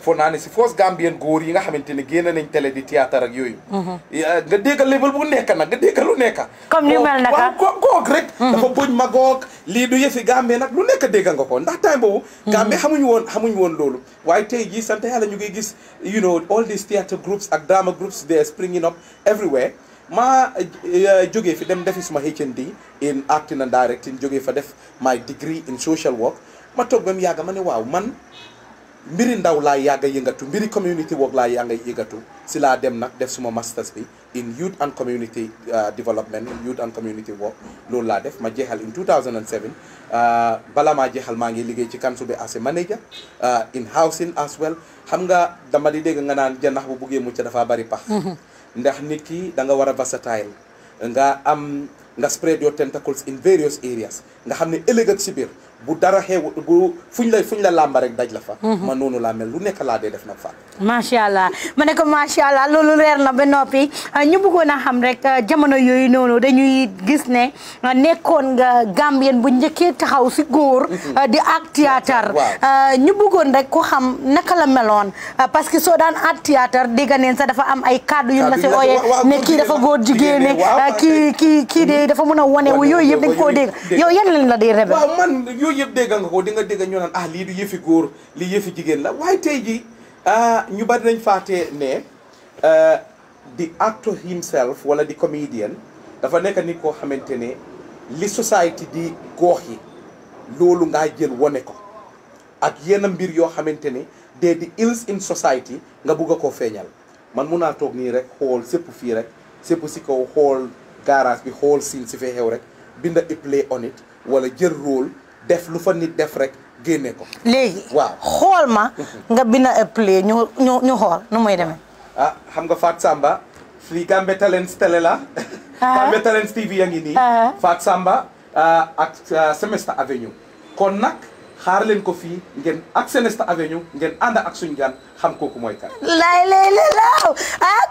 foo naa ne si foos Gambien góor yi nga xamante ne génn nañ télé di théâtre ak yooyu. nga dégg label bu nekk nag nga dégg lu nekk. comme ñu mel ma ah. goog mhm. lii du yëfi Gambie nag lu nekk dégg nga ko ndax time boobu. Mhm. Gambie xamuñu woon xamuñu woon loolu. waaye tey jii sant la ñu ngi gis you know all these theatre groups ak drama groups they are springing up everywhere. ma eh, jógee fi dem defi suma HND in acting and directing jogee fa def my degree in social work ma toog ba mu ma ne waaw man. mbiri ndaw laa yàgg a yëngatu mbiri community work laa yàgg a si laa dem nag def suma masters bi in youth and community uh, development youth and community work loolu laa def ma jeexal in 2007 uh, bala maa jeexal maa ngi liggéey ci kansu bi as a manager uh, in housing as well xam nga dama di dégg nga naan janax bu buggee mucc dafa bari pax ndax nit ki da nga war a versatile nga am nga spread your tentacles in various areas nga xam ne ëllëg ak si biir bu dara xew bu fuñ la fuñ la làmba rek daj la fa. Mhm. ma noonu laa mel lu nekk laa dee def nag fa. macha allah ma ne ko macha allah loolu leer na ba noppi ah, ñu bëggoon a xam rek ah, jamono yooyu noonu dañuy gis ne ah, nekkoon nga Gambien bu njëkkee taxaw si góor. Mhm. di ak théâtre. ñu bëggoon rek ko xam naka la meloon parce que soo daan ak théâtre dégg neen dafa am ay kàddu yu la ne kii dafa góor jigéen kii kii kii mm-hmm. dafa mën a wane wu yooyu yëpp dañ koo dégg yow yan lañ yooyu yëpp dégg nga ko di nga dégg ñu naan ah lii du yëfi góor lii yëfi jigéen la waaye tey jii ah, ñu bari nañ faate ne di ah, actor himself wala the comedian dafa nekk nit koo xamante ne li society di goox yi loolu ngaa jël wone ko ak yenn mbir yoo xamante ne dee di ills in society nga bugg a koo feeñal man mun naa toog nii rek xool sépp fii rek sépp si kaw xool garage bi xool siin si fee xew rek binda a play on it wala jël rôle def lu fa nit def rek génne ko. léegi waaw xool ma. nga bina a play ñu ñu ñu nu muy demee. ah xam nga Fatou Samba fii Gambian Talents télé la. Ah. Gambian Talents TV yaa ngi nii. Ah. Fatou Samba ah, ak Semester kon nag xaar leen ko fii ngeen ak Semester Avenue ngeen ànd ak suñu gan. xam kooku mooy kan. lay lay lay laaw ah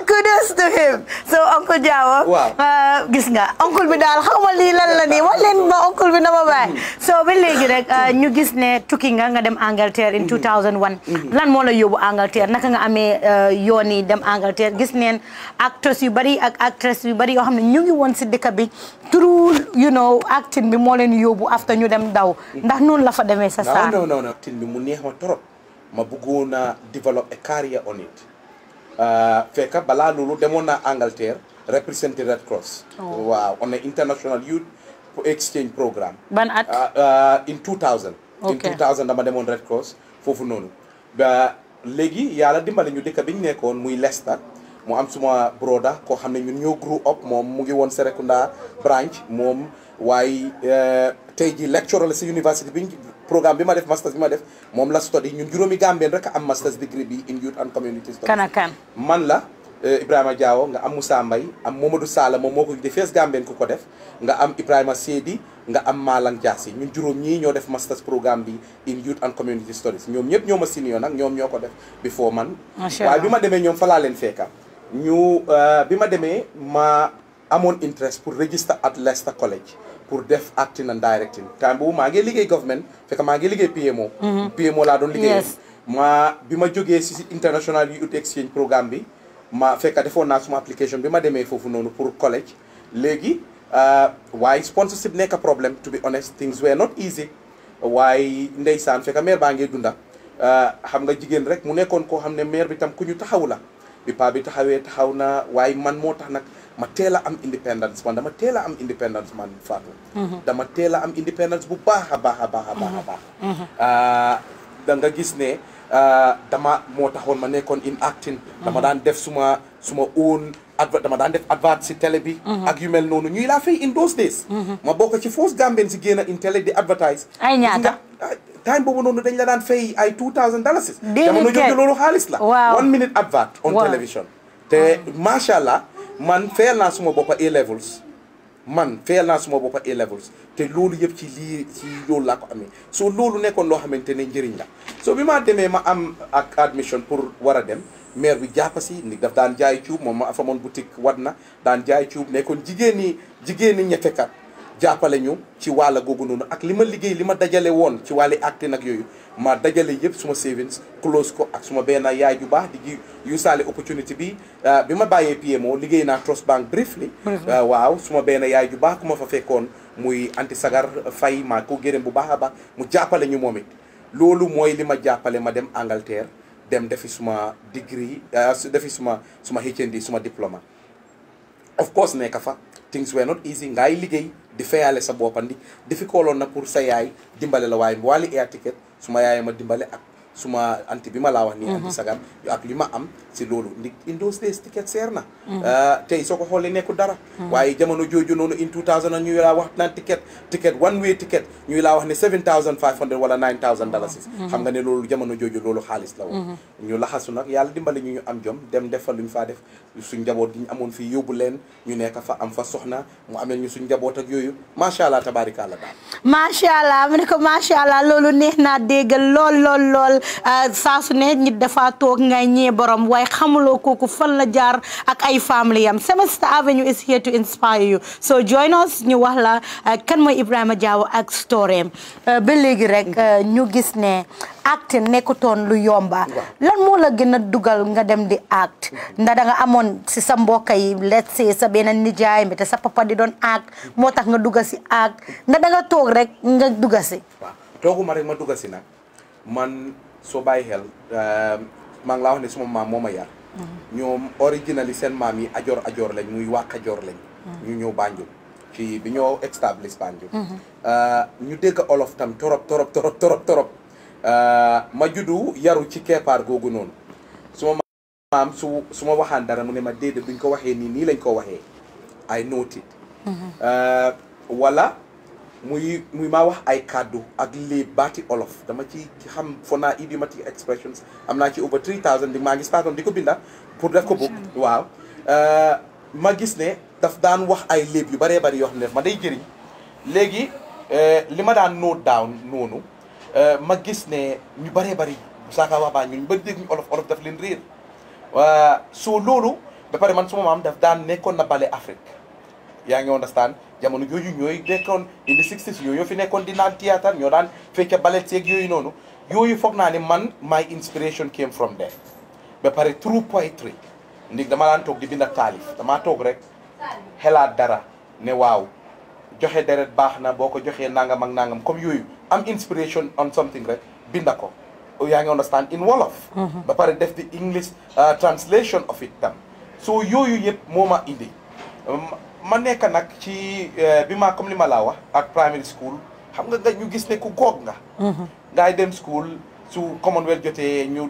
to him so oncle Diawo. Ah, gis nga oncle bi daal xaw ma lan la nii wax leen ma oncle bi na ma bàyyi. Mm-hmm. so ba léegi rek ah, ñu gis ne tukki nga nga dem Angleterre in 2001. Mm-hmm. Mm-hmm. lan moo la yóbbu Angleterre naka nga amee ah, yoon yi dem Angleterre gis neen acteurs yu bari ak actrices yu bari yoo xam ne ñu ngi woon si dëkk bi through yu know acting bi moo leen yóbbu after ñu dem daw. ndax noonu la fa demee sa saa. non ma bëggoon a develop a career on it euh, fekka balaa loolu demoon naa Angleterre représenté Red Cross oh. waaw on a international youth exchange programme ban at euh, euh, in 2000 in 2000 dama demoon Red foofu noonu léegi yàlla dimbali ñu dëkk bi ñu nekkoon muy Leicester mu am suma broda koo xam ne ñu ñoo grew up moom mu ngi woon Serekunda branch moom waaye tey ji lecturer la si université bi programme bi ma def masters bi ma def moom la study ñun juróomi gambeen rek am masters degree bi in youth and community studies. kan man la eh, Ibrahima Diawo nga am Moussa mbay am Momadou Sala moom moo ko di fees gambeen ku ko def nga am Ibrahima Seydi nga am Malang Diassi ñun juróom ñii ñoo def masters programme bi in youth and community studies ñoom ñëpp ñoo ma senior nag ñoom ñoo ko def before man. waaye bi ma demee ñoom fa laa leen fekka ñu eh, bi ma demee ma amoon interest pour register at Leicester College. pour def acting and directing time boobu maa ngi liggéey government fekk maa ngi liggéey PMO. Mhm. PMO laa doon liggéey. ma bi ma jógee si international youth exchange programme bi ma fekk defoon naa suma application bi ma demee foofu noonu pour college léegi euh, waaye sponsorship nekk problème to be honest things were not easy waaye ndeysaan fekk maire baa ngee dunda euh, xam nga jigéen rek mu nekkoon koo xam ne maire bi tam ku ñu taxaw la bi paa bi taxawee taxaw na waaye man moo tax nag. ma teel a am indépendance man dama teel am indépendance man Fatou. Mhm. dama teel a am indépendance bu baax a baax a baax a a mhm. Mhm. Ah, gis ne ah, dama moo taxoon ma nekkoon in acting. dama daan def suma suma own advert dama daan def advert si télé bi. ak yu mel noonu ñuy laa fay in those days. ma bokk ci force Gambien si génn in télé di advertise. ay ñaata ah, time boobu noonu dañ la daan fay ay two thousand dollars. déedéet jamono jooju loolu xaalis la. waaw one minute advert on television. te macha allah. man feyal naa suma boppa A levels man feyal naa suma boppa A levels te loolu yëpp ci lii ci loolu laa ko amee so loolu nekkoon loo xamante ne njëriñ la so bi ma demee ma am ak admission pour war a dem maire bi jàppa si ni daf daan jaay cuub moom ma afamoon boutique wad na daan jaay cuub nekkoon jigéen ñi jigéen ñettekat jàppale ñu ci wàll googu noonu ak li ma liggéey li ma dajale woon ci wàlli acte nag yooyu ma dajale yëpp suma savings close ko ak suma benn yaay ju baax di yu saale opportunité bi euh, bi ma bàyyee PMO liggéey naa Trust Bank briefly euh, waaw suma benn yaay ju baax ku ma fa fekkoon muy anti sagar fay maa ko gërëm bu baax a baax mu jàppale ñu moom it loolu mooy li ma jàppale ma dem Angleterre dem defi suma degree euh, defi suma suma HND suma diplôme of course nekk fa things were not easy ngaay liggéey di feyaale sa boppandi fi kooloon na pour sa yaay dimbale la waaye Wally Air Ticket su ma yaayee ma dimbale ak suma anti bi ma laa wax nii mhm. anti sagar ak li ma am si loolu ndi in those days ticket seer na mhm. euh, tey soo ko xoolee nekku dara mhm. waaye jamono jooju noonu in 2000 a ñuy laa wax naan ticket ticket one way ticket ñuy laa wax ne 7500 wala 9000 dalasis xam nga ne loolu jamono jooju loolu xaalis la woon ñu laxasu nag yàlla dimbali ñu ñu am jom dem def fa lu ñu def suñ njaboot gi amoon fii yóbbu leen ñu nekk fa am fa soxna mu amel ñu suñ njaboot yooyu macha allah tabarika allah daal macha allah mu ne ko Euh, saa su ne nit dafa toog ngay ñee borom waaye xamuloo kooku fan la jaar ak ay family am Semester Avenue is here to inspire you so join us ñu wax la euh, kan mooy a Jawo ak story am euh, ba léegi rek ñu gis ne acte nekkutoon lu yomba lan moo la gën a dugal nga dem di act ndax da amoon si sa mbokk yi let's say sa beneen nijaay mi te sa papa di doon act moo tax nga dugal si act ndax da toog rek nga dugal si waaw tooguma rek ma dugal si nag soo bàyyi xel euh, maa ngi laa wax ne suma maam moo ma yar mm-hmm. ñoom originally seen maam yi ajoor ajoor lañ muy waa kajoor lañ mm-hmm. ñu ñëw Banjul ci bi ñoo establish Banjul mm-hmm. euh, ñu dégg olof tam torop torop torop torop torop euh, ma juddu yaru ci keppaar googu noonu ma maam su su ma waxaan dara mu ne ma déedéet buñ ko waxee nii nii lañ ko waxee I noted wala muy muy maa wax ay kàddu ak les baati olof dama ci xam fo naa idiomatic expressions am naa ci over 3000 di maa ngi spaton di ko binda pour def ko book waaw euh, ma gis ne daf daan wax ay léeb yu bëree bëri yoo xam ne ma day jëriñ léegi euh, li ma daan note down noonu euh, ma gis ne ñu bëree bëri saaka wax baa ñu ñu bëri dégg ñu olof olof daf leen réer soo loolu ba pare man suma maam daf daan nekkoon na bale Afrique yaa ngi understand jamono jooju ñooy nekkoon indi sixties ñoo ñoo fi nekkoon di naan ñoo daan fecca ballet yeeg yooyu noonu yooyu foog naa ne man my inspiration came from there ba pare through poetry ndig dama daan toog di bind taalif damaa toog rek xelaat dara ne waaw joxe deret baax na boo ko joxee nangam ak nangam kom yooyu am inspiration on something rek binda ko oh, yaa ngi understand in wolof mm-hmm. ba pare def di english uh, translation of it tam so yooyu yëpp moo indi um, ma nekk nag ci euh, bi ma comme li ma laa wax ak primary school xam nga nga ñu gis ne ku goog nga. Mhm. ngay dem school su commonwealth jotee ñu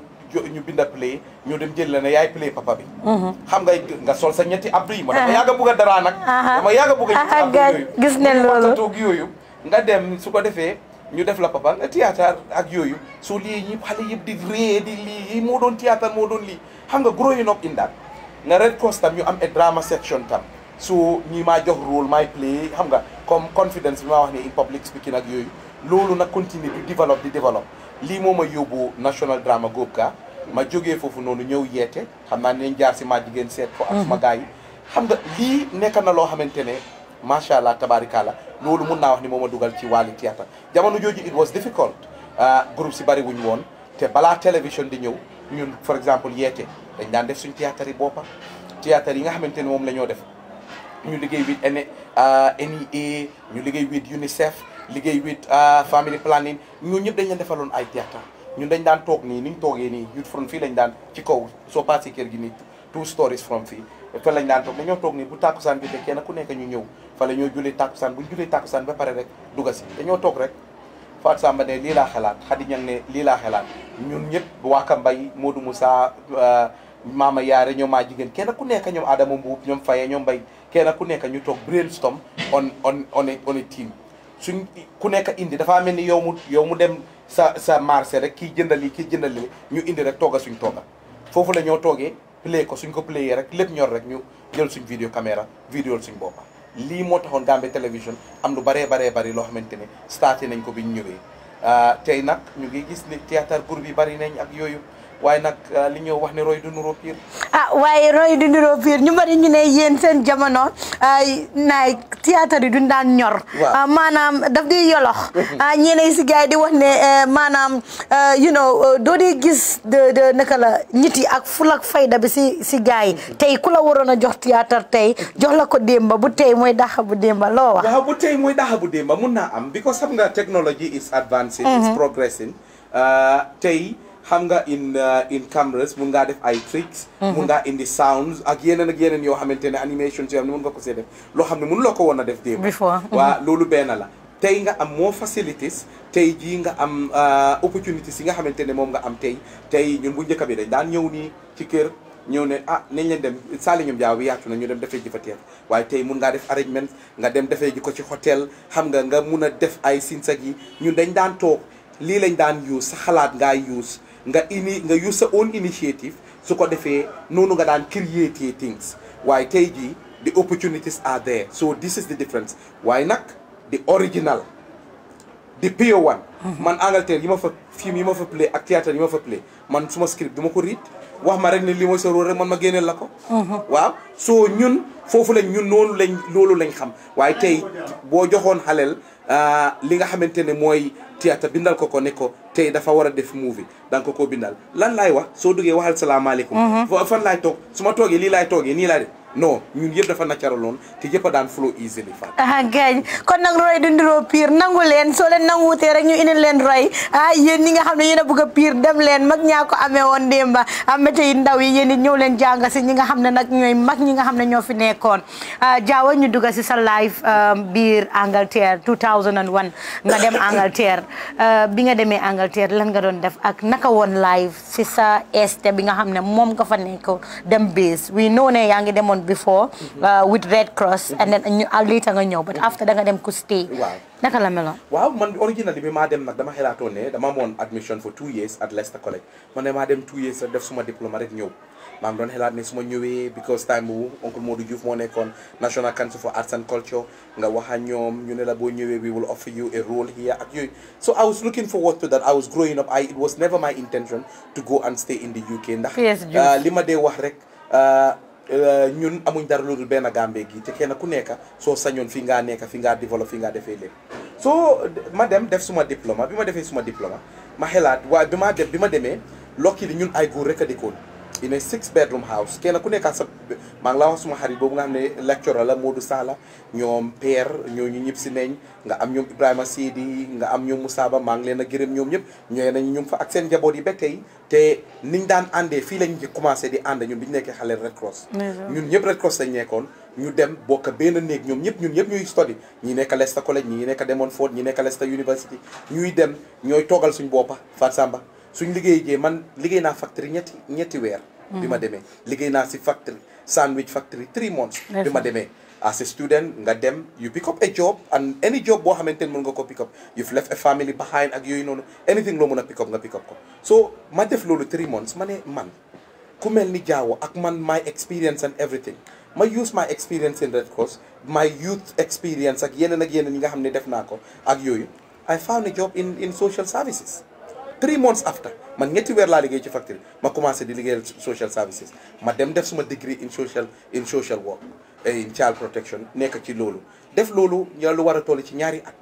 ñu bind a play ñu dem jël la ne yaay play papa bi. Mhm. xam nga nga sol sa ñetti abdu yi ma dama ah. yàgg a dara a nag. Ah. dama yàgg a bugg a ah, abdu yooyu gis ne yooyu. nga dem su ko defee ñu def la papa nga théâtre ak yooyu soo lii ñëpp xale yëpp di ree di lii moo doon théâtre moo doon lii xam nga growing up in that nga red cross tam ñu am a drama section so ñi maa jox rôle maay play xam nga comme confidence bi maa wax ne in public speaking ak yooyu loolu nag continue di développe di développe lii moo ma yóbbu national drama group ka ma jógee foofu noonu ñëw yeete xam naa ne jaar si maa jigéen seet ko ak mhm. suma gars yi xam nga lii nekk na loo xamante ne macha allah tabarikala loolu mun naa wax ni moom ma dugal ci wàllu théâtre jamono jooju it was difficult ah, groupe si bari wuñ woon te balaa télévision di ñëw ñun for exemple yeete dañ daan def suñ théâtre yi boppa théâtre yi nga xamante ne moom la ñoo def ñu liggéey with NEA uh, e ñu liggéey with UNICEF liggéey with uh, family planning ñoo ñëpp dañ leen defaloon ay théâtre ñun dañ daan toog nii ni ñu toogee nii youth front fii lañ daan ci kaw soo passé kër gi nii two stories from fii fa lañ daan toog dañoo toog nii bu tàkkusaan bi de kenn ku nekk ñu ñëw fa la ñoo julee tàkkusaan bu ñu julee tàkkusaan ba pare rek dugga si dañoo toog rek Fatou Samba ne lii laa xelaat Khady Niang ne lii laa xalaat ñun ñëpp waa Kambay Modou Moussa uh, maama yaare ñoom maa jigéen kenn ku nekk ñoom Adama Mbuub ñoom Faye ñoom Mbaye kenn ku nekk ñu toog brainstorm on on on on a team suñ ku nekk indi dafa mel ni yow mu yow mu dem sa sa rek kii jëndali kii jëndali ñu indi rek tooga suñ tooga foofu la ñoo toogee play ko suñ ko playee rek lépp ñor rek ñu jël suñ vidéo caméra vidéo suñ boppa lii moo taxoon Gambia télévision am lu baree baree bari loo xamante ne starté nañ ko bi ñu ñëwee ah, tey nag ñu ngi gis ni théâtre groupe yi bari nañ ak yooyu waaye nag ah, li ñu wax ne roy du nuroo ah, waaye roy du nuroo piir ñu bari ñu ne yéen seen jamono naay théâtre yi duñ daan ñor ah, maanaam daf di yolox ñeneen si gars yi di wax ne eh, maanaam eh, you eh, doo gis de naka la ñit yi ak fulak fayda bi si si gars yi tey ku la waroon a jox théâtre tey jox la ko démba bu tey mooy daxa bu démba loo wax bu tey mooy daxa bu démba mun naa am because xam nga technology is advancing is mm-hmm. progressing tey xam nga in uh, in cameras mun ngaa def ay tricks. Mhm. mun ngaa indi sounds ak yeneen ak yeneen yoo xamante ne animations yoo xam ne mun nga ko see def loo xam ne mun loo ko woon a def démb. before waa mhm. loolu benn la. tey nga am moo facilities tey jii nga am uh, opportunities yi nga xamante ne moom nga am tey tey bu njëkk bi dañ daan ñëw nii ci kër. ñëw ne ah nañ leen dem saali ñoom jaaw bi yaatu na ñu dem defee ji fa waaye tey mun ngaa def arrangement nga dem defee ji ko ci hôtel xam nga nga mun a def ay sinsak yi ñu dañ daan toog lii lañ daan use sa xalaat ngaa use nga ini nga use sa own initiative su ko defee noonu nga daan create things waaye tey jii the opportunities are there so this is the difference waaye nag the original the pure one mhm. man Angleterre yi ma fa film yi ma fa play ak théâtre yi ma fa play man suma script du ma ko rit wax ma rek ne li mooy sa rôle rek man ma génneel la ko mhm. waaw soo ñun foofu lañ ñun noonu lañ loolu lañ xam waaye tey boo joxoon xaleel euh, li nga xamante ne mooy théâtre bindal ko ko ne ko tey dafa wara a def movie da nga ko koo bindal lan laay wax soo duggee waxal salaamaaleykum. Mhm. fan laay toog su ma toogee lii laay toogee ni laay non ñun yëpp dafa naturaloon te yëpp a daan flow easily fa ah gaañ kon nag roy du ndiroo piir nangu leen soo leen nanguwutee rek ñu indil leen roy ah yéen ñi nga xam ne yéen a bëgg piir dem leen mag ñaa ko amee woon démba amete ah, yi ndaw yi yéen it ñëw leen jànga si ñi nga xam ne nag ñooy mag ñi nga xam ne ñoo fi nekkoon ah, jaawa ñu dugga si sa live um, biir Angleterre 2001 nga dem Angleterre ah, bi nga demee Angleterre lan nga doon def ak naka woon live si sa este bi nga xam ne moom nga fa nekkoon dem base wi noo yaa ngi demoon before uh, with Red Cross and then later nga ñëw but after da nga dem ku stay naka la meloon waaw man originally bi maa dem nag dama xelaatoon ne dama amoon admission for two years at Leicester College man ne maa dem two years rek def suma diplôme rek ñëw maa ngi doon xelaat ne su ma because time bu Uncle Modou Diouf moo nekkoon National Council for Arts and Culture nga wax ak ñoom ñu ne la we will offer you a role here ak yooyu so I was looking forward to that I was growing up I it was never my intention to go and stay in the UK ndax uh, li ma dee wax rek uh, Euh, ñun amuñ dara lu benn gàmbee gi te kenn ku nekk soo sañoon fii ngaa nekk fi ngaa développé fii ngaa defee lépp soo ma dem def suma diplôme bi ma defee suma diplôme ma xelaat waaye bi ma dem bi ma demee lokki li ñun ay góor rek a dëkkoon in a six bedroom house kenn ku nekk sa maa ngi laa wax suma xarit boobu nga xam ne lecturer la Modou Sala ñoom ñoo ñu ñëpp si neñ nga am ñoom Ibrahima Sidi nga am ñoom Moussa Ba maa ngi leen a gërëm ñoom ñëpp ñëwee nañ ñu fa ak seen njaboot yi ba tey te niñ daan àndee fii lañ commencé di ànd ñun ñu nekkee xale Red Cross ñun ñëpp Red Cross lañ nekkoon ñu dem bokk benn néeg ñoom ñëpp ñun ñëpp ñuy study ñi nekk Leicester College ñi nekk Demon Ford ñi nekk Leicester University ñuy dem ñooy toogal suñ boppa Fatou Samba suñ liggéey jee man liggéey naa factory ñetti ñetti weer bi ma mm. demee liggéey naa si factory sandwich factory three months bi ma demee as a student nga dem you pick up a job and any job boo xamante ne mën nga ko pick up you've left a family behind ak yooyu noonu anything loo mën a pick up nga pick up ko so ma def loolu three months ma ne man ku mel ni jaawo ak man my experience and everything ma use my experience in Red Cross my youth experience ak yeneen ak yeneen yi nga xam ne def naa ko ak yooyu I found a job in in social three months after man ñetti weer laa liggéey ci factory ma commencé di liggéeyal social services ma dem def suma degree in social in social work eh, in child protection nekk ci loolu def loolu lu war a toll ci ñaari at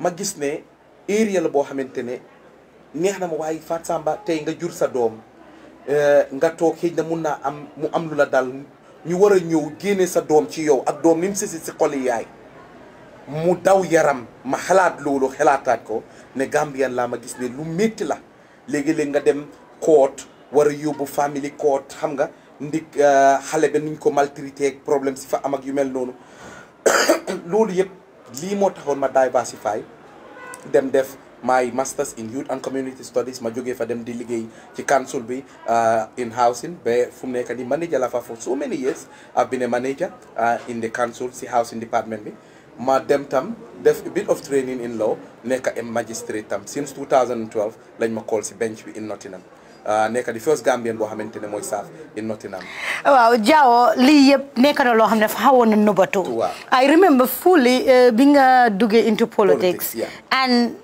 ma gis ne area la boo xamante ne neex na ma waaye Fat Samba tey nga jur sa doom eh, nga toog xëy na mun naa am mu am lu la dal ñu war ñëw génne sa doom ci yow ak doom ni mu sisi si xol yaay mu daw yaram ma xalaat loolu xalaataat ko ne Gambien laa ma gis ne lu métti la léegi-léeg nga dem court wara a yóbbu family court xam nga ndig euh, xale ba nuñ ko maltraité ak problème si fa am ak yu mel noonu loolu yëpp lii moo taxoon ma diversify dem def my masters in youth and community studies ma jógee fa dem di liggéey ci council bi euh, in housing ba fu mu nekk ni manager la fa for so many years I've been a manager euh, in the council si housing department bi ma dem tam def a bit of training in law nekk a magistrate tam since 2012 lañ ma si bench bi in Nottingham ah, nekk di first Gambien boo xamante ne mooy saaf in Nottingham. waaw Jawo lii yëpp nekk na loo xam ne xawoon na nubatu. waaw I remember fully eh, bi nga duggee into politics and.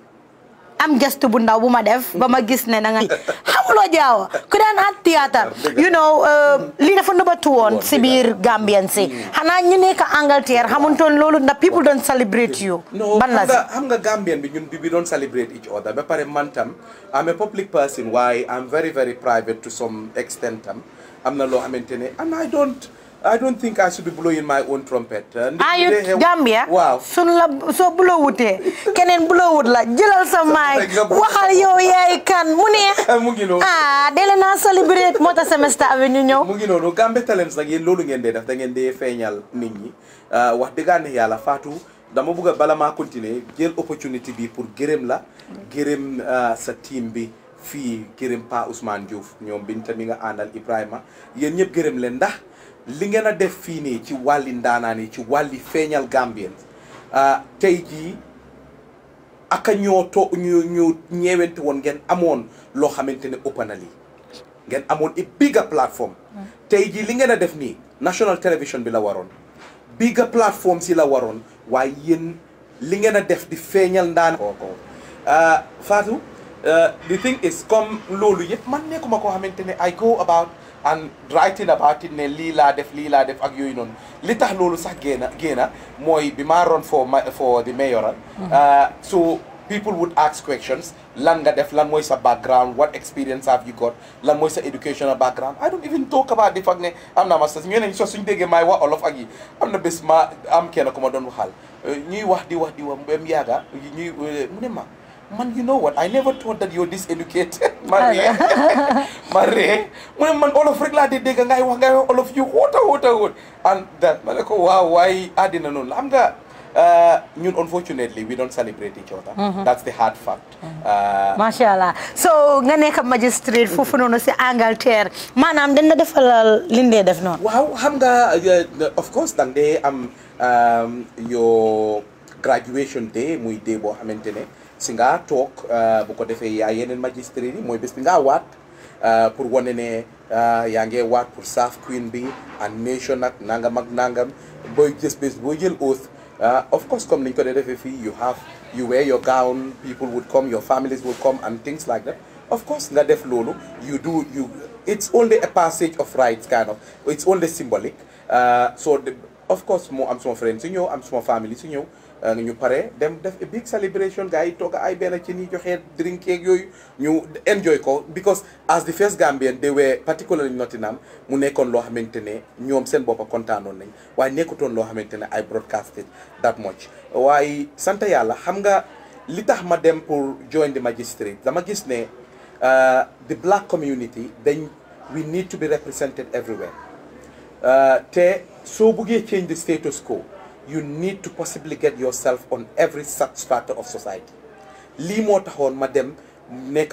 am gestu bu ndaw bu ma def ba ma gis ne na nga xamuloo jaaw ku daan at théâtre ah, you know euh, lii dafa nëbatu woon si biir Gambien si mm. xanaa ñu nekk Angleterre xamuntoon loolu ndax people doon celebrate you ban la si xam nga Gambien bi ñun bi bi doon celebrate each other ba pare man tam am a public person waaye am very very private to some extent tam am na loo xamante ne and I don't I don't think I should be blowing my own trumpet. Uh, ayut Gambia. waaw sun la soo bulowutee keneen bulowut la jëlal sa maay waxal yow yaay kan mu neex. mu ngi noonu ah délai naa celebrate moo tax Semester Avenue ñëw. mu ngi noonu Gambian Talents nag yen loolu ngeen dee def da ngeen dee feeñal nit ñi ah, wax dëgg yàlla Fatou dama bëgg a bala maa continuer jël opportunité bi pour gërëm la. gërëm ah, sa tiim bi. fii gërëm Pa Ousmane Diouf ñoom biñ mi nga àndal Ibrahima yéen ñëpp gërëm leen ndax. li ngeen a def fii nii ci wàlli ndaanaan yi ci wàlli feeñal Gambien ah, tey jii ak a ñoo to ñu ñeewente woon ngeen amoon loo xamante ne ëpp na lii ngeen amoon i bigger platform mm. tey jii li ngeen a def nii national television bi la waroon bigger platform si la waroon waaye yéen li ngeen a def di feeñal ndaan kooko ah, Fatou ah, the thing is comme loolu yëpp man nekkuma koo xamante ne I go about and writing about it ne lii laa def lii laa def ak yooyu noonu li tax loolu sax génna génna mooy bi maa ron for for the mayoral ah. mm-hmm. ah, so people would ask questions lan nga def lan mooy sa background what experience have you got lan mooy sa educational background I don't even talk about the fact ne am naa masters ñu ne so suñu déggee maay wax olof ak yi am na bés ma am kenn ku ma doon waxal eh, ñuy wax di wax di wax ba mu yàgga ñuy eh, mu ne ma man you know what I never thought ma ree ah, ma ree mu ne man olof rek laa di dégg ngay wax ngay wax olof yu xóota xóota xóot and that ma ne ko waaw waaye àddina noonu la xam nga euh, ñun unfortunately we don't celebrate each other. Mm-hmm. that's the hard fact. Mm-hmm. Euh, macha allah so nga nekk magistrate foofu noonu si Angleterre maanaam dañ la defalal liñ dee def noonu. waaw xam nga euh, of course dang dee am your graduation day muy day boo xamante ne. si talk toog eh, bu ko defee yaa yeneen magistrate yi mooy bés bi ngaa eh, pour wane ne eh, yaa ngee waat pour saaf queen bi and nation ak nanga mag nangam booy just bés boo jël oath of course comme niñ ko dee defee you have you wear your gown people would come your families would come and things like that of course nga def loolu you do you it's only a passage of rights kind of it's only symbolic so of course i am friends, friend su ñëw am suma family su ñëw Euh, ñu pare dem def a big celebration gars yi toog ay benn ci ni joxe drink yeeg yooyu ñu enjoy ko because as the first gambien they were particularly Nottingham mu nekkoon loo xamante ne ñoom seen boppa kontaanoon nañ waaye nekkatoon loo xamante ne ay broadcasted that much waaye sant yàlla xam nga li tax ma dem pour join the magistrate dama gis ne euh, the black community dañ we need to be represented everywhere euh, te soo buggee change the status quo you need to possibly get yourself on every strata of society lii moo taxoon ma dem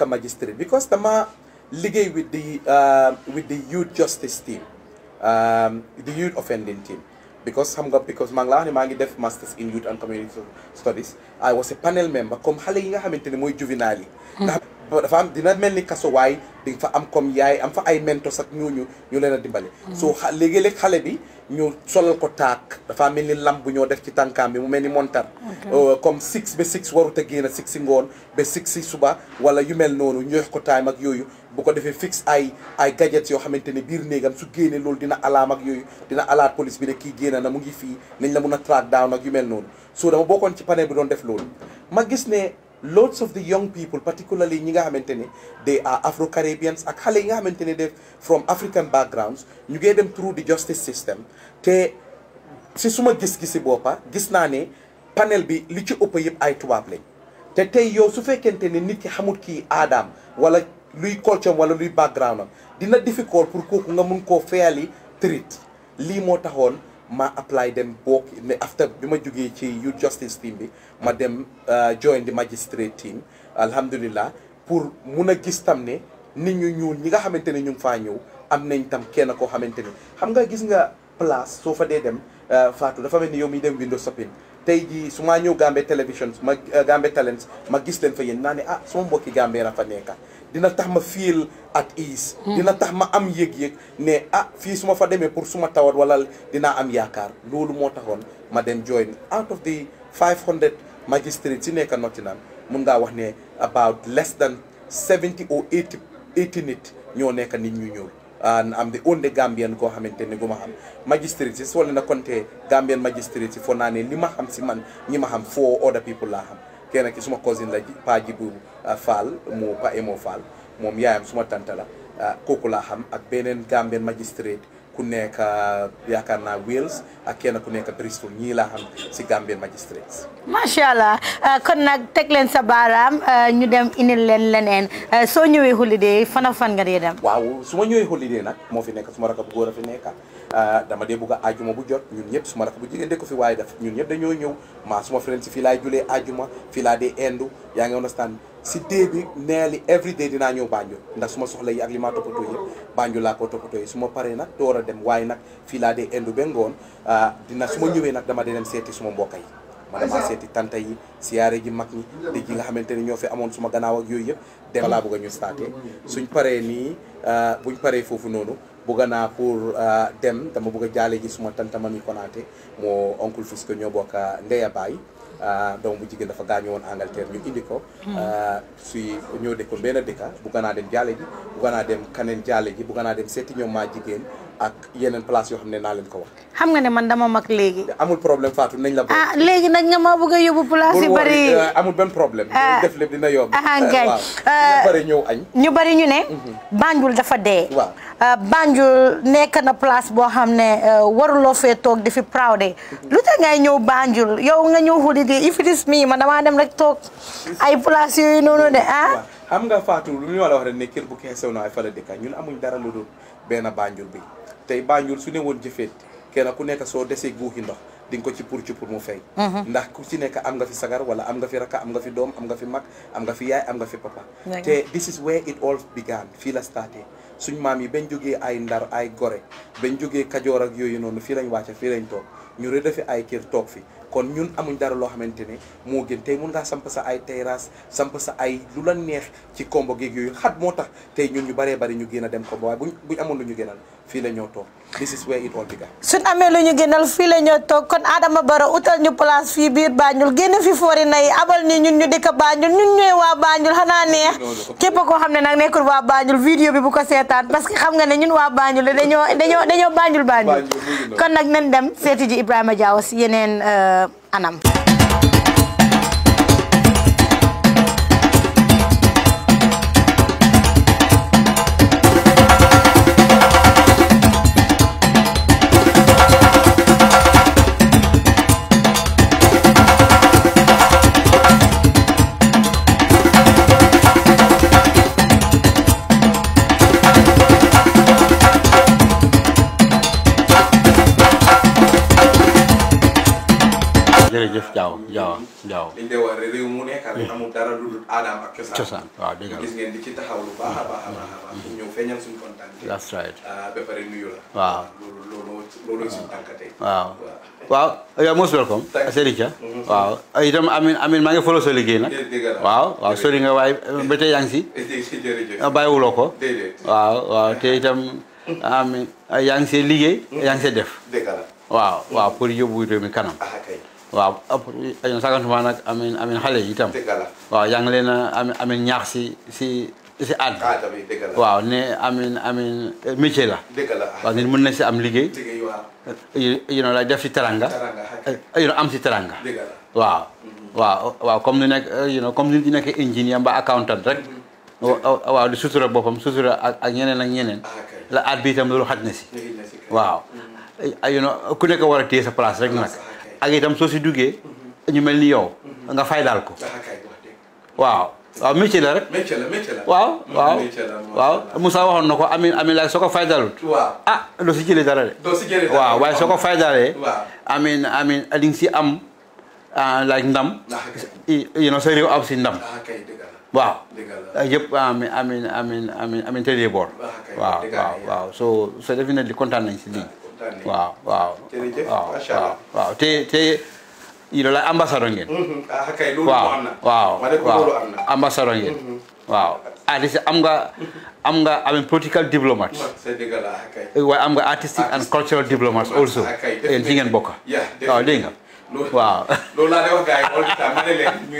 magistrate because dama liggéey with the uh, with the youth justice team um, the youth offending team because xam nga because maa ngi laa def masters in youth and community studies I was a panel member comme xale yi nga xamante ne mooy juvenile yi dafa am dina not ni kaso waay di nga fa am comme yaay am for I mentor ak ñooñu ñu leen a dimbale so léegi-léeg xale ñu solal ko taak dafa mel ni lam bu ñoo def ci tànkaam bi mu mel ni montar euh, comme six ba six warut a génn six si ngoon ba six si suba wala yu mel noonu ñoox ko time ak yooyu bu ko defee fixe ay ay gadgets yoo xamante ne biir néegam su génnee loolu dina alaam ak yooyu dina alaat police bi ne kii génn na mu ngi fii nañ la mun a track down ak yu mel noonu soo dama bokkoon ci panel bi doon def loolu ma gis ne lots of the young people particularly ñi nga xamante ne they are afro caribbeans ak xale yi nga xamante ne def from african backgrounds ñu ngee dem through the justice system te si suma gis-gisi boppa gis naa ne panel bi li ci ëpp yëpp ay tubaab lañ te tey yow su fekkente ne nit ki xamul kii aadaam wala luy culture wala luy background am dina difficult pour kooku nga mun koo fairly treat lii moo taxoon ma apply dem bokk ne after bi ma jógee ci youth justice team bi ma dem uh, join the magistrate team alhamdulillah pour mun a gis tam ne nit ñu ñuul ñi nga xamante ne ñu faa ñëw am nañ tam kenn koo xamante ne xam nga gis nga place soo fa dee dem uh, Fatou dafa mel ni yow mi dem window shopping tey jii su maa ñëw Gambe télévision ma uh, Gambe Talents ma gis leen fa yéen naa ne ah suma mbokki Gambe ra fa nekka dina tax ma feel at ease hmm. dina tax ma am yëg-yëg ne ah fii su ma fa demee pour suma tawat wala dinaa am yaakaar loolu moo taxoon ma dem join out of the 500 magistrates yi nekk Nottingham mun ngaa wax ne about less than 70 or 80 80 nit ñoo nekk nit ñu ñuul and am the only Gambian koo xamante ne gu ma xam magistrate si soo leen a compté Gambian si foo naa ne li ma xam si man ñi ma xam four other people laa xam kenn ki suma cousin la paa ji boobu Euh, Fall moo Pa Emo Fall moom yaayam suma tante la euh, kooku laa xam ak beneen Gambian magistrate ku nekk euh, yaakaar naa Wales ak kenn ku nekk Bristol ñii laa xam si Gambian magistrates. macha allah kon nag teg leen sa baaraam ñu dem indil leen leneen soo ñëwee holiday fan ak fan nga dee dem. waaw su ma ñëwee holiday nag moo fi nekk su ma rakk bu góor a fi nekk dama dee bugg a ajuma bu jot ñun ñëpp su ma bu jigéen de ko fi waaye def ñun ñëpp dañoo ñëw maa suma friends fii laay julee ajuma fii laa dee endu yaa ngi understand si dée bi nee li every day dinaa ñëw Banjul ndax suma soxla yi ak li ma toppatoo yëpp Banjul laa ko toppatoo yi su ma paree nag door a dem waaye nag fii laa dee indu ba ngoon ah, dina su ma ñëwee nag dama di seeti suma mbokk yi ma dama seeti tanta yi siyaare ji mag ñi dëj yi nga xamante ne ñoo fi amoon suma gannaaw ak yooyu yëpp dem laa bëgg a ñu staatee suñ paree nii ah, buñ paree foofu noonu bëgg naa pour ah, dem dama bëgg a jaale ji suma tanta Mami Konaté moo oncle fils ko ñoo bokk ndeya baay Euh, doom bu jigéen dafa gaañu woon Angleterre ñu indi ko suy hmm. euh, ñoo dëkkoon benn dëkka bugga naa dem jaale ji bugga naa dem kaneen jaale ji bugga naa dem seeti ñoom maa jigéen ak yeneen place yoo xam ne naa leen ko wax. xam nga ne man dama mag léegi. amul problème Fatou nañ la. ah léegi nag nga ma bëgg a yóbbu place yu bari euh, amul benn problème. Ah. def lépp dina yomb. Ah, euh, waaw ñu euh, bari ñëw añ. ñu bari ñu ne. Mhm. Banjul dafa dee. waaw Banjul nekk na place boo xam ne waruloo fee toog di fi proude mhm. lu tax ngay ñëw Banjul yow nga ñëw holiday if it is me man damaa dem rek toog ay place yooyu noonu de ah. xam nga Fatou lu ñu la wax rek ne kër bu keesew na ay fa la dëkk ñun amuñ dara lu dul benn Banjul bi. tey Banjul su ne woon jëfeet kenn ku nekk soo desee guuxi ndox di nga ko ci pour ci pour mu feeñ mhm. ndax ku ci nekk am nga fi sagar wala am nga fi rakka am nga fi doom am nga fi mag am nga fi yaay fi papa te this is where it all began fii la starté lañ toog ñu a fi ay kër toog fi kon ñun amuñ dara loo xamante ne moo gën tey mun ngaa samp sa ay terrasse samp sa ay lu la neex ci kombo geeg yooyu xat moo tax tey ñun ñu baree bari ñu gën a dem kombo waaye buñ buñ amoon lu ñu gënal fii la ñoo toog this is where amee lu ñu gënal fii la ñoo toog kon Adama Barrow utal ñu place fii biir Banjul génn fi foori na yi abal ni ñun ñu dëkk Banjul ñun ñooy waa Banjul xanaa neex képp koo xam ne nag nekkul waa Banjul vidéo bi bu ko seetaan parce que xam nga ne ñun waa Banjul la dañoo dañoo dañoo Banjul Banjul kon nag nañ dem seeti ji Ibrahima Jawo si yeneen euh, anam jërëjëf jaaw jaaw jaaw dañ dee waaw a baax a baax a baax mm-hmm. ah, waaw loolu mm-hmm. ah, amin maa ngi follow sa liggéey na waaw waaw sori nga waaye uh, ba tey yaa ngi ah, waaw waaw te amin yaa ngi liggéey mm-hmm. yaa ngi see def waaw waaw pour yóbbu réew kanam waaw ëpp sagantumaa nag amin amin xale yi itam waaw yaa ngi leen a amin ñaax si si si àdd ah, waaw ne amin amin eh, la waaw nit mën na si am liggéey yu no lay def si teranga yu eh, no am si teranga waaw waaw comme ni nekk eh, comme ni di nekk ingénieur mba accountant rek mm-hmm. waaw di sutura boppam sutura ak ak ñeneen ak ñeneen ah, la at bi itam loolu xaj na si waaw mm-hmm. ku nekk war a téye sa place rek nag ak itam soo si duggee ñu mel ni yow nga fay daal ko waaw waaw métier waxoon na ko amin amin laaj soo ko faydalut waaw ah doo si jëlee dara de waaw waaye soo ko faydalee waaw amin amin li nga si am laaj ndam you know sa réew am si ndam waaw yëpp amin amin boor waaw waaw waaw so so di kontaan nañ si lii waxtaanee. waaw waaw jërëjëf macha allah waaw te te. yéen la ambassadeur ngeen. Mhm. ah kay loolu am na. waaw waaw ambassadeur ngeen. Mhm. waaw artiste ah, am nga am nga am political diplomat. Eh, waaye am nga artistic and cultural diplomats also. yéen ci ngeen bokk. waaw ah, dégg loolu laa de wax gars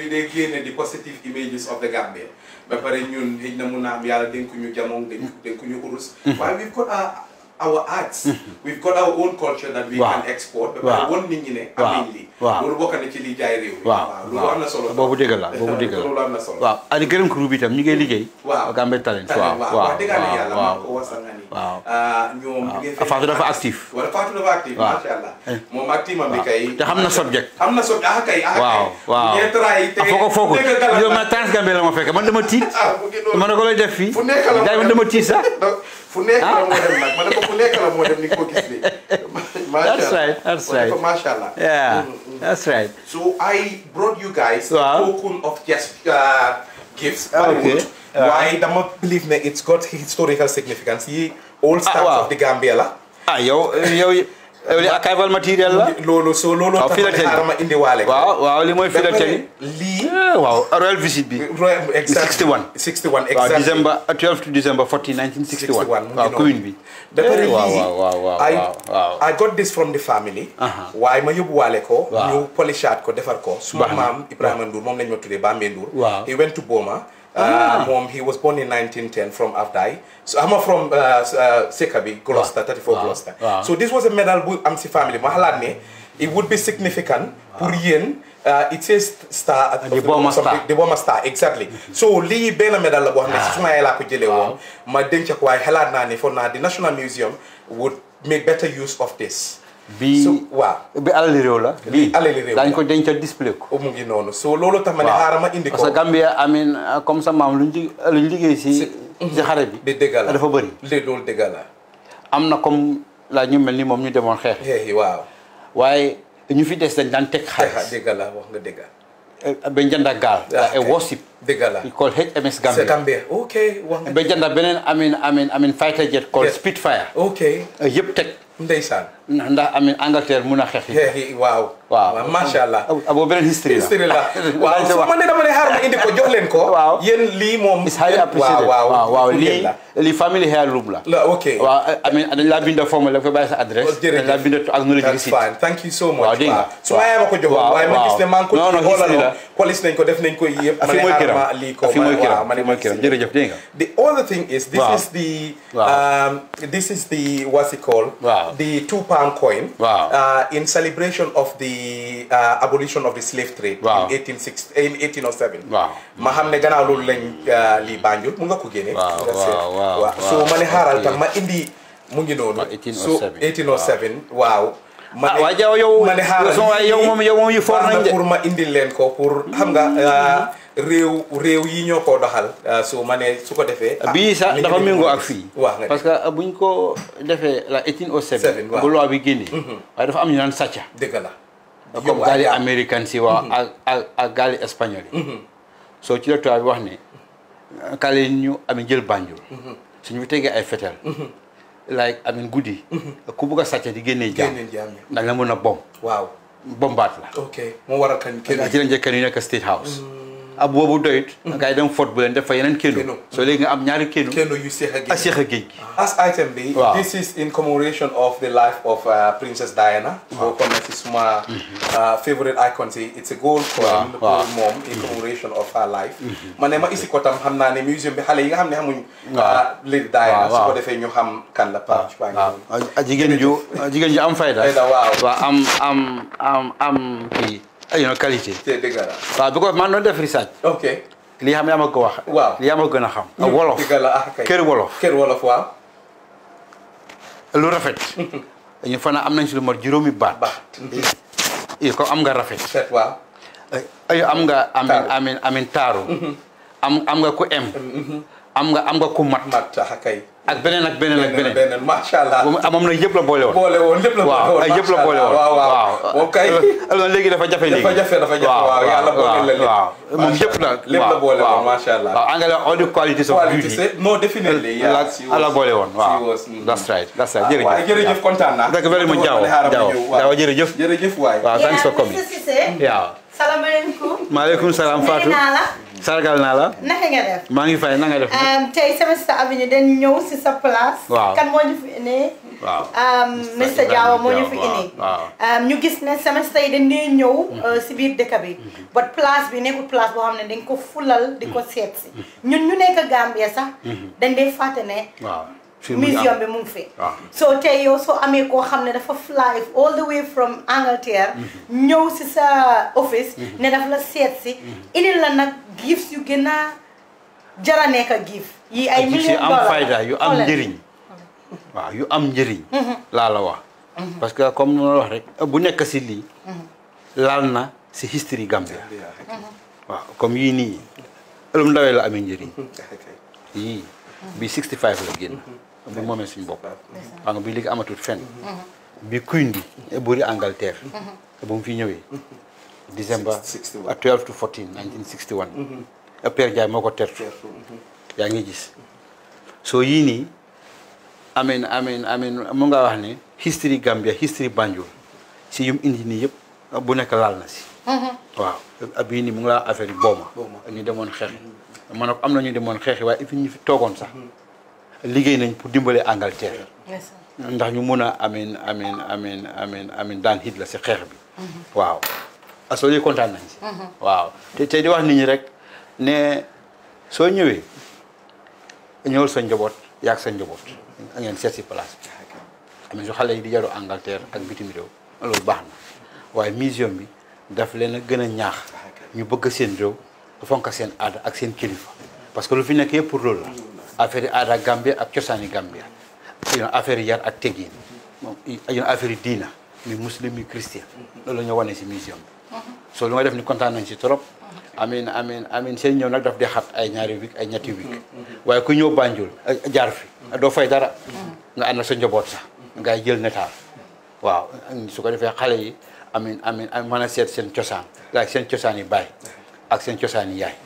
yi di positive images of the Gambia ba pare ñun naa yàlla dénku ñu jamono dénku our arts. Mhm. we've got our own culture that we can export. waaw waaw won nit ñi ne. waaw am nañ lii. waaw loolu bokk na ci li jaay réew mi. waaw waaw loolu am na solo. boobu dëgg la boobu dëgg la loolu am na solo. waaw Aliou gërëm crew bi itam ñu ngi liggéey. waaw Gambian Talents waaw waaw waaw dëgg la yàlla maa ko wasanga ni. waaw ah, ñoom ñu ngi. Ah, Fatou dafa actif. wala Fatou dafa actif. waaw macha allah eh. moom ak team am bi kay. te xam na subject. xam na subject ah kay ah kay. waaw waaw ñeent raay ah, te. foo ko foo ko yow ma Trans Gambia la ma fekk man dama tiit. ah bu gën loolu man da ko lay def fii. fu nekk la ma dama tiit sax Ah. that's right that's right yeah mm, mm, mm. that's right. so I brought you guys. a token of just uh, gifts. okay waaye dama believe me? it's got historical significance The old ah, stars of the Gambia ah yo, yo. Eh, kay wal matériel la. loolu soo loolu. waaw filateli tax ma indiwaale. waaw waaw li mooy filateli. lii eh, waaw royal visit bi. royal exactement 61. 61 exactement waaw December 12 uh, to December 14 1961. waaw commune bi. dafa rëy eh, waaw I got this from the family. waaye ma yóbbuwaale ko. waaw ñu polishaat ko defar ko. suma maam Ibrahima Ndour moom lañ ma tuddee Bambe Ndour. waaw he Boma. Ah. Um, um, he was born in 1910 from Avdai. So I'm from uh, uh, Sekabi, Gloucester, ah. 34 ah. Gloucester. Ah. So this was a medal with Amsi family. Mahalani, it would be significant. Ah. Pour uh, it says star at the bomber star. The bomber star, exactly. so li bena medal la bo xamne ci ah. suma yela ko jele won ma denc ko way xelat na ni fo na the National Museum would make better use of this. bi waaw bi alali réew la. bi alali réew la daañu ko dencal display ko. Oh, mu noonu so loolu tam ma ne xaaral ma indi que Gambia amin comme sa maam luñ ci si. si mhm. bi. di dëgg la dafa bëri. léegi loolu dëgg la. am na comme la ñu mel ni moom ñu demoon xeex. waaw. waaye ñu fi des dañ daan teg xaalis. dëgg la wax nga dëgg. ba eh, jënda gaal. ah ok wasip. dëgg la ñu call HMS Gambia. Gambia ok wax nga. ba jënda beneen amin amin amin fighter jet called Spitfire. ok eh, yëpp teg. ndeysaan. ndax amin Angleterre mun a xeex yi. waaw waaw macha allah. boobu beneen history la history la waaw su ma ne dama ne xaaral ma indi ko jox leen ko. waaw yéen lii moom. is highly appreciated waaw waaw lii lii family heirloom la. la ok waaw amin dañ laa bind formule la ko bàyyi sa adresse. Oh, jërëjëf dañ laa bind acknowledge receipt. that's fine thank you so much. waaw dégg nga su ma yaayee ma ko joxoon. waaw waaw waaye ma gis ne maa ngi ko. non non history la police nañ ko def nañ ko yëpp. fi mooy këram fi mooy këram fi mooy këram jërëjëf dégg nga. the other thing is. this is the. Um, this is the what's it called. the two part pound coin wow. uh, in celebration of the uh, abolition of the slave trade. Wow. in 1860 in 1807. waaw ma xam ne gannaaw loolu lañ uh, lii Banjul mu nga ko génne. waaw waaw waaw so ma ne xaaral tam ma indi mu ngi noonu. 1807 so 1807 waaw. ma ah, ne waaw yow. ma ne xaaral yow moom yow moom yi for nañ de pour ma indil leen ko pour xam nga. Mm-hmm. Uh, réew réew yi ñoo ko doxal. Euh, su ma nee su ko defee. Ah, bii sax dafa méngoo ak fii. parce que euh, buñ ko defee la eighteen o seven. bu loi bi génnee. Mhm. waaye dafa am ñu naan sàcca. dëgg gaali américain si waaw a mhm. ak ak gaali espagnol yi. Mhm. soo ci la tubaab bi wax ne. kale ñu am jël Banjul. suñu tegee ay fetel. like amin guddi. ku bugg a sàcc di génnee jaam dañ la mën a bomb. bombaat la. ok moo waral kan kenn. ci a State House. ab mm-hmm. dem fot bu def fa am ñaari yu ah, géej ah. as item bi. this is in commemoration of the life of uh, Princess Diana. waaw boo my mm-hmm. uh, favorite icon it's a gold coin. waaw moom in mm-hmm. commemoration of her life. ma ne ma isi ko tam ne museum bi xale yi nga xam xamuñ. Uh, Diana su ko defee ñu xam kan la. waaw waaw jigéen ju jigéen ju am fayda. fayda waaw am am am am ay na qualité. c'est dëgg la waaw bi ko man doon def research. ok li xam yaa ma ko wax. waaw li yaa ma gën a xam. wolof dëgg la ah, kër wolof. kër wolof waaw. lu rafet. ñu fanaan am nañ si lu mot juróomi baat. baat. i ko am nga rafet. set waaw. ay am nga. amin taaru. Mhm. am nga ku em. Mhm. am nga am nga ku mat. Ah, ak beneen ak beneen ak beneen beneen macha allah moom nag yëpp la boole woon boole woon lépp la boole woon yëpp la boole woon waaw waaw moom kay alors léegi dafa jafe léegi dafa jafe dafa jafe waaw yàlla boole la lépp waaw moom yëpp la lépp la boole woon macha allah waaw anglais on dit quality of beauty non definitely yaa la boole woon waaw that's right that's right ah, jërëjëf waaw jërëjëf kontaan naa dëgg very much jaaw jaaw jaaw jërëjëf jërëjëf waay waaw thanks for coming waaw salaamaaleykum maaleykum salaam Fatou sargal na la. naka nga def. ma ngi fay na nga def. tey Semester Avenue den ñew ci sa place. kan mo ñu fi ene waaw Mr jawa mo ñu fi ene indee. ñu gis ne Semester yi mhm. eh, mhm. den dee ñew ci biir dekk bi. but place bi nekkul place bo xamne ne dañ ko fulal di ko seet ñun ñu nekk Gambia sax. dañ mhm. dee faté ne. waaw. mission mu ngi fi ah. so tey soo amee koo xam ne dafa fly from Angleterre mm-hmm. ñëw si sa office mm-hmm. ne daf la seet si mm-hmm. indil la nag gifts yu gën a jara nekk gift yi ay million dollars am yu am njëriñ yu am njëriñ laa la wax parce que comme nu la wax rek bu nekk si lii laal na si history Gambia waaw comme yii nii ëlum ndawee la amee njëriñ yii bi 65 la génn bi moomee suñu bopp xam nga bi léegi amatul fenn bi Queen bi buuri Angleterre e ba mu fi ñëwee December 12 to 14 1961 Père Ndiaye moo ko tertu yaa ngi gis soo yii nii amen amen amen mu nga wax ne history Gambia history Banjul si yum indi nii yëpp bu nekk laal na si waaw ab yii nii mu ngi laa affaire yi booma ñu demoon xeex ma ñu demoon xeexi waaye if ñu fi sax liggéey nañ pour dimbale Angleterre. ndax ñu mun a amin amin amin amin amin daan Hitler si xeex bi. Mm-hmm. waaw asoo ah, yi kontaan nañ si. Mm-hmm. waaw te tey di wax nit ñi rek ne soo ñëwee ñëwal sa njaboot yaag sa njaboot ngeen seet si place bi. amin su xale yi di jaru Angleterre ak bitim réew loolu baax na waaye museum bi daf leen a gën a ñaax ñu bëgg seen réew fonk seen aada ak seen kilifa parce que lu fi nekk yëpp pour loolu affaire yi aada Gambia ak cosaani Gambia affaire yi yar ak teggin moom yoon affaire yi diina mi muslim mi christian loolu la ñu wane si mission bi so lu nga def ni kontaan nañ si trop amin amin amin seen ñëw nag daf dee xat ay ñaari week ay ñetti week waaye ku ñëw Banjul jaar fi doo fay dara nga ànd ak sa njaboot sax nga jël netaal waaw su ko defee xale yi amin amin mën a seet seen cosaan ak seen cosaan yi baay ak seen cosaan yi yaay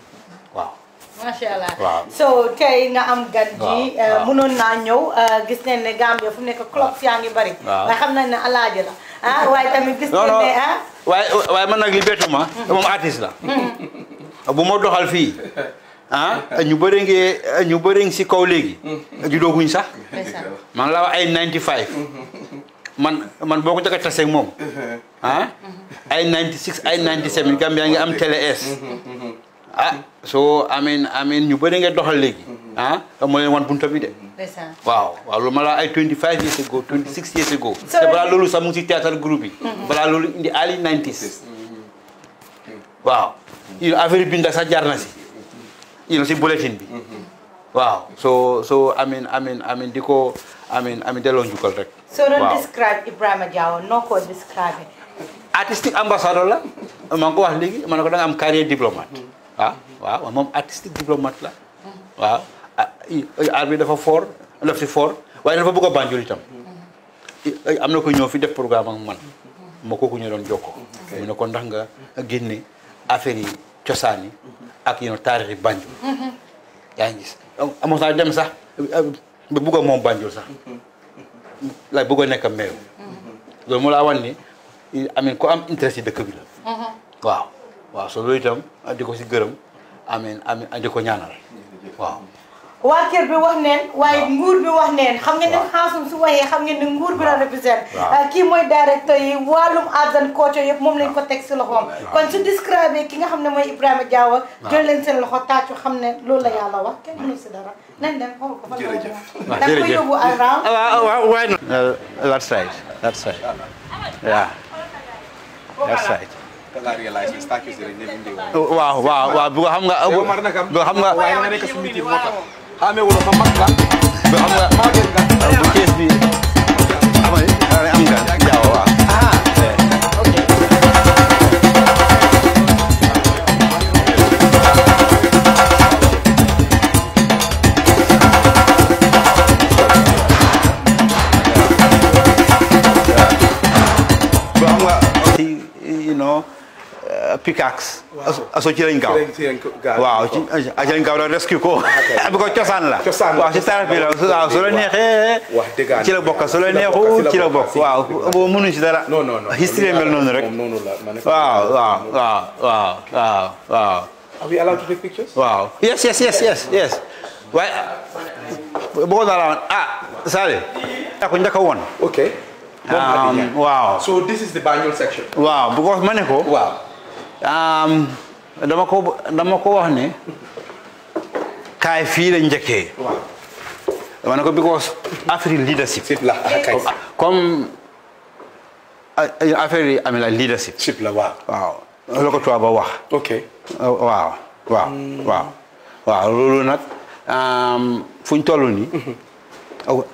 macha allah waaw so tey nga am gan ji eh, mënoon naa ñëw eh, gis nañ ne Gambia fu nekk clocks yaa ngi bari waaye xam nañ ne alaaji la ah waaye tamit gis nañ ne ah waaye man nag li bettu ma mm. moom artiste la mm. bu ma doxal fii ah ñu bëri ngee ñu bëri si kaw léegi mm. ju dooguñ sax man laa ay 95 man man boo ko jëkk a taseeg moom mm-hmm. ah mm-hmm. ay 96 ay 97 Gambia ngi am télé i ah, so i mean ñu bëri nga doxal légui ah mo leen wan bunta bi dé waaw wa lu mala ay 25 years ago 26 years ago c'est bala lolu sa mu ci théâtre groupe bi bala lolu indi ali 90s waaw il affaire bi ndax sa jaar na ci il ci bulletin bi waaw so so mean i mean diko i mean delo ñukal rek so don't describe ibrahima diaw no ko describe artistique ambassadeur la man ko wax légui man ko da am carrière diplomate mm-hmm. Ah, waaw moom artistique diplomate la waa aar ah, bi dafa fort daf si fort waaye dafa bëgg a itam am na ko ñëw fi def programme ak man ma kooku ñu doon jokko mu ne ko ndax nga génne affaire yi cosaan yi ak yéen taarix yi ngi gis amoon naa dem sax ba bëgg a moom Banjul sax la bëgg a meew loolu mu laa wan ni amin ko am intérêt ci dëkk bi la mhm. waaw waaw so loolu itam di ko si gërëm amiin amiin di ko ñaanal waaw. waa kër bi wax neen waaye nguur bi wax neen xam ngeen ne xaasum su waxee xam ngeen ne nguur bi la représente euh, kii mooy directeur yi wàllum arts and culture yëpp moom lañ ko teg si loxoom kon su describe ki nga xam ne mooy Ibrahima a jël leen seen xam ne loolu la wax kenn mënu si dara nañ dem xool ko fa da ko yóbbu around ah, waaw waaw waaye that's right that's right yeah waaw waaw waaw bu xam nga. bu xam nga. xamee wala ma mag la. bu xam nga. bu kees bi amay am Pickaxe. aso ci lañ gaaw waaw ci lañ gaaw la rescue ko. Ah, bu cosaan la. waaw ci taarix bi la ci la bokk su la ci la waaw waaw waaw waaw yes yes yes yes yes. waaye bëggoon naa ah, yaa ko njëkk a woon. Um, waaw. so this ko dama ko dama ko wax ne kaay fii lañ njëkkee. dama ne ko because Afrique leadership. la ah, comme affaire yi amee la leadership. sip la waaw. waaw loolu ko tubaab ba wax. ok waaw. waaw waaw waaw loolu nag fu ñu toll nii. Mhm.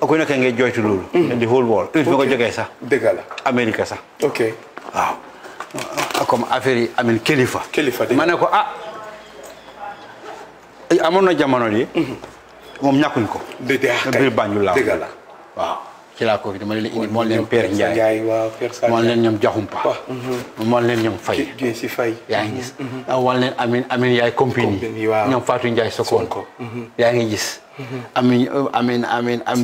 ku nekk ngay joytu loolu. Mhm. the whole world. fi ma ko jógee sax. dëgg la Amérique sax. ok waaw. comme affaire yi amin kilifa. kilifa ma ne ko ah amoon na jamono yi. Mhm. moom ñàkkuñ ko. dëgg biir Banjul laa la waaw. ci laa ko fi dama leen indi moom leen leen ñoom Jaxumpa moom leen ñoom Faye yaa ngi gis moom ah, leen Amin Amin ñoom Fatou Ndiaye Sokone mhm. yaa ngi gis amin amin amin am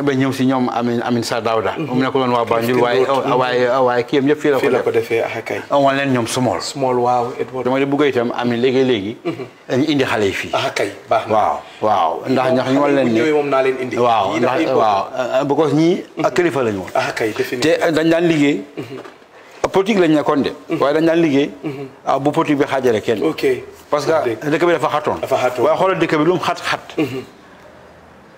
ba ñëw si ñoom amin amin sa Dawda mm-hmm. mu nekkuloon waa Banjul waaye waaye waaye mm-hmm. kii yëpp fii la ko defee a la ko defee akay amoon leen ñoom small small waaw dama di bëgg itam amin léegi léegi mm-hmm. dañu indi xale yi fii waaw waaw ndax ndax ñu wan leen ni moom naa leen indi waaw ndax waaw eh, eh, because ñii kilifa la ñu woon te eh, dañ daan liggéey politique lañ nekkoon de. Mhm. waaye dañ daan liggéey. Mhm. ah bu politique bi xaajale kenn. ok parce que dëkk bi dafa xatoon. dafa xatoon waaye xoolal dëkk bi lu mu xat xat. Mhm.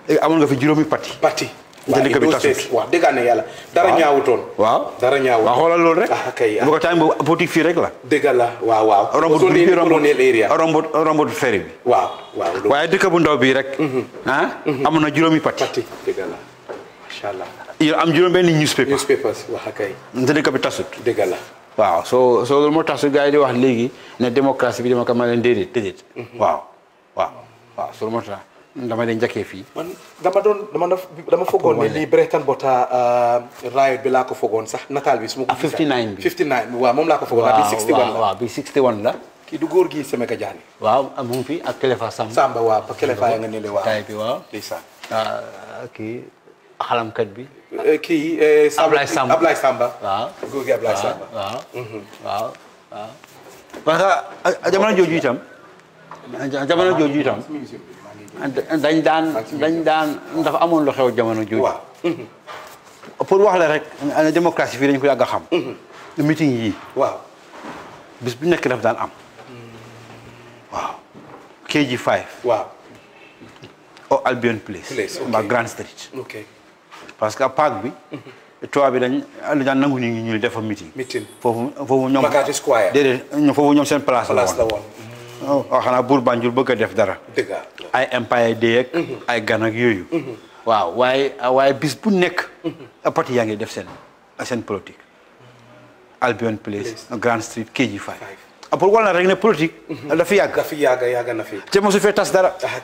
Eh, amoon nga fi juróomi parti. parti te dëkk bi tasut waaw dëgg na yàlla dara ñaawutoon. waaw dara ñaawutoon waaw xoolal loolu rek. Ah, ah. ko taam bu fii rek la. dëgg waaw waaw. rombut bi rombut rombut bi. waaw waaw waaye dëkk bu ndaw bii rek. ah amoon na juróomi parti. parti dëgg la am juróom-benn newspaper. newspapers wax akay. te dëkk bi tasut. dëgg la waaw soo soo loolu moo tasut gars yi di wax léegi ne démocratie bi dama ko ma leen déedéet déedéet. Mhm. waaw waaw waaw soo moo tax dama leen njëkkee fii. man dama doon dama daf dama foogoon ne lii Bretton Bota euh, riot bi laa ko foogoon sax nataal bi. su ma ko ah, gisee ah 59 bi 59 waaw moom laa ko foogoon. waaw waaw bi 61 la waaw bi 61 la. kii du góor gi Semeka Diané. waaw mu ngi fi ak Kelefa Samba. Samba waaw ba Kelefa yaa nga ne le waaw. taay bi waaw. ndeysaan. Ah, kii. xalamkat bi. kii. Ablaye Samba Ablaye Samba. waaw góor gi Ablaye Samba. waaw waaw waaw. parce que jamono jooju itam. jamono jooju itam. dañ daan dañ daan dafa amoon lu xew jamono jooju. pour wax la rek ne démocratie fii dañ ko yàgg xam. meeting yii. waaw bis bu nekk daf daan am. waaw. KG5. waaw. au Albion Place. Place ok Grand Street. ok. parce que Pâques bi. tubaab bi dañ li daan nangu ñu ñu def fa meeting. meeting foofu foofu ñoom. Makati Square seen place. place la oh, waaw xanaa buur Banjul bëgg a def dara. dëgg ay Empire Day ak. Mhm. ay gan yooyu. Mhm. waaw waaye waaye bis bu nekk. Mhm. parti yaa ngi def seen seen politique. Albion Place. Grand Street KG5. pour wàllu rek ne politique. dafa yàgg dafa yàgg yàgg na fi. te mosu fee tas dara. Ah,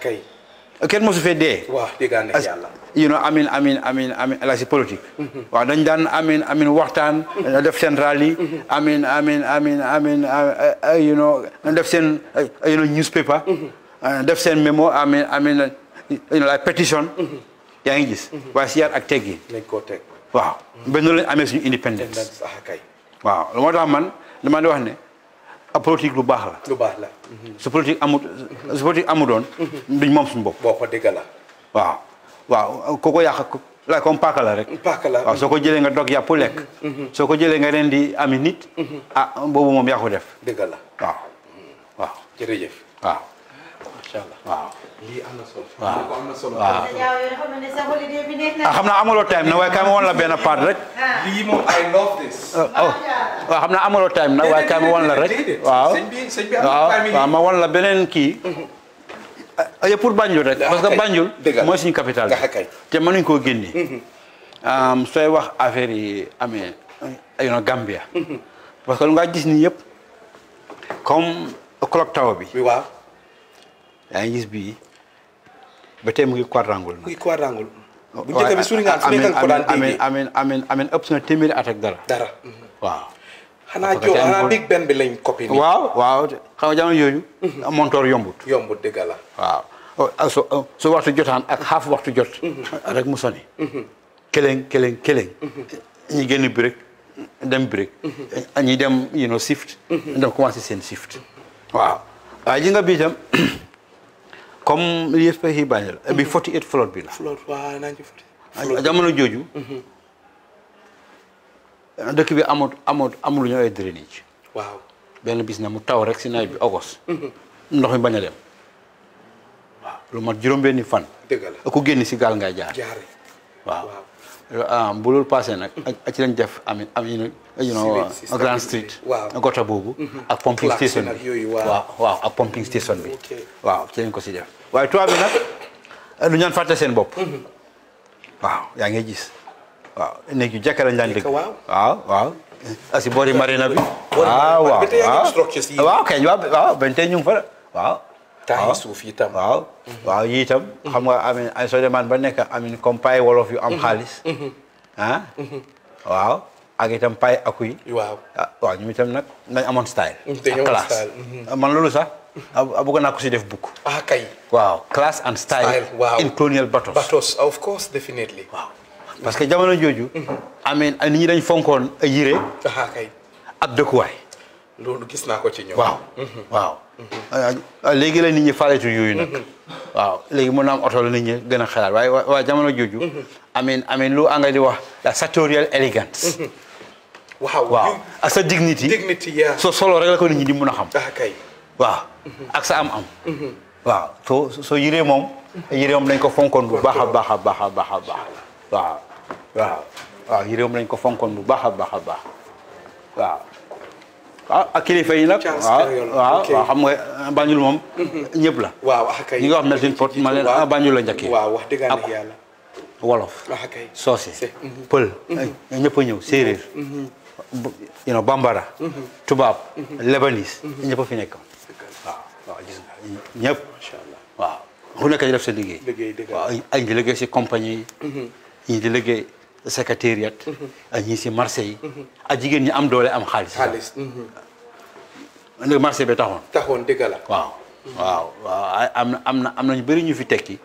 kenn mosu fee dee. waaw dégg naa yàlla. you know I mean, amin amin amin amin la si politique. Mm-hmm. waaw dañ daan amin amin waxtaan. Mm-hmm. def seen rally. Mm-hmm. amin amin amin amin uh, uh, uh, you know def seen you know newspaper. def seen mémo amin amin you know la pétition. yaa ngi gis. waaye si yar ak teggi. nañ koo teg waaw. ba noonu lañ amee suñu indépendance. Ah, waaw lu moo tax man dama di wax ne. politique lu baax la. lu baax la. Mm-hmm. su politique amut su politique amudoon. Mm-hmm. duñ mom suñ bopp. boo ko la. waaw waaw koko ko la comme pak la rek. pak la waaw soko ko nga dog yàpp lekk. Mm-hmm. soo ko nga rendi ami nit. ah bobu mom yaa ko def. dëgg la waaw waaw. jërëjëf waaw. inshallah waaw. waaw waaw. ah xam naa amuloo time na waaye kaay ma woon la ah. oh, oh. xam naa amuloo na waaye kaay beneen kii. ay pour Banjul rek. parce que Banjul mooy suñu capital bi. te mënuñ koo génne. Mm-hmm. Um, sooy wax affaire yi amee ay Gambia. Mm-hmm. parce que lu nga gis nii yëpp comme clock tower bi. yaa ngi gis bii. ba tey mu ngi quadrangle. mu ngi quadrangle. Oh, bu njëkk bi suñu naan fi nekkal ko daan déggee amiin amiin amiin ëpp na téeméeri at ak dara. dara waaw. xanaa joo xanaa big benn bi lañ copie. waaw waaw xam nga jamono yooyu. Mhm. montoor yombut. yombut dëgg la waaw. Oh, ah, oh, su waxtu jotaan ak xaaf waxtu jot. Mhm. rek mu soni. Mhm. keleng keleng keleng. ñi génn bi rek dem ñi dem you know shift. dem commencé seen shift. waaw waaye nga bii comme yëf yi bàyyi la bi forty eight floor bi la floor jamono jooju mm-hmm. dëkk bi amut amut amul lu ñu ay benn bis na mu taw rek si nawet bi ogos mm-hmm. ndox mi bañ a dem waaw lu mat juróom-benni fan dëgg la génn si gaal ngay jaar jaar waaw Euh, ah, bu loolu passé nag. ak ci def am am une you know a uh, grand street. waaw gota boobu. Mhm. ak pumping station bi waaw waaw ak pumping station bi. waaw ci ko si def. waaye tubaab bi nag euh, du ñaan fàtte seen bopp. Mhm. waaw yaa ngi gis waaw néeg yu jàkka lañ daan dégg. waaw waaw. asi ah, ah, boori marina bi. waaw waaw waaw waaw benn tey ñu ngi fa waaw. temps suuf yi tam waaw mhm. waaw yi mhm. xam nga amin ay demaan ba nekk amin comme pay am mhm. xaalis ah? waaw ak itam pay aku waaw ah, waaw ñu itam nag nañ amoon style classe ah, man loolu sax a bëgg naa si def book ah kay waaw class and style in colonial battles parce que jamono jooju amin nit ñi dañ fonkoon a yire ak dëkkuwaay loolu gis naa ko ci ñoom. waaw mhm. waaw. Mhm. Ah, ah, ah, léegi la nit ñi faaleetu yooyu nag. Mhm. waaw léegi mën naam am oto la nit ñi gën a xelaat waaye waa jamono jooju. amiin amiin lu anglais di wax la sartorial elegance. waaw waaw ak sa dignity. dignity so solo rek la ko nit ñi di mun a xam. kay waaw ak sa am-am. waaw soo soo yiree moom. yiree moom lañ ko fonkoon bu baax a baax a baax a baax a baax waaw waaw yiree moom lañ ko fonkoon bu baax a baax a baax waaw. waaw ah, kilifa yi nag. waaw ah, ah, waaw xam nga euh, Banjul moom. ñëpp la. waaw kay ñi nga wax melting pot ma leen Banjul la njëkkee. waaw wax dëgg yàlla wolof. wax kay soose. Mhm. pël. Mhm. ñëpp a ñëw séeréer. Mhm. you know bambara. tubaab. lebanese. ñëpp fi nekk. waaw waaw gis nga ñëpp. macha sa liggéey. liggéey dëgg waaw ay di liggéey si compagnie yi. ñu liggéey. secrétariat mm-hmm. ak ñii si marché yi mm-hmm. ak jigéen ñu am doole am xaalis xaalis mm-hmm. nag marché bi taxoon taxoon dëgg la waaw waaw waaw am na am na am nañu bëri ñu fi tekki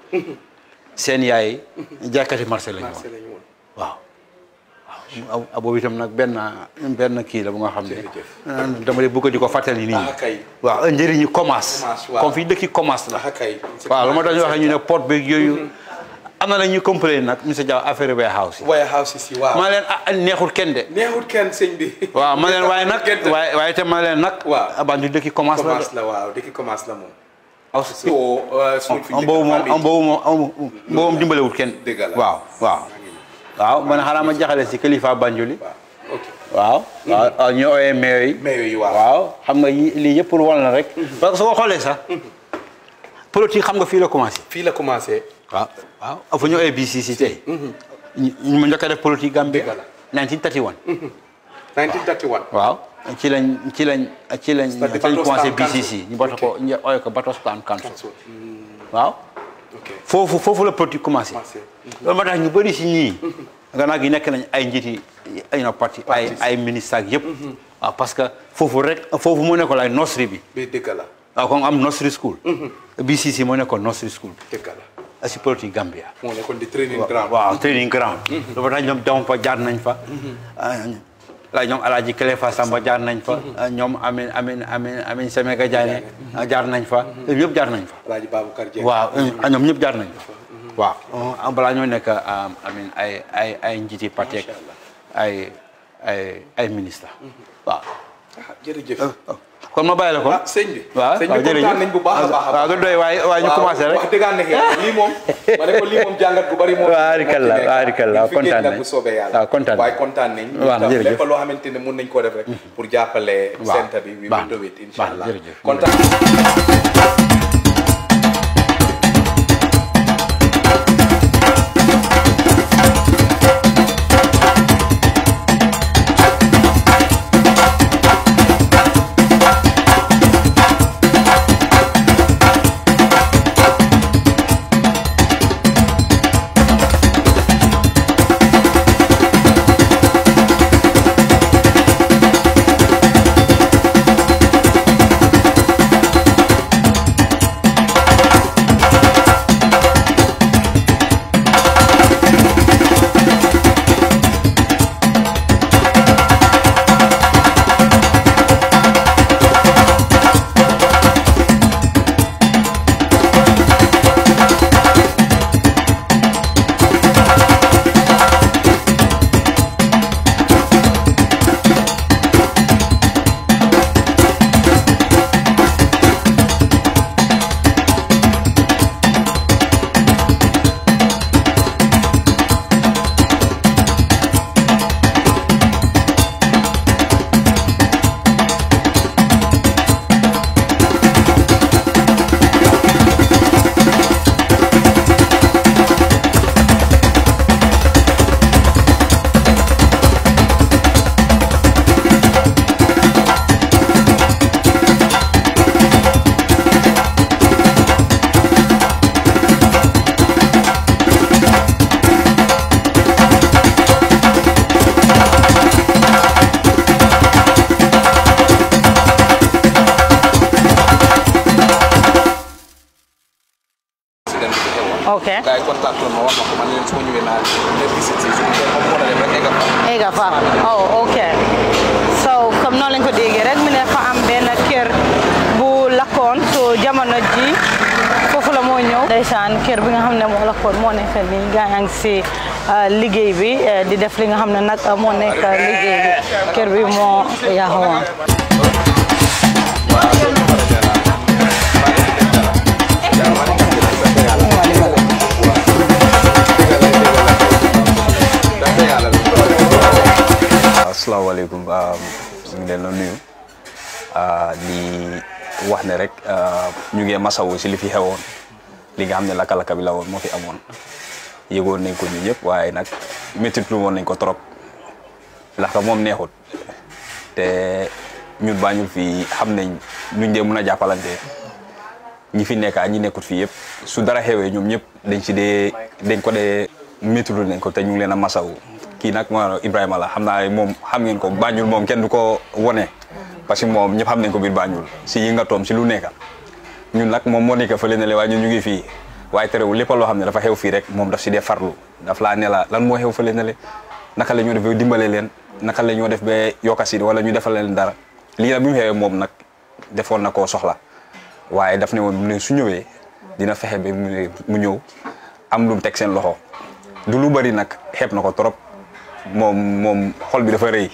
seen yaay jàkkati marché lañu woon waaw waaw boobu nag benn benn kii la bu nga xam ne euh, dama de bëgg di ko fàttali nit ñi waaw njëriñu commerce comme fii dëkki commerce la waaw lu ma tax ñu waxee ñu ne porte bi yooyu am na la ñu complain nag monsieur Diaw affaire warehouse yi. warehouse yi si leen ah neexul kenn de. neexul kenn sëñ bi. waaw ma leen waaye nag waaye waaye te ma leen nag. waaw ah, Banjul dëkki commence la commence la waaw dëkki commence la moom. aw oh. si woo oh, euh, oh, am boobu moom am dimbalewul kenn. dëgg waaw waaw. waaw man xanaa ma jaxale si kilifa Banjul yi. waaw. waaw ñu ooyee meeyo waaw xam nga lii yëpp pour wal rek. Mhm. parce que soo xoolee sax. Mhm. politique xam nga fii la commencé. fii la commencé. waaw waaw ah, a fu ñu ABCC tey mm-hmm. ñu njëkk a def politique Gambie 1931 1931 mm-hmm. waaw ci lañ ci lañ ci lañ ci lañ commencé BCC ñu bata ko ñu ooye ko Batostan Council mm-hmm. waaw foofu foofu la politique commencé loolu moo tax ñu bëri si ñii gannaaw gi nekk nañ ay njiiti ay na parti ay ay ministres yëpp waaw parce que foofu rek foofu moo nekkoon ay nursery bi dëgg la waaw kon am nursery school BCC moo nekkoon nursery school dëgg la si politique Gambia. moo nekkoon di training ground. waaw training ground. Mm-hmm. ñoom Demba jaar nañ fa. Mm-hmm. Ah, la ñoom Alaaji jaar nañ fa. Mm-hmm. Ah, ñoom Amin Amin Amin Amin ah, jaar nañ fa. ñëpp jaar nañ fa. Alaaji Babacar Dieng eh, ñoom ñëpp jaar nañ fa. waaw balaa ñoo nekk Amin ay ay ay njiiti ay ministre waaw. kon ma bàyyi la ko. ah sëñ bi waaw sëñ bi kontaan nañ bu baax a baax a baax. waaw ah, doy waaye waaye ñu commencé rek wax dëgg lii moom. ma ne ko lii moom jàngat bu bari moom. waarikalla waarikalla kontaan nañ bu soobee yàlla. waaw ah, kontaan nañ waaye kontaan nañ. waaw jërëjëf lépp loo xamante ne mun nañ koo def rek. Mm. pour jàppale. waaw waaw centre bi we will do it incha allah kontaan Euh, liggéey bi euh, di def li nga xam ne nag euh, moo nekk liggéey bi kër bi moo yaaxawoon asalaamaaleykum ñu ngi nuyu di wax ne rek ñu ngi masawu si li fi xewoon li nga xam ne lakka-lakka bi woon moo fi amoon yëgoon nañ ko ñu ñëpp waaye nag métitlu woon nañ ko trop lax ka moom neexut te ñun Banjul fii xam nañ nuñ dee mën a jàppalante ñi fi nekkaa ñi nekkut fii yëpp su dara xewee ñoom ñëpp dañ si dee dañ ko dee métitlu nañ ko te ñu ngi leen a masawu kii nag moo Ibrahima la xam naa moom xam ngeen ko bañul moom kenn du ko wone parce que moom ñëpp xam nañ ko biir Banjul si yëngatoom si lu nekka ñun nag moom moo nekk fële ne le waaye ñun ñu ngi fii waaye terewul lépp loo xam ne dafa xew fii rek moom daf si dee farlu daf laa ne la lan moo xew fële ne le naka la ñoo def ba dimbale leen naka la ñoo def ba yokka si wala ñu defal leen dara lii nag bi mu moom nag defoon na koo soxla waaye daf ne woon su ñëwee dina fexe ba mu ñëw am lu mu teg seen loxo du lu bari nag xeeb na ko trop moom moom xol bi dafa rëy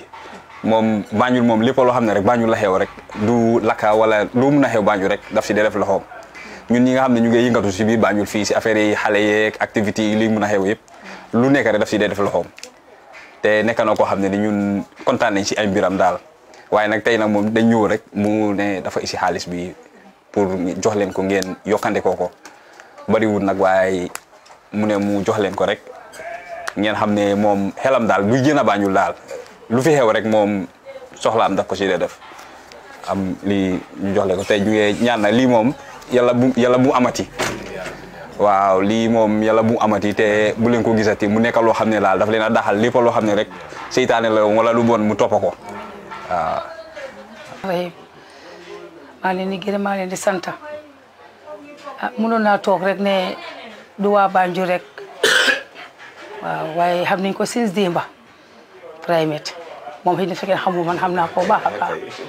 moom Banjul moom lépp loo xam ne rek Banjul la xew rek du lakka wala lu mun a xew Banjul rek daf si dee def loxoom ñun ñi nga xam ne ñu ngi yëngatu si biir Banjul fii si affaire yi xale yeeg activité yi li mën a xew yëpp lu nekk rek daf si dee def loxoom te nekk na koo xam ne ni ñun kontaan si ay mbiram daal waaye nag tey nag moom dañ ñëw rek mu ne dafa isi xaalis bi pour jox leen ko ngeen yokkande ko bariwul nag waaye mu ne mu jox leen ko rek ngeen xam ne moom xelam daal buy génn a Banjul daal lu fi xew rek moom soxlaam daf ko si def am li ñu jox leen ko tey ñu ngi ñaan nag lii moom yàlla bu yàlla bu amati waaw lii moom yàlla bu amati te bu leen ko gisati mu nekk loo xam ne laal daf leen a daxal lépp loo xam ne rek seytaane la wala lu bon mu toppa ko waaw. maa leen di gërëm maa leen di sant ah mënoon naa toog rek ne du waa Banjul rek waaw waaye xam nañ ko since démba primate moom xëy na fekkee xamul man xam naa ko baax a baax xam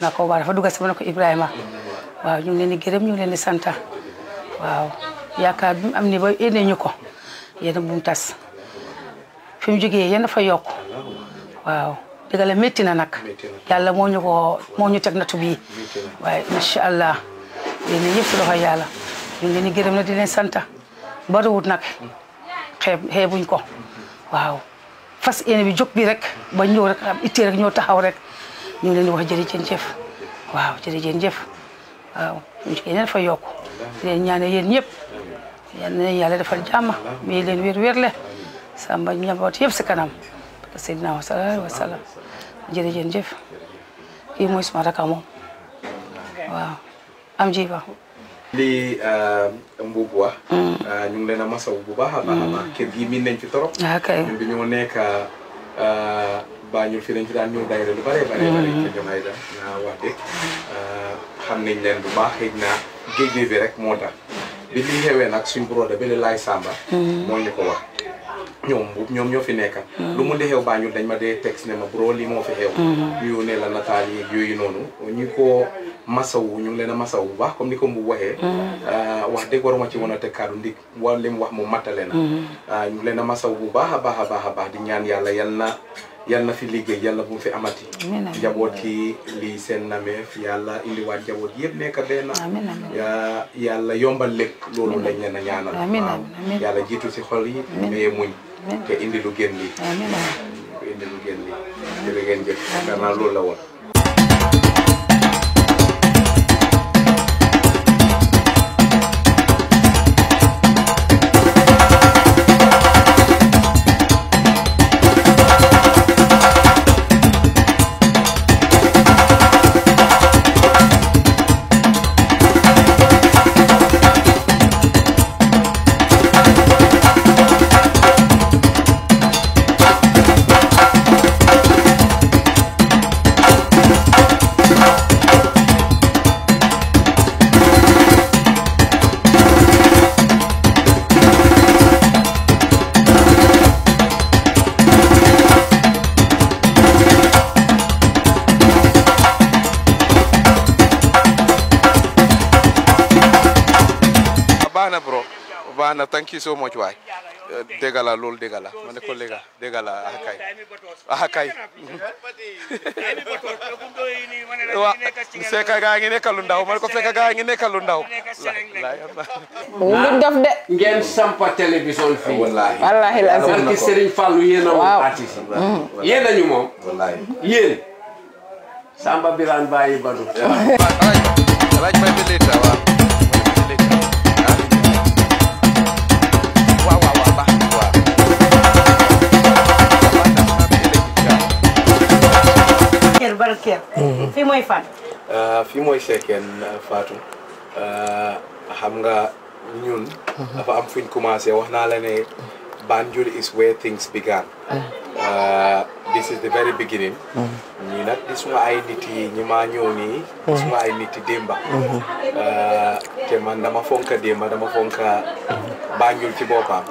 naa ko baax dafa dugg si ma ne ko Ibrahima. waaw ñu ngi leen di gërëm ñu ngi leen di sant waaw yaakaar bi am ni ba yéene ñu ko yéen bu tas fi mu jógee yéen dafa yokk waaw dëggale métti na nag yàlla moo ñu ko moo ñu teg natu bii waaye macha allah yéen yëpp si loxo yàlla ñu ngi leen di gërëm na di leen sant bariwut nag xeeb xeebuñ ko waaw fas yéene bi jóg bi rek ba ñëw rek am ittee rek ñoo taxaw rek ñu ngi leen di wax jërëjëf waaw jërëjëf waaw yeneen fa yokk leen ñaane yéen ñëpp yal na yàlla defal jàmm mais leen wér wér le samba njaboot yëpp si kanam parce que Seydina wa sallallahu wa sallam jërëjëf jëf kii moom waaw am ji ba lii euh, mm. euh, ñu ngi leen a masaw bu baax a baax a baax mm. kër torop ah, ñun Banjul fi dañ ci daan ñëw daayira lu bëree bëri bëri mm-hmm. ci ñoom ay def naa wax dëgg uh, xam nañ leen bu baax xëy na géej bi rek moo tax bi li xewee nag suñ broda bi li laay Samba mm-hmm. moo ñu ko wax ñoom ñoom ñoo fi nekk mm-hmm. lu mu di xew Banjul dañ ma dee texte ne ma bro lii moo fi xew la nataal yi yooyu noonu ñu ko masawu ñu ngi leen a masawu bu baax comme ni ko mu waxee uh, wax dëgg waruma ci woon a teg kàddu ndig wa li mu wax mu mattale na uh, ñu leen a masawu bu baax a baax a baax a baax di ñaan yàlla yal na yal na fi liggéey yàlla bu fi amati. njaboot yi lii seen nameef yàlla indiwaat njaboot yëpp nekk benn. yaa yombal lekk loolu leen a ñaanal. waaw yàlla jiitu si xol yi. mais muñ. te indi lu gën lii. indi lu gën lii. jërë ngeen jëf. la woon. baax na thank you so much waay ma ne ko léegi dégg la ah kay ah kay waaw fekk ngi nekk lu ndaw ma ne ko fekk gaa ngi nekk lu ndaw def de ngeen sampa télévision fii wallaahi wallaahi la barki Serigne Fallou yéen a woon artiste mm-hmm. yéen añu moom wallaahi yéen Samba Birane Baye Badou laaj may bi kër barak kër. fii mooy fan. Ah, fii mooy Seekeen ah, Fatou ah, xam nga ñun. Mhm. dafa am fuñ commencé wax naa la ne Banjul is where things began. this is the very beginning ñi nak di suma ay nit yi ñi ma ñew hmm. ni suma ay nit demba euh té man dama fonka démba dama fonka bañul ci boppam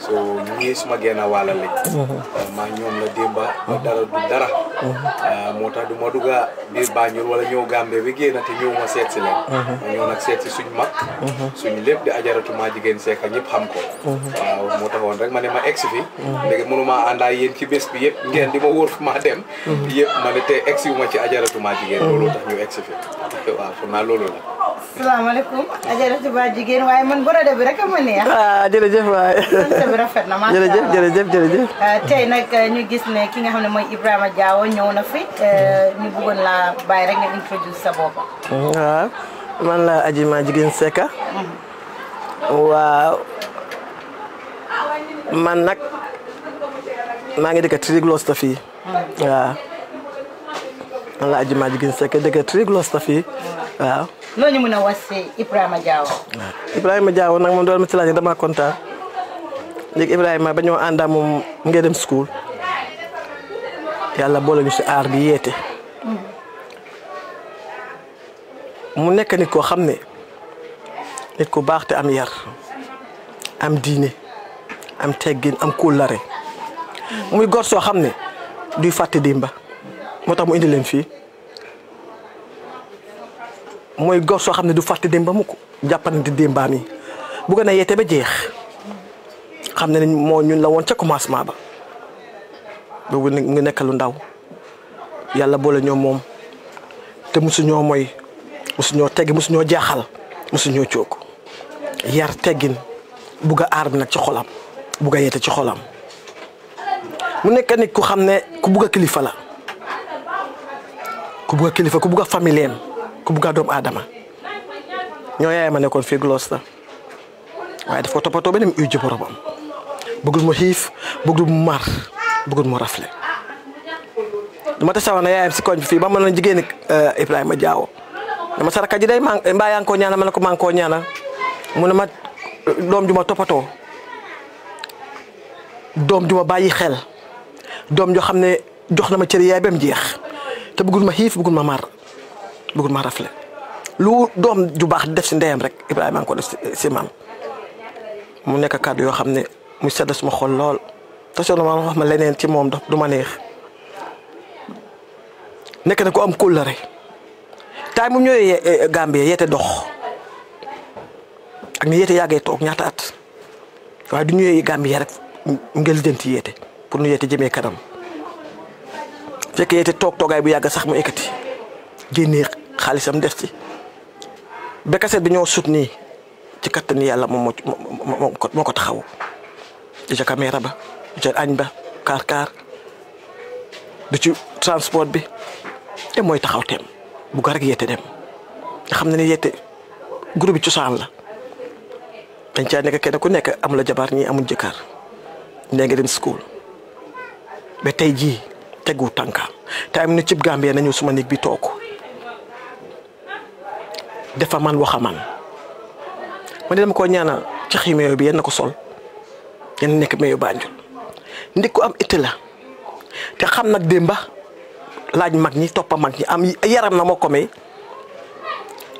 so ñi suma gëna walal li ma ñom la ba dara du dara hmm. uh, moo tax du ma dugga biir banjul wala ñew gambe wi gëna té ñew ma sétti si leen nak sétti nag seet hmm. si suñ mag suñ lépp di ajaratu jigen jigéen seeka ñëpp xam ko waaw moo taxoon rek mané ma ex fi léegi mënuma àndaa yeen ci bës bi yépp ngeen di ma wóor ma dem. yëpp ma ne te egg ma ci ajaratu maa jigéen. Mm-hmm. loolu tax ñu egg si fi waaw foog naa loolu la. salaamaaleykum. maa jigéen waaye man borode bi rek a ma neex. ah jërëjëf waay. sant bi na euh, nag euh, ñu gis ne ki nga xam ne mooy Ibrahima Diawo ñëw na fi. Euh, ñu bëggoon laa bàyyi rek nga introduce sa bopp. Ah, man la aji ma jigéen Secka. Mm-hmm. waaw man nag. mangi ngi tri Triglos fii waaw hmm. ya. man la Adji Madji Guissé sekk dëkk Triglos fii waaw ya. loo ñu mën a wax si Ibrahima Diawo ya. Ibrahima Diawo nag na doon ma si dama kontaan léegi Ibrahima ba ñoo àndaa mu ngi dem school yàlla boole ñu si ar bi yeete hmm. mu nekk ni ko xam ne nit ko baax te am yar am diine am teggin am cool muy gor soo xam ne duy fàtte dimba moo tax mu indi leen fii mooy gor soo xam ne du fàtte dimba mu ko jàppandi dimbaam yi bu gën a yeete ba jeex xam ne moo ñun la woon ca commencement ba boobu mu ngi nekk lu ndaw yàlla boole ñoo moom te mosuñoo mooy mosuñoo teggi mosuñoo jaaxal mosuñoo coog yar teggin bugg a nag ci xolam bugg a yeete ci xolam. mu nekk nit ku xam ne ku bugg a kilifa la ku bugg a kilifa ku bugg a famille am ku bugg a doomu aadama ñoo yaay ma nekkoon fii gloss la waaye daf ko toppatoo ba ni mu ujji boromam bëggul mu xiif bëggul mu mar bëggul mu rafle dama tasawa na yaayam si koñ bi fii ba mën ne jigéen ak eh, Ibrahima Diawo dama saraka ji day maa mbaa yaa ngi koo ñaanal ma ne ko maa ngi koo ñaana mu ne ma eh, doom ju ma toppatoo doom ju ma bàyyi xel. doom joo xam ne jox na ma cër yaay ba mu jeex te bëggul ma xiif bëggul ma mar bëggul ma rafle lu doom ju baax def si ndeyam rek Ibrahima a ngi si maam mu nekk kàddu yoo xam ne mu sedd suma xol lool te soo ma wax ma leneen ci moom du ma neex nekk na ko am kóllëre taay mu ñëwee eh, Gambie yeete dox ak ni yeete yàggee toog ñaata at waaye du ñëwee Gambie rek ngel jënti yeete pour nu yeete jëmee kanam fekk yeete toog toogaay bu yàgg sax mu ekkati génnee xaalisam def ci ba kaset bi ñoo sut nii ci kattan yàlla moom moo moo ko taxaw di ca ba di ca añ ba kaar kaar du ci transport bi te mooy taxaw teem bu gar ak yeete dem nga xam ne ni yeete groupe bi cosaan la dañ caa nekk kenn ku nekk amula jabar ñi amuñ jëkkër nee nga school. ba tey jii tegu tànka te am na cib Gambie nañu suma néeg bi toog dafa man waxa man ma ne dama ko ñaanal ci xii meeyo bi yéen na ko sol yéen nekk meeyo Banjul ndik ko am itte la te xam nag démba laaj mag ñi toppa mag ñi am yaram na moo ko may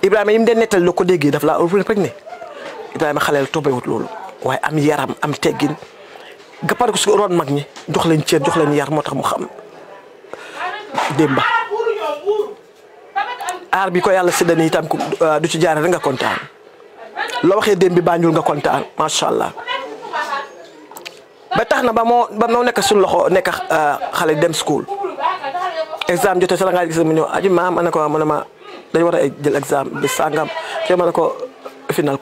Ibrahima yi mu dee nettal loo ko déggee daf laa ne Ibrahima xaleel toppewut loolu waaye am yaram am teggin ga ko su ron mag ñi dox leen dox leen yar motax mu xam demba ar bi ko yalla tam itam euh, du ci jaare nga contane lo waxe dembi bañul nga contane ma sha Allah ba taxna ba mo ba mo nek sun loxo nek euh, xalé dem school exam joté sala nga gis mu ñew aji maam anako ko man wara jël exam bi sangam té manako final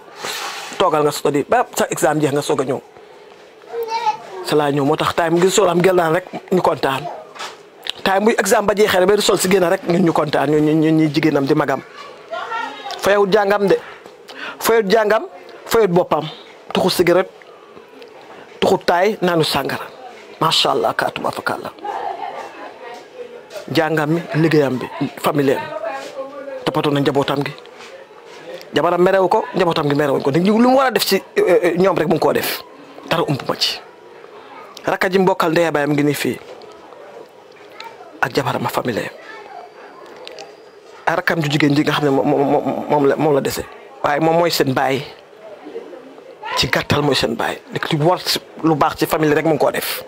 togal nga study ba sa exam jeex nga soga ñew sa laa ñëw time ngir sol am gellaan rek ñu contane time bu exam ba jeexee ba sol ci gene rek ñun ñu contane ñun ñun ñi jigéenam di magam fayawut jangam de fayawut jangam fayawut bopam tuxu cigarette tuxu taay naanu sàngara macha allah kaatuma fakalla jangam mi ligeyam bi familien tapatoo na njabotam gi jabaram merew ko njabotam gi merew ko lu mu war def ci ñom rek mu ko def dara umpuma ci rakka ji mbokkal ndey baayam ngi ni fii ak jabarama famille ak ah, rakkam jigéen ji nga xam ne moom la moom la dese waaye moom mooy seen baay ci gàttal mooy seen baay li war lu baax ci famille rek mu ngi koo def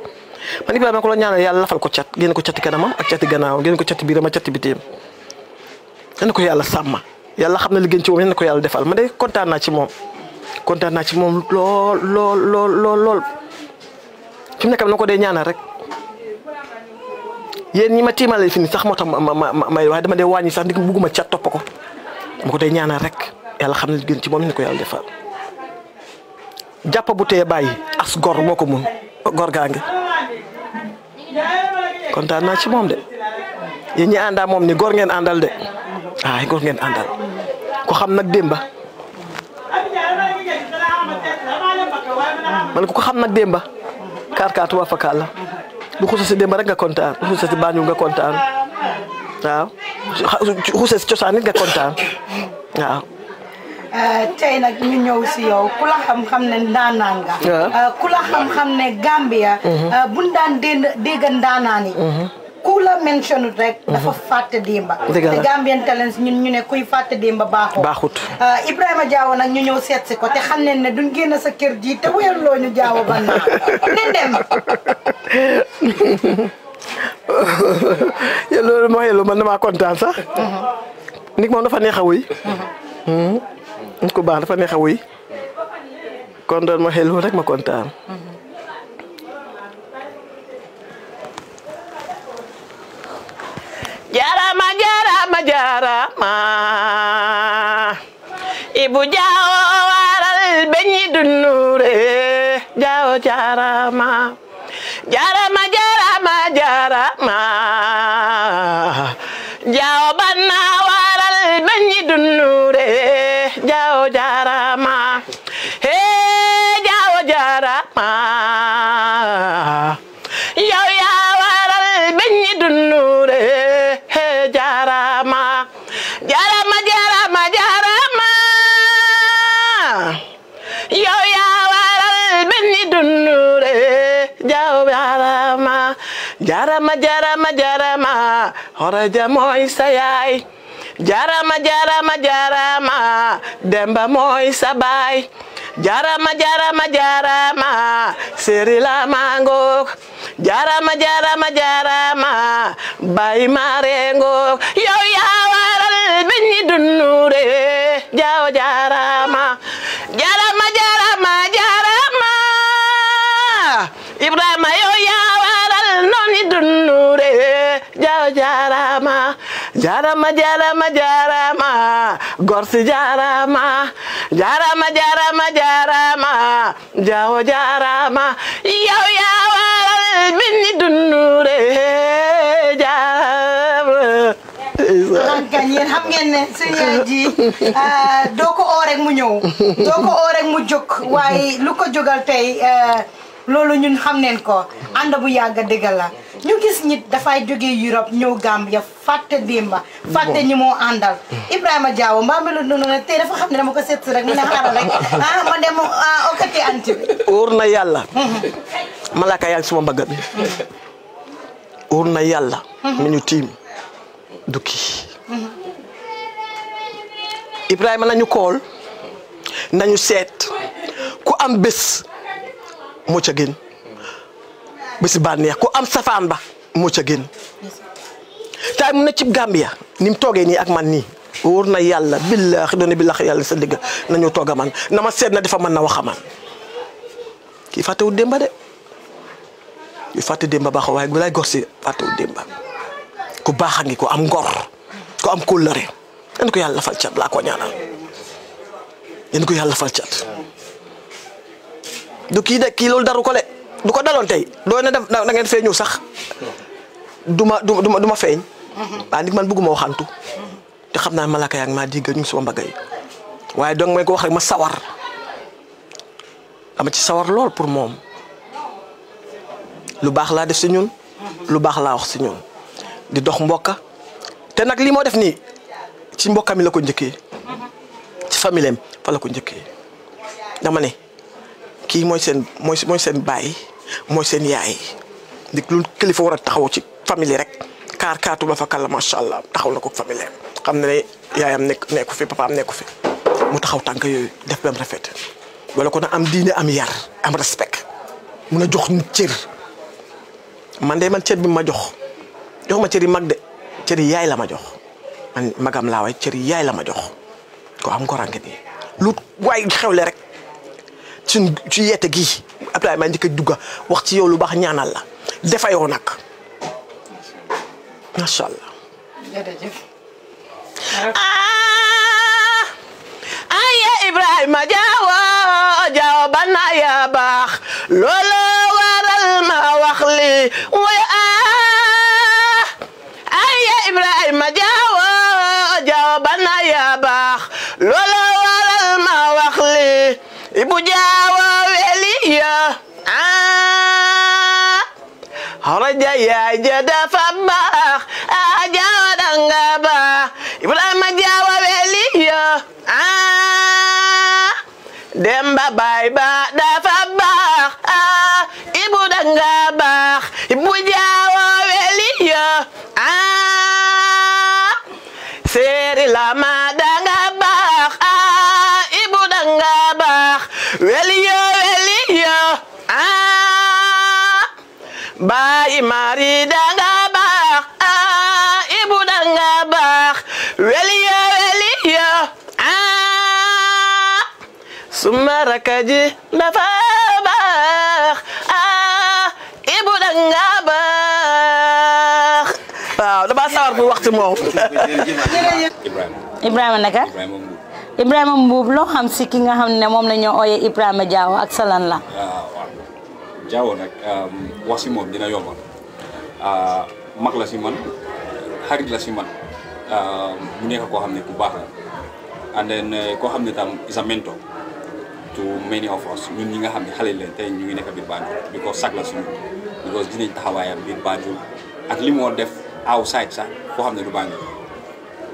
man Ibrahima ko la ñaanal yàlla lafal ko cat génn ko cati kanamam ak cati gannaawam génn ko cati biiram ak cati bitiim yal na ko yàlla sàmm yàlla xam ne li ci moom yal na ko yàlla defal ma de kontaan naa ci moom lool lool lool. fi mu na ko dee ñaanal rek yéen ñi ma tiimalee fi ma ma dama dee wàññi sax ndig bugguma cat topp ko ma ko dee ñaanal rek yàlla ci moom ni ko yàlla defal jàpp moo ko mun gor gaa ngi kontaan naa ci moom de yéen ñi àndaa moom ni gor ngeen àndal de ay gor ngeen àndal ko xam nag démba man ko xam nag démba kaarkaatu waa fakkaat la bu xuusee si démb rek nga kontaan bu xuusee si baañu nga kontaan waaw xuusee si nga kontaan waaw. Euh, tey nag ñu ñëw yow ku la xam-xam ne ndaanaan nga. Euh, ku la xam-xam ne Gambia. Mhm. Euh, buñ daan dégg ndaanaan ku la mention rek. dafa mhm. fàtte Demba. dëgg la te Gambian Talents ñun ñu ne kuy fàtte Demba baaxoo. baaxut euh, Ibrahima Diawo nag ñu ñëw seet si ko te xam ne ne duñ génn sa kër ji te wéyaloo ñu Diawo ba naan ne dem. yàlla loolu moo yàlla man damaa kontaan sax. Mhm. nit moom dafa neex a wuy. Mhm. Hmm? nit ku baax dafa neex kon doon ma xel rek ma kontaan. ma jaarama ibu jaawo waral beñi dunure jaawo jaarama jaarama jaarama jaarama jaawo banna waral beñi dunure jaawo jaarama jarama jarama jarama jarama demba mooy sa jarama jarama jarama jarama bay mare ngook yow yaa waral beñi dunure jarama jarama jarama jarama ibrahima dunnure jaw jarama jarama jarama gorsi jarama jarama jarama jarama jaw jarama yow yaa dunnure yéen xam ngeen euh, mu ñëw doo ko mu jóg waaye lu ko tey euh, loolu ñun xam neen ko ànd bu yàgg dëgg la ñu gis nit dafay jógee Europe ñëw Gambia fàtte démba fàtte ñi moo àndal Ibrahima Diawo mbaa melu noonu ne dafa xam ne dama ko seet rek ah, ma ah, na yàlla mhm. suma mbagg bi wóor na yàlla mi mhm. ñu tiim du kii mhm. Ibrahima nañu kool nañu seet ku am bés moo ca gën bési bànneex ku am safaan ba moo ca gën tay mu ne cib Gambia ni mu toogee nii ak man nii wóor na yàlla billaahi doone billaahi yàlla sa digg nañu toog a man na ma seet na dafa mën na wax a man kii fàttewul démba de yu fàtte demba baax waaye bu lay gor fàttewul démba ku baax a ngi ko am ngor ko am kóllëre yéen ko yàlla fal cat laa ko ñaanal yéen ko yàlla fal cat du ki de ki loolu daru ko le du ko dalon tay do na def na ngeen feñu sax duma du duma du ma nit man buguma waxantu te xamna malaka yak ma digge ñu suma mbagay waye waaye donc may ko wax rek ma sawar am ci sawar lol pour mom lu bax la def ci ñun lu bax la wax ci ñun di dox mboka te nak li mo def ni ci mbokami la ko ñëkke ci famille fa la ko ñëkke dama ne kii mooy seen mooy mooy seen baay mooy seen yaay di lu kilifa war a taxaw ci famille rek kaar kaatu ba fa kàlla macha allah taxaw na ko famille xam na ne yaayam nekk nekku fi papaam nekku fi mu taxaw tànk yooyu def ba mu rafet wala ko nag am diine am yar am respect mun a jox nit cër man de man cër bi ma jox jox ma cër yi mag de cër yi yaay la ma jox man magam laa waay cër yi yaay la ma jox ko am ko rànk nii lu waay xewle rek. ci ci yeete gii Abdoulaye maa njëkk a dugga wax ci yow lu baax ñaanal la defayoo nag macha allah. jërëjëf. Ah, aye Ibrahima Diawo Diawo ba naa yaa baax looloo waral ma wax li mooy aye ah, Ibrahima Diawo. Horaja ya jada fabah aja dangaba Ibrahim jawa weliyo ah demba bye ba da fabah ah ibu dangaba ibu jawa weliyo ah seri lama dangaba ah ibu dangaba weliyo weliyo ah bayi mari danga bak ah ibu danga bak welia welia ah sumarakaji kaji dafa ah ibu danga bak waaw dama sawar pour waxtu moom Ibrahim Ibrahim Ibrahim Ibrahim loo Ibrahim si ki nga ham ne moom la ñoo ooyee Ibrahim jaaw ak salan la ya, Jawo nag um, wax si moom dina yomba uh, mag la si man xarit la si man um, mu nekk koo xam ne ku baax la and then uh, koo xam ne tam is a mentor to many of us ñun ñi nga xam ne xale leen tey ñu ngi nekk biir Banjul because sag la si ñun because dinañ taxawaayam biir Banjul ak li moo def outside sax koo xam ne du Banjul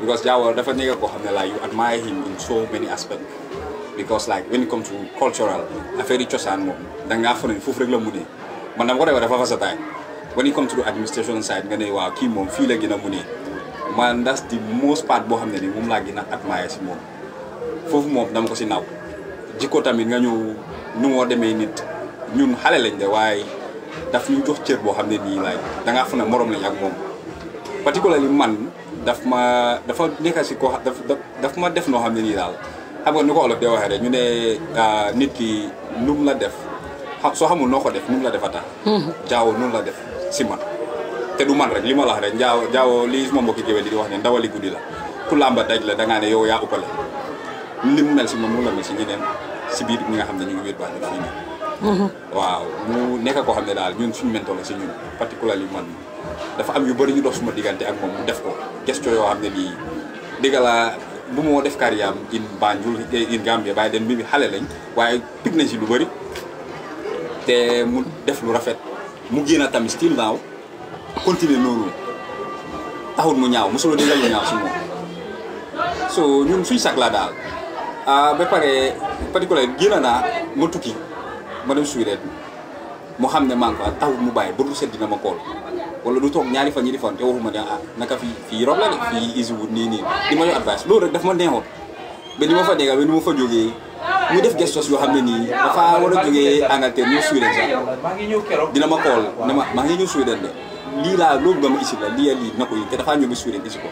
because Jawo dafa nekk koo xam ne laa you admire him in so many aspects because like when it comes to cultural affaire cosaan moom da ngaa fa foofu rek la mu ne man dama ko defee dafa versatile when it comes to administration side nga ne waaw kii moom fii la gën a mu ne man that's the most part boo xam ne ni moom laa gën a admire si moom foofu moom dama ko si naw jikko tamit nga ñëw nu moo demee nit ñun xale lañ de waaye daf ñu jox cër boo xam ne nii laay da ngaa fa ne morom lañ ak moom particularly man daf ma dafa nekk si ko daf ma def noo xam ne nii daal xam nga ko olof di waxe rek ñu ne ah, nit ki num la def so xamul noko def num la defata jau num la def si man te du man rek lima la rek jaaw jaaw li mo mbokki gewel di wax ne ndawali gudi la ku lamba daj la da nga ne yow ya uppale lim mel si mom mu la mel si ñeneen si biir ñi nga ñu ngi baax waaw mu nekk ko xamne dal ñun suñu mentol ci ñun particularly man dafa am yu bari ñu dox suma digante ak mom mu def ko yo xamne di, digala bu mo def carrière in banjul in gambia baye den mimi xalé lañ waye pig na ci lu bari té mu def lu rafet mu gëna tam style naaw continuer nonu taxul mu ñaaw musulo di lañ ñaaw mo so ñun fi sak la dal ah ba paré particulier gëna na mo tukki ma dem suyré mo xamné man ko taw mu baye bu lu sét dina ma ko wala du tok ñaari fan ñi di fan te waxuma ne ah naka fi fi rob la de fi isu wut ni di ma advice lo rek daf ma neexoon be ni ma fa nekka be ni ma fa kan, joge mu def gestos yo xamne ne dafa wara joge jógee ñu ñëw Sweden sax dina ma xol ne ma ngi ñu ñëw Sweden de li la loolu gam isi la li ya li nako yi te dafa ñëw ba Sweden isi ko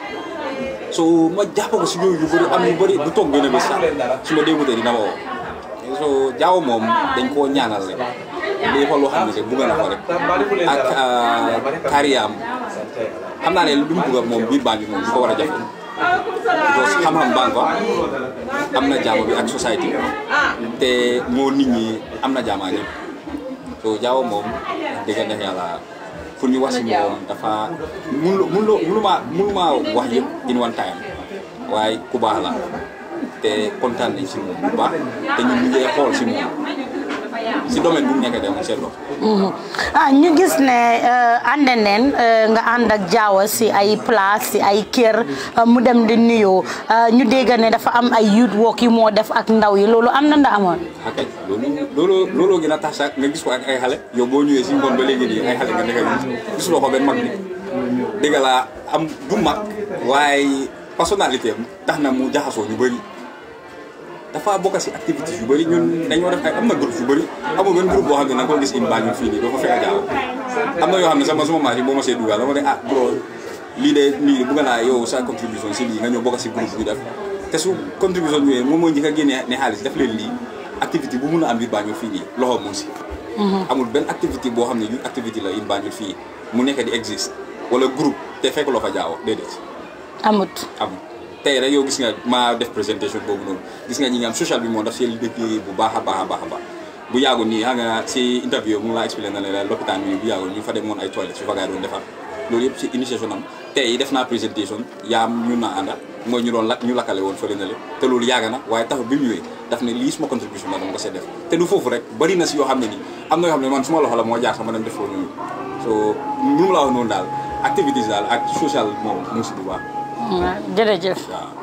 so ma jàpp ko si yooyu yu bëri am yu bari du toog benn bés sax suma ma dina ma wo so jaaw mom, dañ ko ñaanal rek muy xool loo xam ne rek bëgg na ko rek ak euh, kariyaam xam naa ne lu mu bëgg moom biir Banjul moom du ko war a jafe parce que xam am na jaamu bi ak société te moo nit ñi am na jaamaa ñëpp soo jaawo moom dégg na yàlla pour ñu wax si dafa mënuloo mënuloo mënumaa mënumaa wax yëpp in one time waaye ku baax la te kontaan nañ si moom bu baax te ñun ñu ngi xool si moom. si domaine bu mu dem seen bopp. Mhm. ah ñu gis ne euh, ànd neen euh, nga ànd ak jaawa si ay place si ay kër euh, mu dem di nuyoo ñu dégg ne dafa am ay youth work yi moo def ak ndaw yi loolu am na nda amoon. ok ah, gën a tax sax nga gis ko ak ay xale yow boo ñëwee si ngoon ba léegi nii ay xale nga nekk gisuloo ko benn mag bi dégg am du mag waaye personnalité tax na mu jaxasoo ñu bëri. dafa bokk si activités yu bëri ñun dañoo def ay am na groupe yu bëri amul benn groupe boo xam ne na nga ko gis in bañul fii nii doo fa fekk xam ne sama suma maas yi boo ma see dugal dama ne ah bro lii de nii bëgg naa yow sa contribution si lii nga ñëw bokk si groupe def te su contribution ñëwee moom a a am biir bañul fii nii loxo mu ngi si mm-hmm. boo xam ne ñun activité la in bañul fii mu nekk di existe wala groupe te fekk loo fa jaaw déedéet amut amut tey rek yow gis nga maa def présentation boobu noonu gis nga ñi nga am social bi moo daf seen liggéey bu baax a baax a baax a baax bu yàggul nii xam nga si interview mu la expliqué na la ñu fa demoon ñu na ànda woon fële na le loolu yàgg na waaye tax bi mu ñëwee foofu rek bari na si yoo xam ne nii am na yoo xam moo jaar sama dem def loolu noonu daal activités daal ak social moom mu ngi si bu baax Mm, jërëjëf.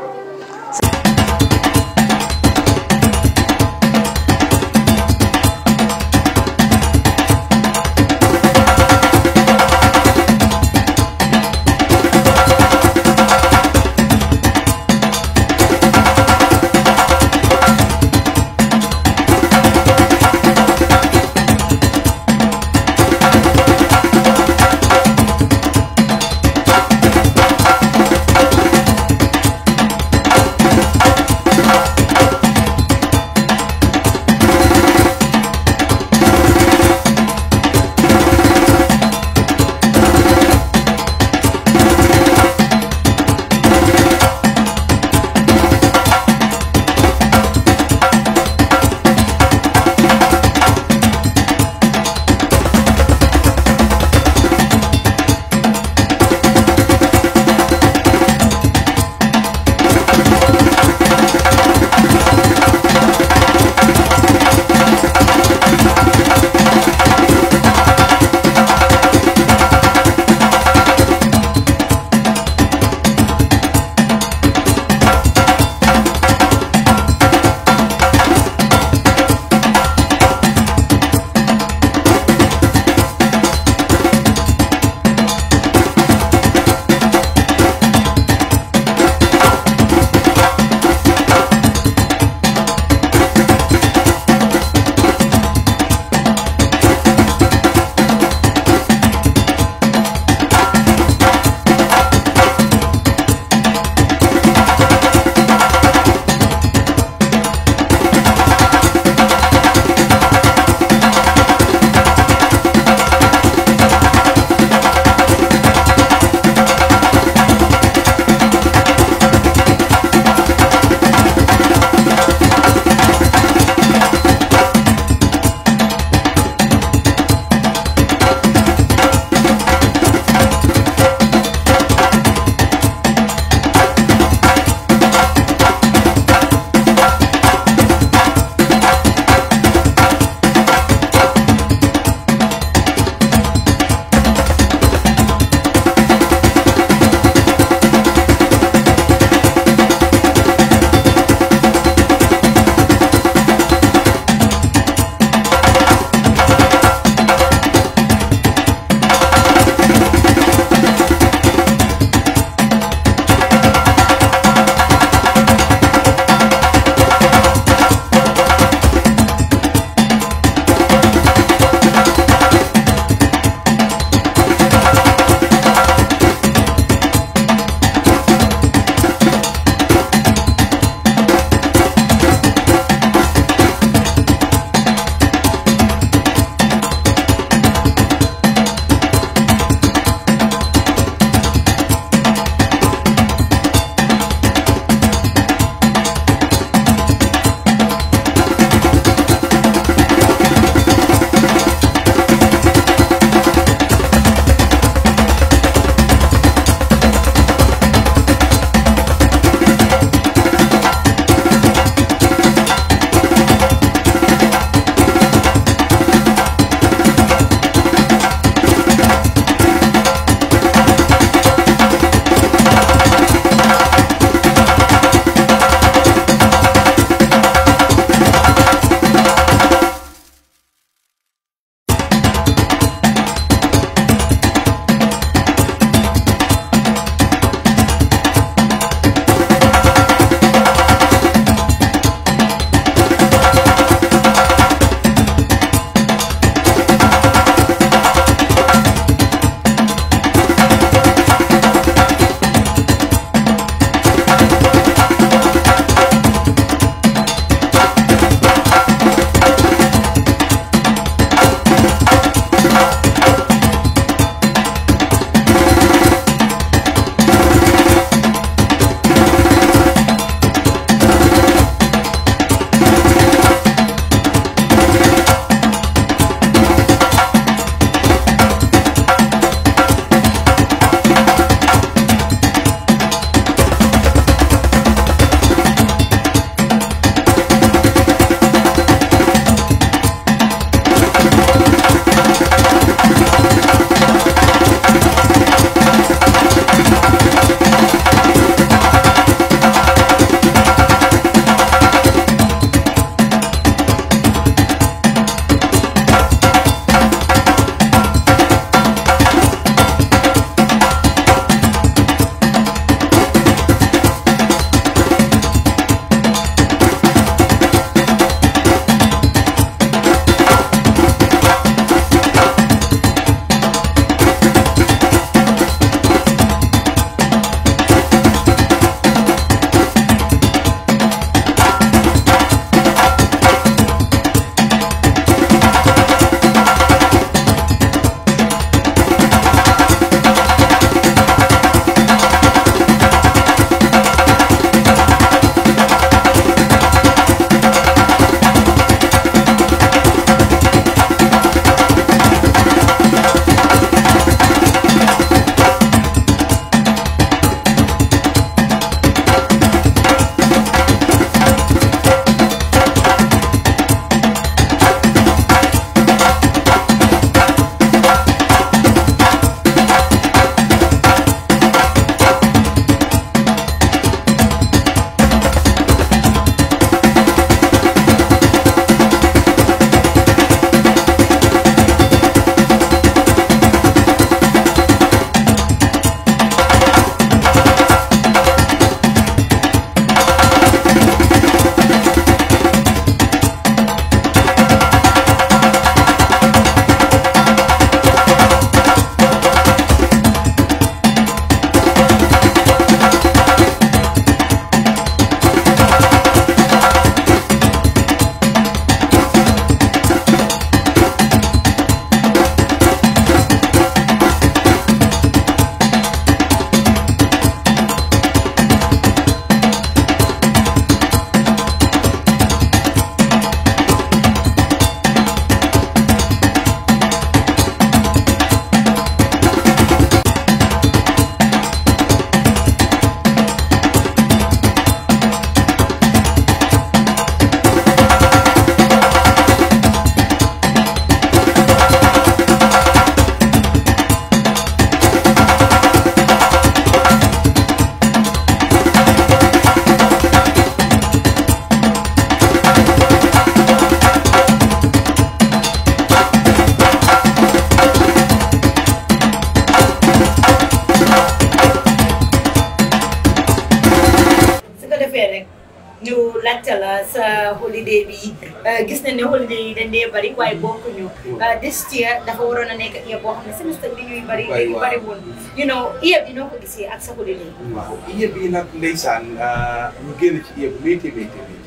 holiday bi eh, gis nañ ne holiday yi dañ dee bari waaye bokkuñu eh, this year dafa waroon a nekk year boo xam ne semestre bi ñuy bari dañu bari woon you know year bi noo ko gisee ak sa holiday waaw year bi nag ndeysaan eh, ñu génn ci year bu métti métti métti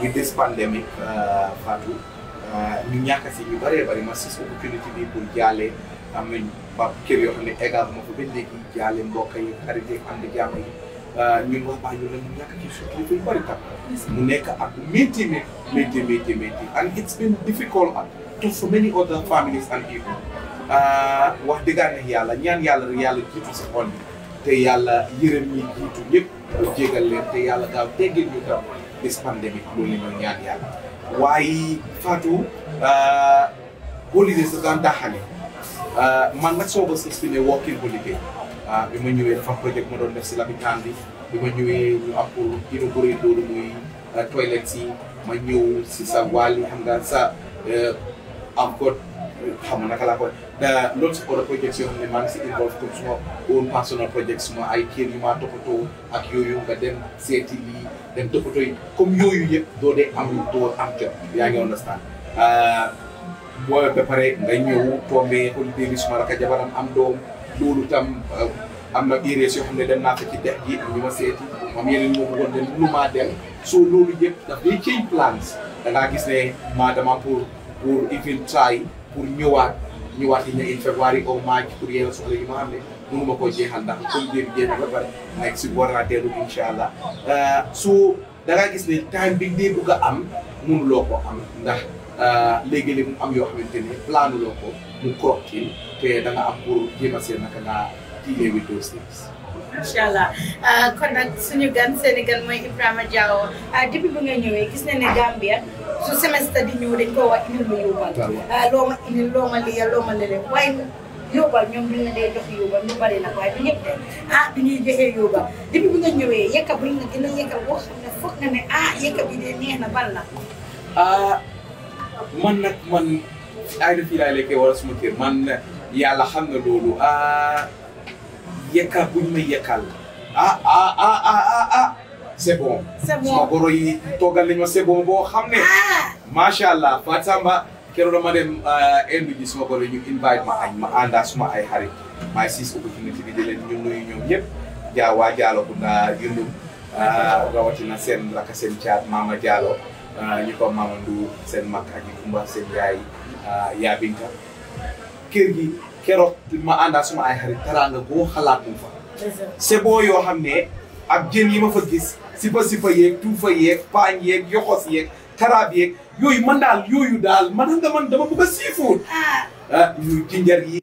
with this pandemic Fatou ñu ñàkk si ñu bëree bëri ma sis opportunity bi pour jaale am nañ ba kër yoo xam ne également fa ba léegi jaale mbokk yi xarit yi am na yi Euh, ñun ñu ñàkk ci mu nekk ak métti métti métti métti and it's been difficult at to so many other families and people euh, wax dëgg yàlla ñaan yàlla yàlla jiitu si xol te yàlla yërëm ñi jiitu ñëpp jégal leen te yàlla daal teggil ñu tam this pandemic loolu la ñu ñaan yàlla waaye Fatou euh, holidays daan daxale man nag soo ba sës fi ne holiday Ah, bi ma ñëwee dafa am ma doon def si lapitaan bi bi ma ñëwee ñu am pour inaugurer loolu muy ah, toilettes yi ma ñëw si sa wàll xam nga sa encore eh, xam naka laa ko da loolu si projet projets yoo xam si involve comme suma own personal project suma ay kër yu maa toppatoo ak yooyu nga dem seeti lii dem toppatoo yi comme yooyu yëpp doo dee am doo am jot yaa ngi understand ah, boo ba pare nga ñëw tombé holiday bi suma raka jabaram am doom loolu tam euh, am na urées yoo xam ne dem naa ma seeti moom yeneen moo ne mënumaa dem soo loolu yëpp daf gis ne ma dama pour pour even try pour ñëwaat ñëwaat yi ne in février au mois ma xam ne mënuma koo jeexal ndax comme jéem jéem ba pare si war naa allah euh, soo da gis ne time bi dee bëgg a am mënuloo ko am ndax euh, léegi-léegi mu am yoo xamante ne planuloo ko mu crop ci te da am pour jéem a seen naka nga dealee with those things. incha allah kon ah, nag suñu gan Sénégal mooy Ibrahima Diawo ah, depuis bu nga ñëwee gis na ne Gambia su semestre di ñëw dañ ko wax indil ma yóbbal. Ah, loo ma indil lii loo ma lële waaye yóbbal ñoom duñ la dee jox yóbbal ñu bari nag waaye du ñëpp ah du ñuy joxee yóbbal depuis bu nga ñëwee yekka buñ a nga ne ah bi de neex na ban la. man nag man ay fii laay lekkee wala suma kër man. yàlla xam nga loolu ah yekkaal bu ñu may yekkaal ah, ah ah ah ah ah c'est goro yi toogal nañu ma c'est boo xam ne. Ah. macha allah Fatamba keroog dama dem ah, indi ji sama goro yi ñu invite ma añ ma ànda suma ay xarit maa ngi siis opportunité bi di leen ñu nuyu ñoom ñëpp jaa waa Jaalo ku na yëndu rawatina seen raka seen caat maama Jaalo ñu ko maama Ndour seen mag ak Kumba seen yaay yaa kër gi keroog ma àndaat suma ay xarit teraanga boo xalaat mu fa. yoo xam ne ak jën yi ma fa gis sifa sifa yeeg tuufa yeeg paañ yeeg yoxos yeeg karaab yeeg yooyu man daal yooyu daal man nga man dama bëgg a ah. ah ñu jinjar yi.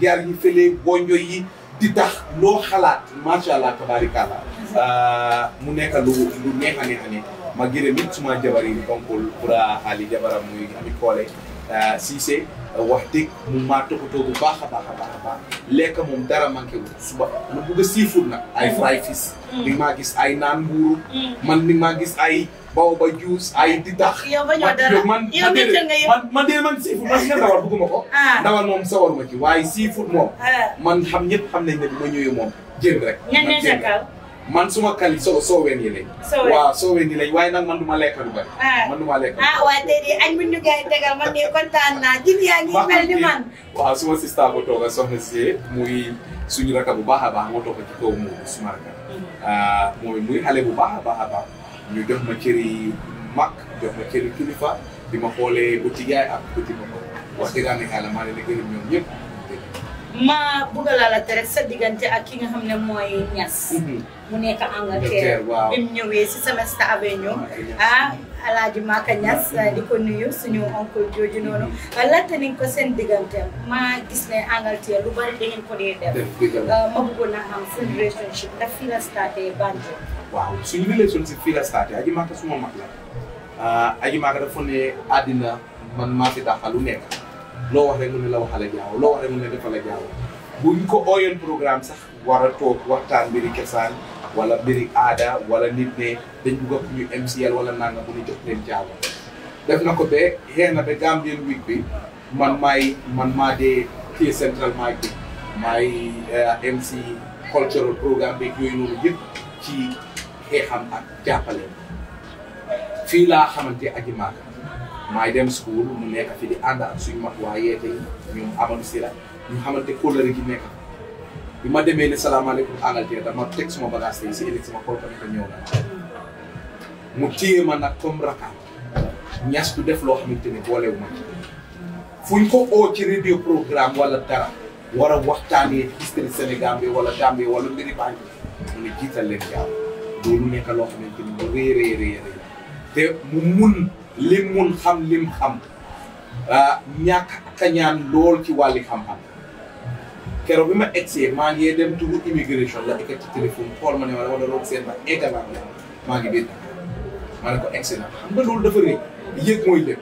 njar yi fële bonjo yi di tax loo xalaat macha allah tabaarikàlla ah, mu nekk lu lu ma gërëm suma jabar yi comme pour pour Ali jabaram muy Ami Koole ah, Cissé. wax dëgg mu maa toppatoo bu baax a baax a baax a moom dara manqué suba ma bugg seafood nag ay mm. fry mm. ni maa gis ay naan mbuuru mm. man ni maa gis ay baobab juice ay ditax yow ba ñoo dara man man de man seafood man nga ndawal bugguma ko ndawal ah. moom sawaruma ci waaye seafood moom ah. man xam ñëpp xam nañ ne bi ma ñëwee moom jën rek man suma kali soo soo weeni soo weeni waaw soo weeni lañ waaye nag man du ah. ah, ma lekk bari. man du ma lekk lu bari ah waaw tey de añ man de kontaan naa jin yaa ngi mel ni man. waaw suma sista ko tooga soxna si muy suñu rakk bu baax a baax moo toog ci kaw mu suma rakk. mooy mm-hmm. ah, muy xale bu baax a baax a baax ñu jox ma cëri mag jox ma cëri kilifa di ma xoolee bëti yaay ak bëti ma wax dëgg yàlla maa leen di ñoom ñëpp. ma bëgg laa la tere sa diggante ak ki nga xam ne mooy Niass. Mhm. mu nekk Angleterre bi mu ñëwee si Semester Avenue ah, ah Alaaji Maka Niass ah, di ko nuyu suñu oncle jooju noonu mhm. ah, laajte nañ ko seen diggante ma gis ne Angleterre lu bari dangeen ko dee def. ma bëggoon na xam seen relationship ndax fii la starté Banjul. waaw suñu relationship fii la starté Aji Maka suma mag la Aji Maka dafa ne àddina man maa fi dàqa lu nekk. loo wax rek mu ne la waxal ak yaaw loo wax rek mu ne defal ak yaaw buñ ko ooyoon programme sax war a toog waxtaan mbiri kesaan wala mbiri aada wala nit ne dañ bugg a ñu MCL wala nanga mu ne jox leen jaawa def na ko be xeex na ba Gambian week bi man maay man maa dee kii central maag bi maay eh, MC cultural programme bi yooyu noonu yëpp ci xeexam ak jàppale fii laa xamante aji maay dem school mu nekk fi di ànd ak suñu mag waa yeete yi ñoom Amadou Sira ñu xamante kóllëre gi nekk bi ma demee ne salaamaaleykum Angleterre dama teg suma bagage tey si ëllëg sama kóol tamit ñëw na mu téye ma nag comme rakam ñas du def loo xamante ni boolewu ma fu ko oo ci radio programme wala dara war a waxtaanee history Sénégal bi wala Gambie wala mbiri bànq mu ne jiital leen jàmm loolu nekk loo xamante ni mu rëy rëy te mu mun. li mun xam lim xam ah, ñàkk kañaan lool ci wàlli xam-xam keroog bi ma egsee maa ngi dem turu immigration la ekkati téléphone xool ma ne ma wala loolu seen ma eggalaan la maa ngi biir ma ne ko egsi na xam nga loolu dafa rëy yëg mooy lépp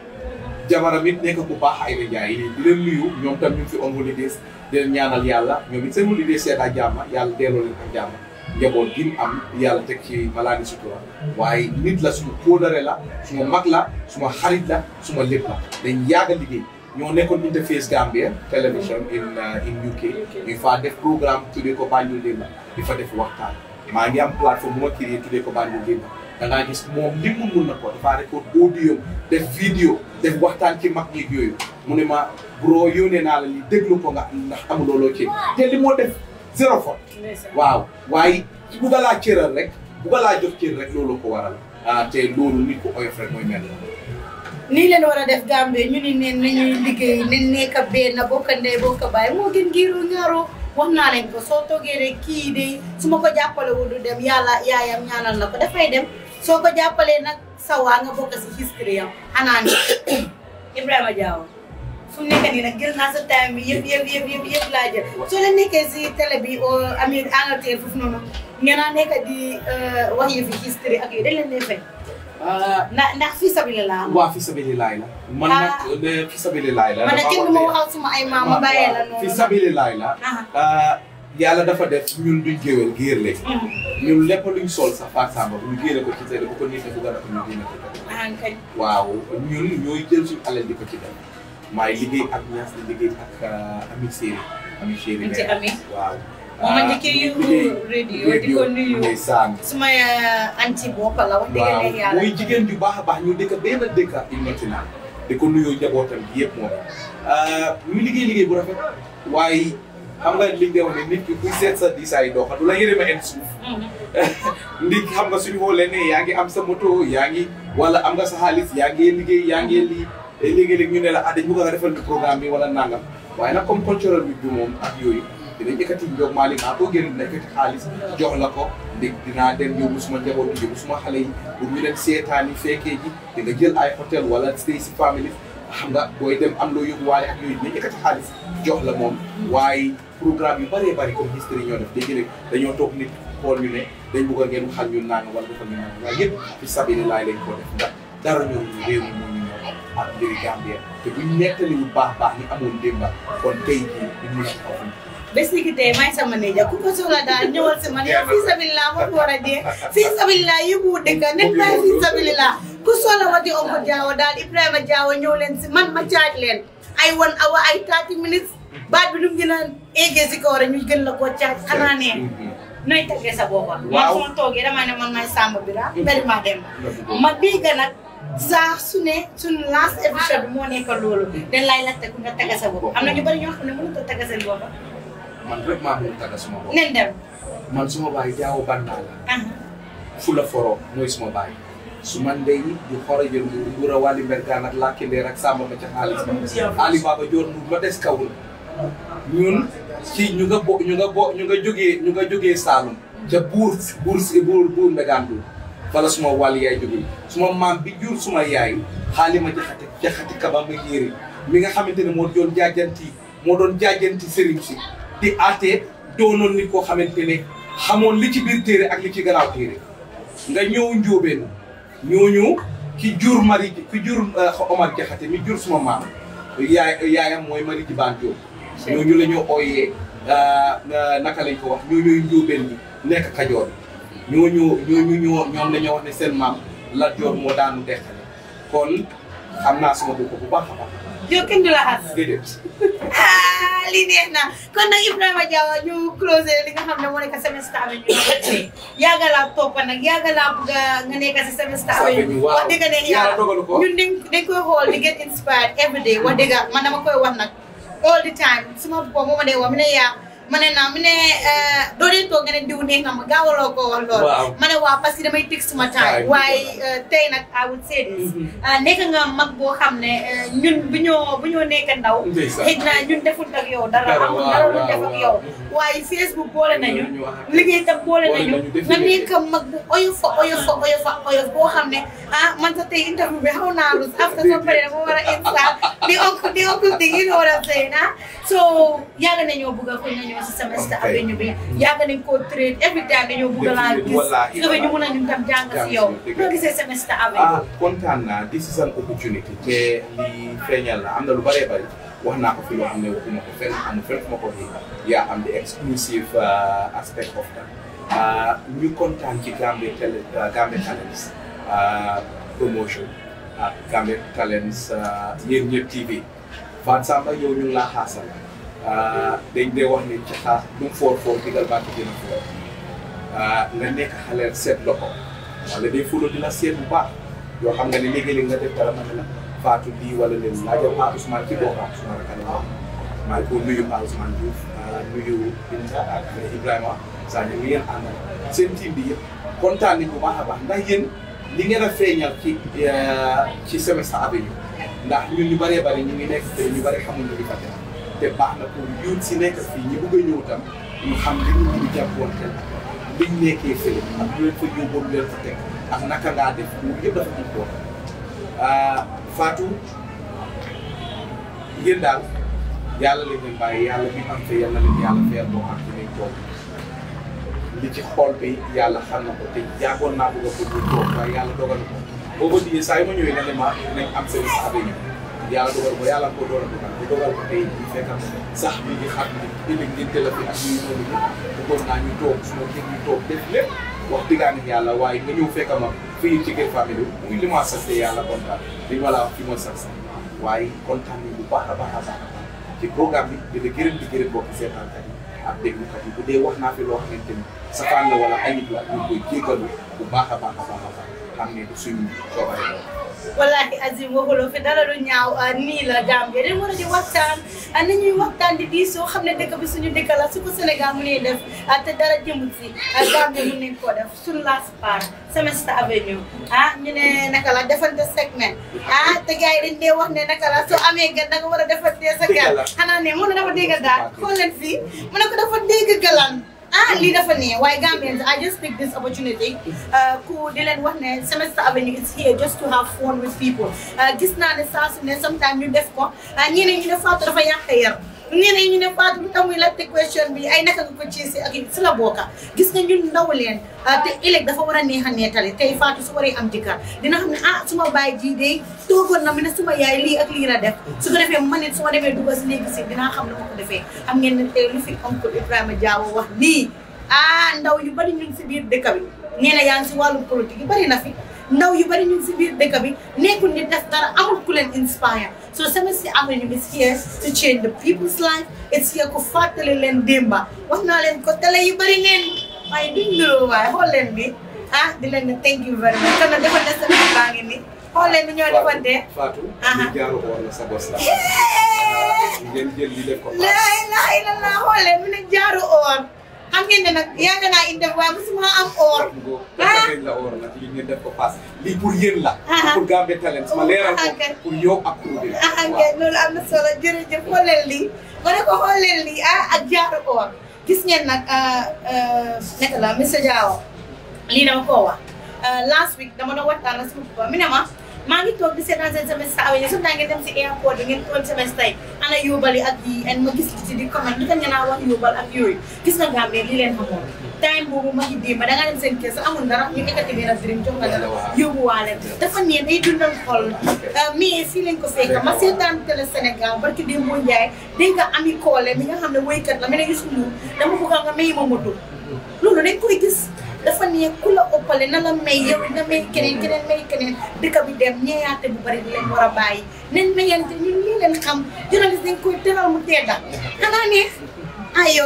jabaram it nekk ku baax ay rajo yi di leen ñoom tam ñu ngi fi on holidays di ñaanal yàlla ñoo it seen holidays seet a jàmm yàlla delloo leen ak jàmm njaboot gi mu am yàlla teg ci malaani sutura waaye nit la suma kóolare la suma mag la suma xarit la suma lépp la dañ yàgg liggéey ñoo nekkoon interface Gambia télévision in uh, in UK ñu faa def programme tuddee ko Banjul Labour di fa def waxtaan maa ngi am plateforme bu ma créé tuddee ko Banjul Labour da ngaa gis moom li mu mun na ko dafaa record audio def vidéo def waxtaan ci mag ñi yooyu mu ne ma bro yónnee naa la li déglu ko nga ndax amuloo loo ci te li moo def zéro faute waaw waaye bu nga laa cëral rek bu nga jox cër rek loolu ko waral ah, te loolu nit ko oyof rek mooy mel nii leen war a def Gambie ñu ni neen nañuy liggéey nen nekka benn bokka ndey bokka baay moo gën giiroo ñaaroo wax naa leen ko soo toogee rek kii de su ma ko jàppale wu dem yàlla yaayam ñaanal na ko dafay dem soo ko jàppalee nag sawa nga bokk si history am xanaa ni Ibrahima Diawo fu mu nekk nii nag jël naa sa time bi yëpp yëpp yëpp yëpp yëpp laa jël soo leen nekkee si télé bi au ami Angleterre foofu noonu ngeen a nekk di euh, wax yëf history ak yooyu man nag fii sabilillah la. man nag ah. kenn la noonu. Ah, yàlla dafa def ñun duñ géwél géer lañ. Mm-hmm. ñun lépp luñ sol sa farsamba ñu génne ko ci tey bu ko nit a bëgg a def ñu génne ko. waaw ñun ñooy jël suñu alal di ko ci def. may ligay at niya sa ligay at ka aming siri. Aming siri na kami? Wow. Mama ah, uh, jikiri yu radio, radio di yu. Sumaya anti bo pala wadi ka na yara. Uy jigen yu baha baha nyu deka bena deka imatina. Deko nuyo jabotan yep mo. Mi ligay ligay burafe. Why xam nga li nga wax ne nit ki kuy seet sa diisaay doo xam du la yërëma en suuf ndi xam nga suñu xoolee ne yaa ngi am sa moto yaa wala am nga sa xaalis yaa ligay liggéey yaa ngi lii te léegi-léeg ñu ne la ah dañ bëgg a defal ñu programme bi wala nangam waaye nag comme cultural bi bi moom ak yooyu dinañ yëkkati njoog maali maa koo génn dina yëkkati xaalis jox la ko dégg dinaa dem yóbbu suma njaboot bi yóbbu suma xale yi pour ñu dem seetaani fekkee nga jël ay hôtel wala stay si family xam nga booy dem am loo yóbbuwaale ak yooyu dinañ yëkkati jox la moom waaye programme yu bëree bëri comme history ñoo def léegi dañoo toog nit xool ñu ne dañ bëgg a ngeen waxal ñu naan wala defal ñu naan waaye yëpp fi sabili laay lañ ko def ndax dara ñoo ñu réew ak mbiri Gambia te buñ nettali bu baax baax li amoon démba kon a bés ni ki tey may sama ku ko daal ñëwal sama néja fii sabilillah moo ko war a dee fii sabilillah yóbbu dëkk nekk ku soxla wati Onko Jaawo daal Ibrahima Jaawo ñëw si man ma caaj leen ay one hour ay thirty minutes baat bi lu mu gën a si kaw rek ñu gën la koo caaj xanaa ne nooy sa boppa man toogee dama ne man may Samba ma dégg nag saa su ne suñu last épisode bi moo nekk loolu dañ lay laajte ku nga tagga sa bopp am na ñoo xam ne mënut a tagga seen bopp. man nen dem. man suma baay jaaw bannaa la. Ah. fula foro mooy suma baay. su man ndey di xoro jël mu buur a wàlli mbergaan ak ma ca xaalis Ali ma des kawul ñun ci ñu nga bo ñu nga bo ñu nga jógee ñu nga jógee Saalum ca buur buur buur buur mbegaan bi wala suma wàll yaay jóge suma maam bi jur suma yaay ma jaxate jaxati kaba ma yére mi nga xamante ne moo doon jaajanti moo doon jaajanti sëriñ si di aate doonoon ni koo xamante ne xamoon li ci biir téere ak li ci gannaaw téere nga ñëw njóobeen ñooñu ki jur mari ki jur euh, jur suma maam yaay mooy mari ji baan jóob ñooñu ooyee euh, euh, naka lañ ko wax ñooñu njóobeen ñi nekk kajoor ñooñu ñooñu ñoo ñoom la ñoo wax ne seen maam Lat Joor moo daanu dex kon xam naa sama bopp bu baax a baax. yow kenn du ah, na kon nag a Diaw ñu closé li nga xam ne moo nekk Semester Avenue ñu yàgg laa topp ne yàlla ñun dañ dañ koy xool di get inspired every day. wax dëgg man koy wax nag all the time suma bopp moo ma dee wax mu ne yaa. ma ne naa mu ne eh, doo dee nga ne diw neex na ma parce que damay teg suma time. waaye eh, tey nag I would say mm-hmm. eh, nga mag boo xam ne ñun bu ñoo bu nekk ndaw. xëy na ñun deful ak yow dara amul dara lu def ak yow. waaye Facebook boole nañu. liggéey tam boole nañu. nga nekk mag bu oyof oyof oyof oyof boo xam ne ah, man sax tey interview bi xaw naa rus after soo paree dama war a insta di oncle di oncle di you know what I'm saying ah so yàgg nañoo bëgg a ko nañoo. nañu si semester avenue bi yàgg nañ koo train every time laa gis nga ñu mën a ñu tam jàng si yow noo gisee semester avenue ah, kontaan naa this is an opportunity te li feeñal la am na lu bëree bëri wax naa ko fi loo xam ne waxuma ko fenn amul fenn fu ma ko fi yaa am the exclusive uh, aspect of that uh, ñu kontaan ci Gambian uh, Talents Gambian Talents promotion ak Gambian Talents yéen ñëpp TV Van Samba yow ñu ngi laa xaasal Euh, dañ dee wax ne caxaar lu mu foor foor digal baa ko gën a foor euh, nga nekk xaleel seet loxo wala day fuloo dina seet bu baax yoo xam nga ne léegi-léegi nga def dara ma ne la faatu lii wala leen laajal Pa Ousmane ci boppam Ousmane ak Aliouma maa ngi ko nuyu Pa Ousmane Diouf nuyu Binta ak Ibrahima Sadio mi ngeen àndal seen team bi yëpp kontaan nañ bu baax a baax ndax yéen li ngeen a feeñal ci euh, ci semestre avenue ndax ñun ñu bëree bëri ñu ngi nekk ñu bëri xamuñu li fa def te baax na pour yuut si nekk fii ñi bëgg a ñëw tam ñu xam li ñu ñu jàppoon te biñ nekkee fële ak lu leen naka ngaa def loolu yëpp dafa ah, daal yàlla leen leen bàyyi yàlla bi am te yàlla leen yàlla feer boo xam ne toog li ci xool bi yàlla xam na ko te jàppoon naa bëgg a ko ñu toog waaye yàlla dogal ko booba digee saa yu ma ñëwee ne ma nañ am service avec yàlla dogal ko yàlla ko doon dugal di dogal ko tey jii fekk sax bi di xam ni ëllëg ngénte la fi ak ñuy noonu yëpp bëggoon naa ñu toog suma kër ñu toog def lépp wax diggaan yàlla waaye nga ñëw fekk ma fii ci kër famille bi muy li ma sas yàlla kontaan li ma la wax fi ma waaye kontaan bu baax a baax a ci programme bi dina gërëm di gërëm bokk seetaankat yi bu dee wax naa fi loo xamante ni safaan la wala ayib la ñu bu baax a baax a baax a baax xam ne suñu coobare wallahi azim waxuloo fi dara lu ñaaw ah, nii la Gambie dañ war a di waxtaan ah, nañuy waxtaan di diisoo xam ne dëkk bi suñu dëkk la su ko Sénégal mu ne def ah, te dara jëmul si Gambie mun nañ koo def suñu last part semester avenue ah ñu ne naka la defante segment ah te gars yi dañ dee wax ne naka la soo amee gan da nga war a defante sa gan xanaa ne mun na dafa dégg daal xool leen fii a ne ko dafa dégg galan ah lii dafa ne waaye Gambians I just take this opportunity uh, ku di leen wax Semester Avenue is here just to have fun with people uh, gis naa ne saa su ne sometimes you def and you know ne faatu dafa yàq yar nee na ñu ne Fatou lu tax muy laajte question bi ay naka ko ciisee si la bokka gis nga ñun ndaw leen ah, te ëllëg dafa war a neex a neetale tey Fatou su waree am jëkkër dina xam ne ah suma baay ji de toogoon na mu ne suma yaay lii ak lii la def su ko defee man it su ma demee dugg si léegi si dinaa xam ne ma ko defee xam ngeen ne te lu fi oncle Ibrahima Diawo wax nii ah ndaw yu bari ñun si biir dëkk bi nee yaa ngi si wàllum politique yu bari na fi ndaw yu bari ñu ngi si biir dëkk bi nekkul ni def dara amul ku leen inspire so Semester Avenue is here to change the people's life it's here ko fàttali leen démba wax naa leen ko tele yu bari leen waaye duñ niroo waaye xool leen bi ah di leen ne thank you very much kon nag defal na sa biir baa ngi ni xool leen ni ñoo defantee Fatou ñu jaaru ko woon sa la ngeen jël li ko xool leen mu ne jaaru oor xam ngeen ne nag yàgg naa indi waaye mosuma am or. ah la ah, or la li ngeen def ko lii pour yéen la. Ah. pour Gambian Talents ma leeral ko pour am ah, na solo jërëjëf xoolal lii ma ne ko xoolal lii a ak jaaru or gis ngeen nag naka la monsieur Diawo lii dama koo last week dama doon waxtaan la sama boppam mi ne ma. maa ngi toog di seetaan seen semestre awee yi su naa ngeen dem si airport yi ngeen toog semestre yi ana yóbbali ak yi and ma gis ci di comment lu tax ngeen a wax yóbbal ak yooyu gis nga Gambie li leen xamoon time boobu ma ngi démb dangaa dem seen kër sa amul dara ñu nekkati benn dërëm jox nga dara yóbbuwaale dafa nee day euh, ko seeka ma seetaan télé Sénégal nga ami koole mi nga xam ne woykat la me ne Youssou Ndour dama bëgg nga may ma moto loolu dañ koy gis dafa ne ku la ëppale na la may yow na may keneen keneen may keneen dëkk bi dem ñeeyaate bu bari di leen war a bàyyi nañ mayante ñun leen xam journaliste dañ koy mu tedda xanaa neex ayo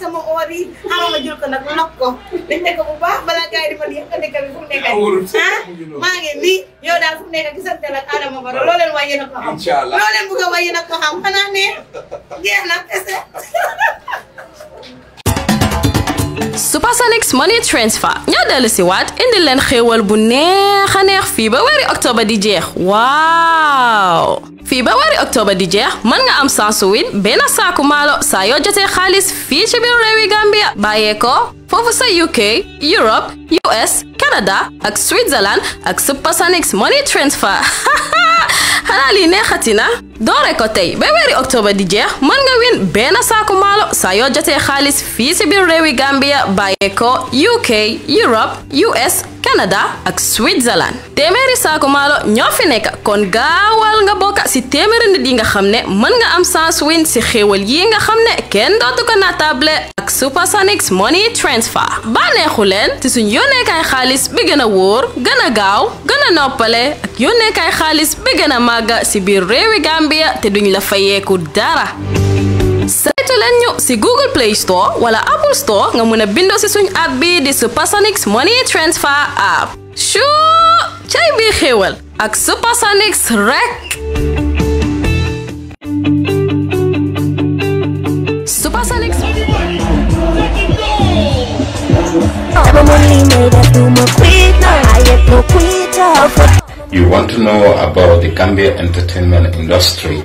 sama oor yi a ma jël ko nag lakk ko dañ nekk bu baax balaa gars yi di ma lii xam dëkk bi fu mu nekk ah maa ngi nii yow daal fu mu nekk gisante la Adama Barrow loo leen waaye yéen a xam loo leen bëgg a waaye a ko xam xanaa neex jeex na kese Supersonix Money Transfer ñoo dellu si waat indi leen xéewal bu neex a fii ba weeri octobre di jeex waaw fii ba weeri octobre di jeex mën nga am sansuwin benn saaku maalo saa yoo jotee xaalis Gambia bàyyee ko sa UK Europe US Canada ak Switzerland ak Supersonix Money Transfer halali ne khatina do ko tey ba weri october di jeex mën nga win benn saaku maalo saa yoo jotee xaalis fii si biir réewi Gambia bàyyee ko UK Europe US Canada ak Switzerland téeméeri saako maalo ñoo fi nekk kon gaawal nga bokk si téeméeri nit yi nga xam ne mën nga am sans win si xewal yi nga xam ne kenn dootu ko naataable ak Supersonics Money Transfer bànneexu ci suñ yónneekaay xaalis bi gën a wóor gën a gaaw gën noppale ak yónneekaay xaalis bi gën a màgg si biir réewi Gambia te duñ la fayeeku dara Search leen ñu si Google Play Store wala Apple Store nga muna a bindoo si suñu app bi di Supersonix Money Transfer app Shoo, cay bii xéewal ak Supersonix rek. Supersonix. You want to know about the Gambia entertainment industry.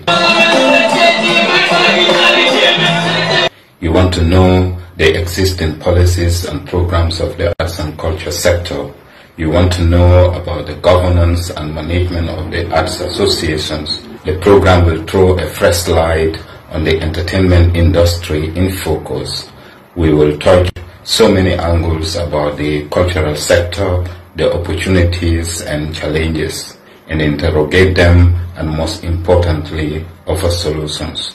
You want to know the existing policies and programs of the arts and culture sector. You want to know about the governance and management of the arts associations. The program will throw a fresh light on the entertainment industry in focus. We will touch so many angles about the cultural sector, the opportunities and challenges, and interrogate them and most importantly, offer solutions.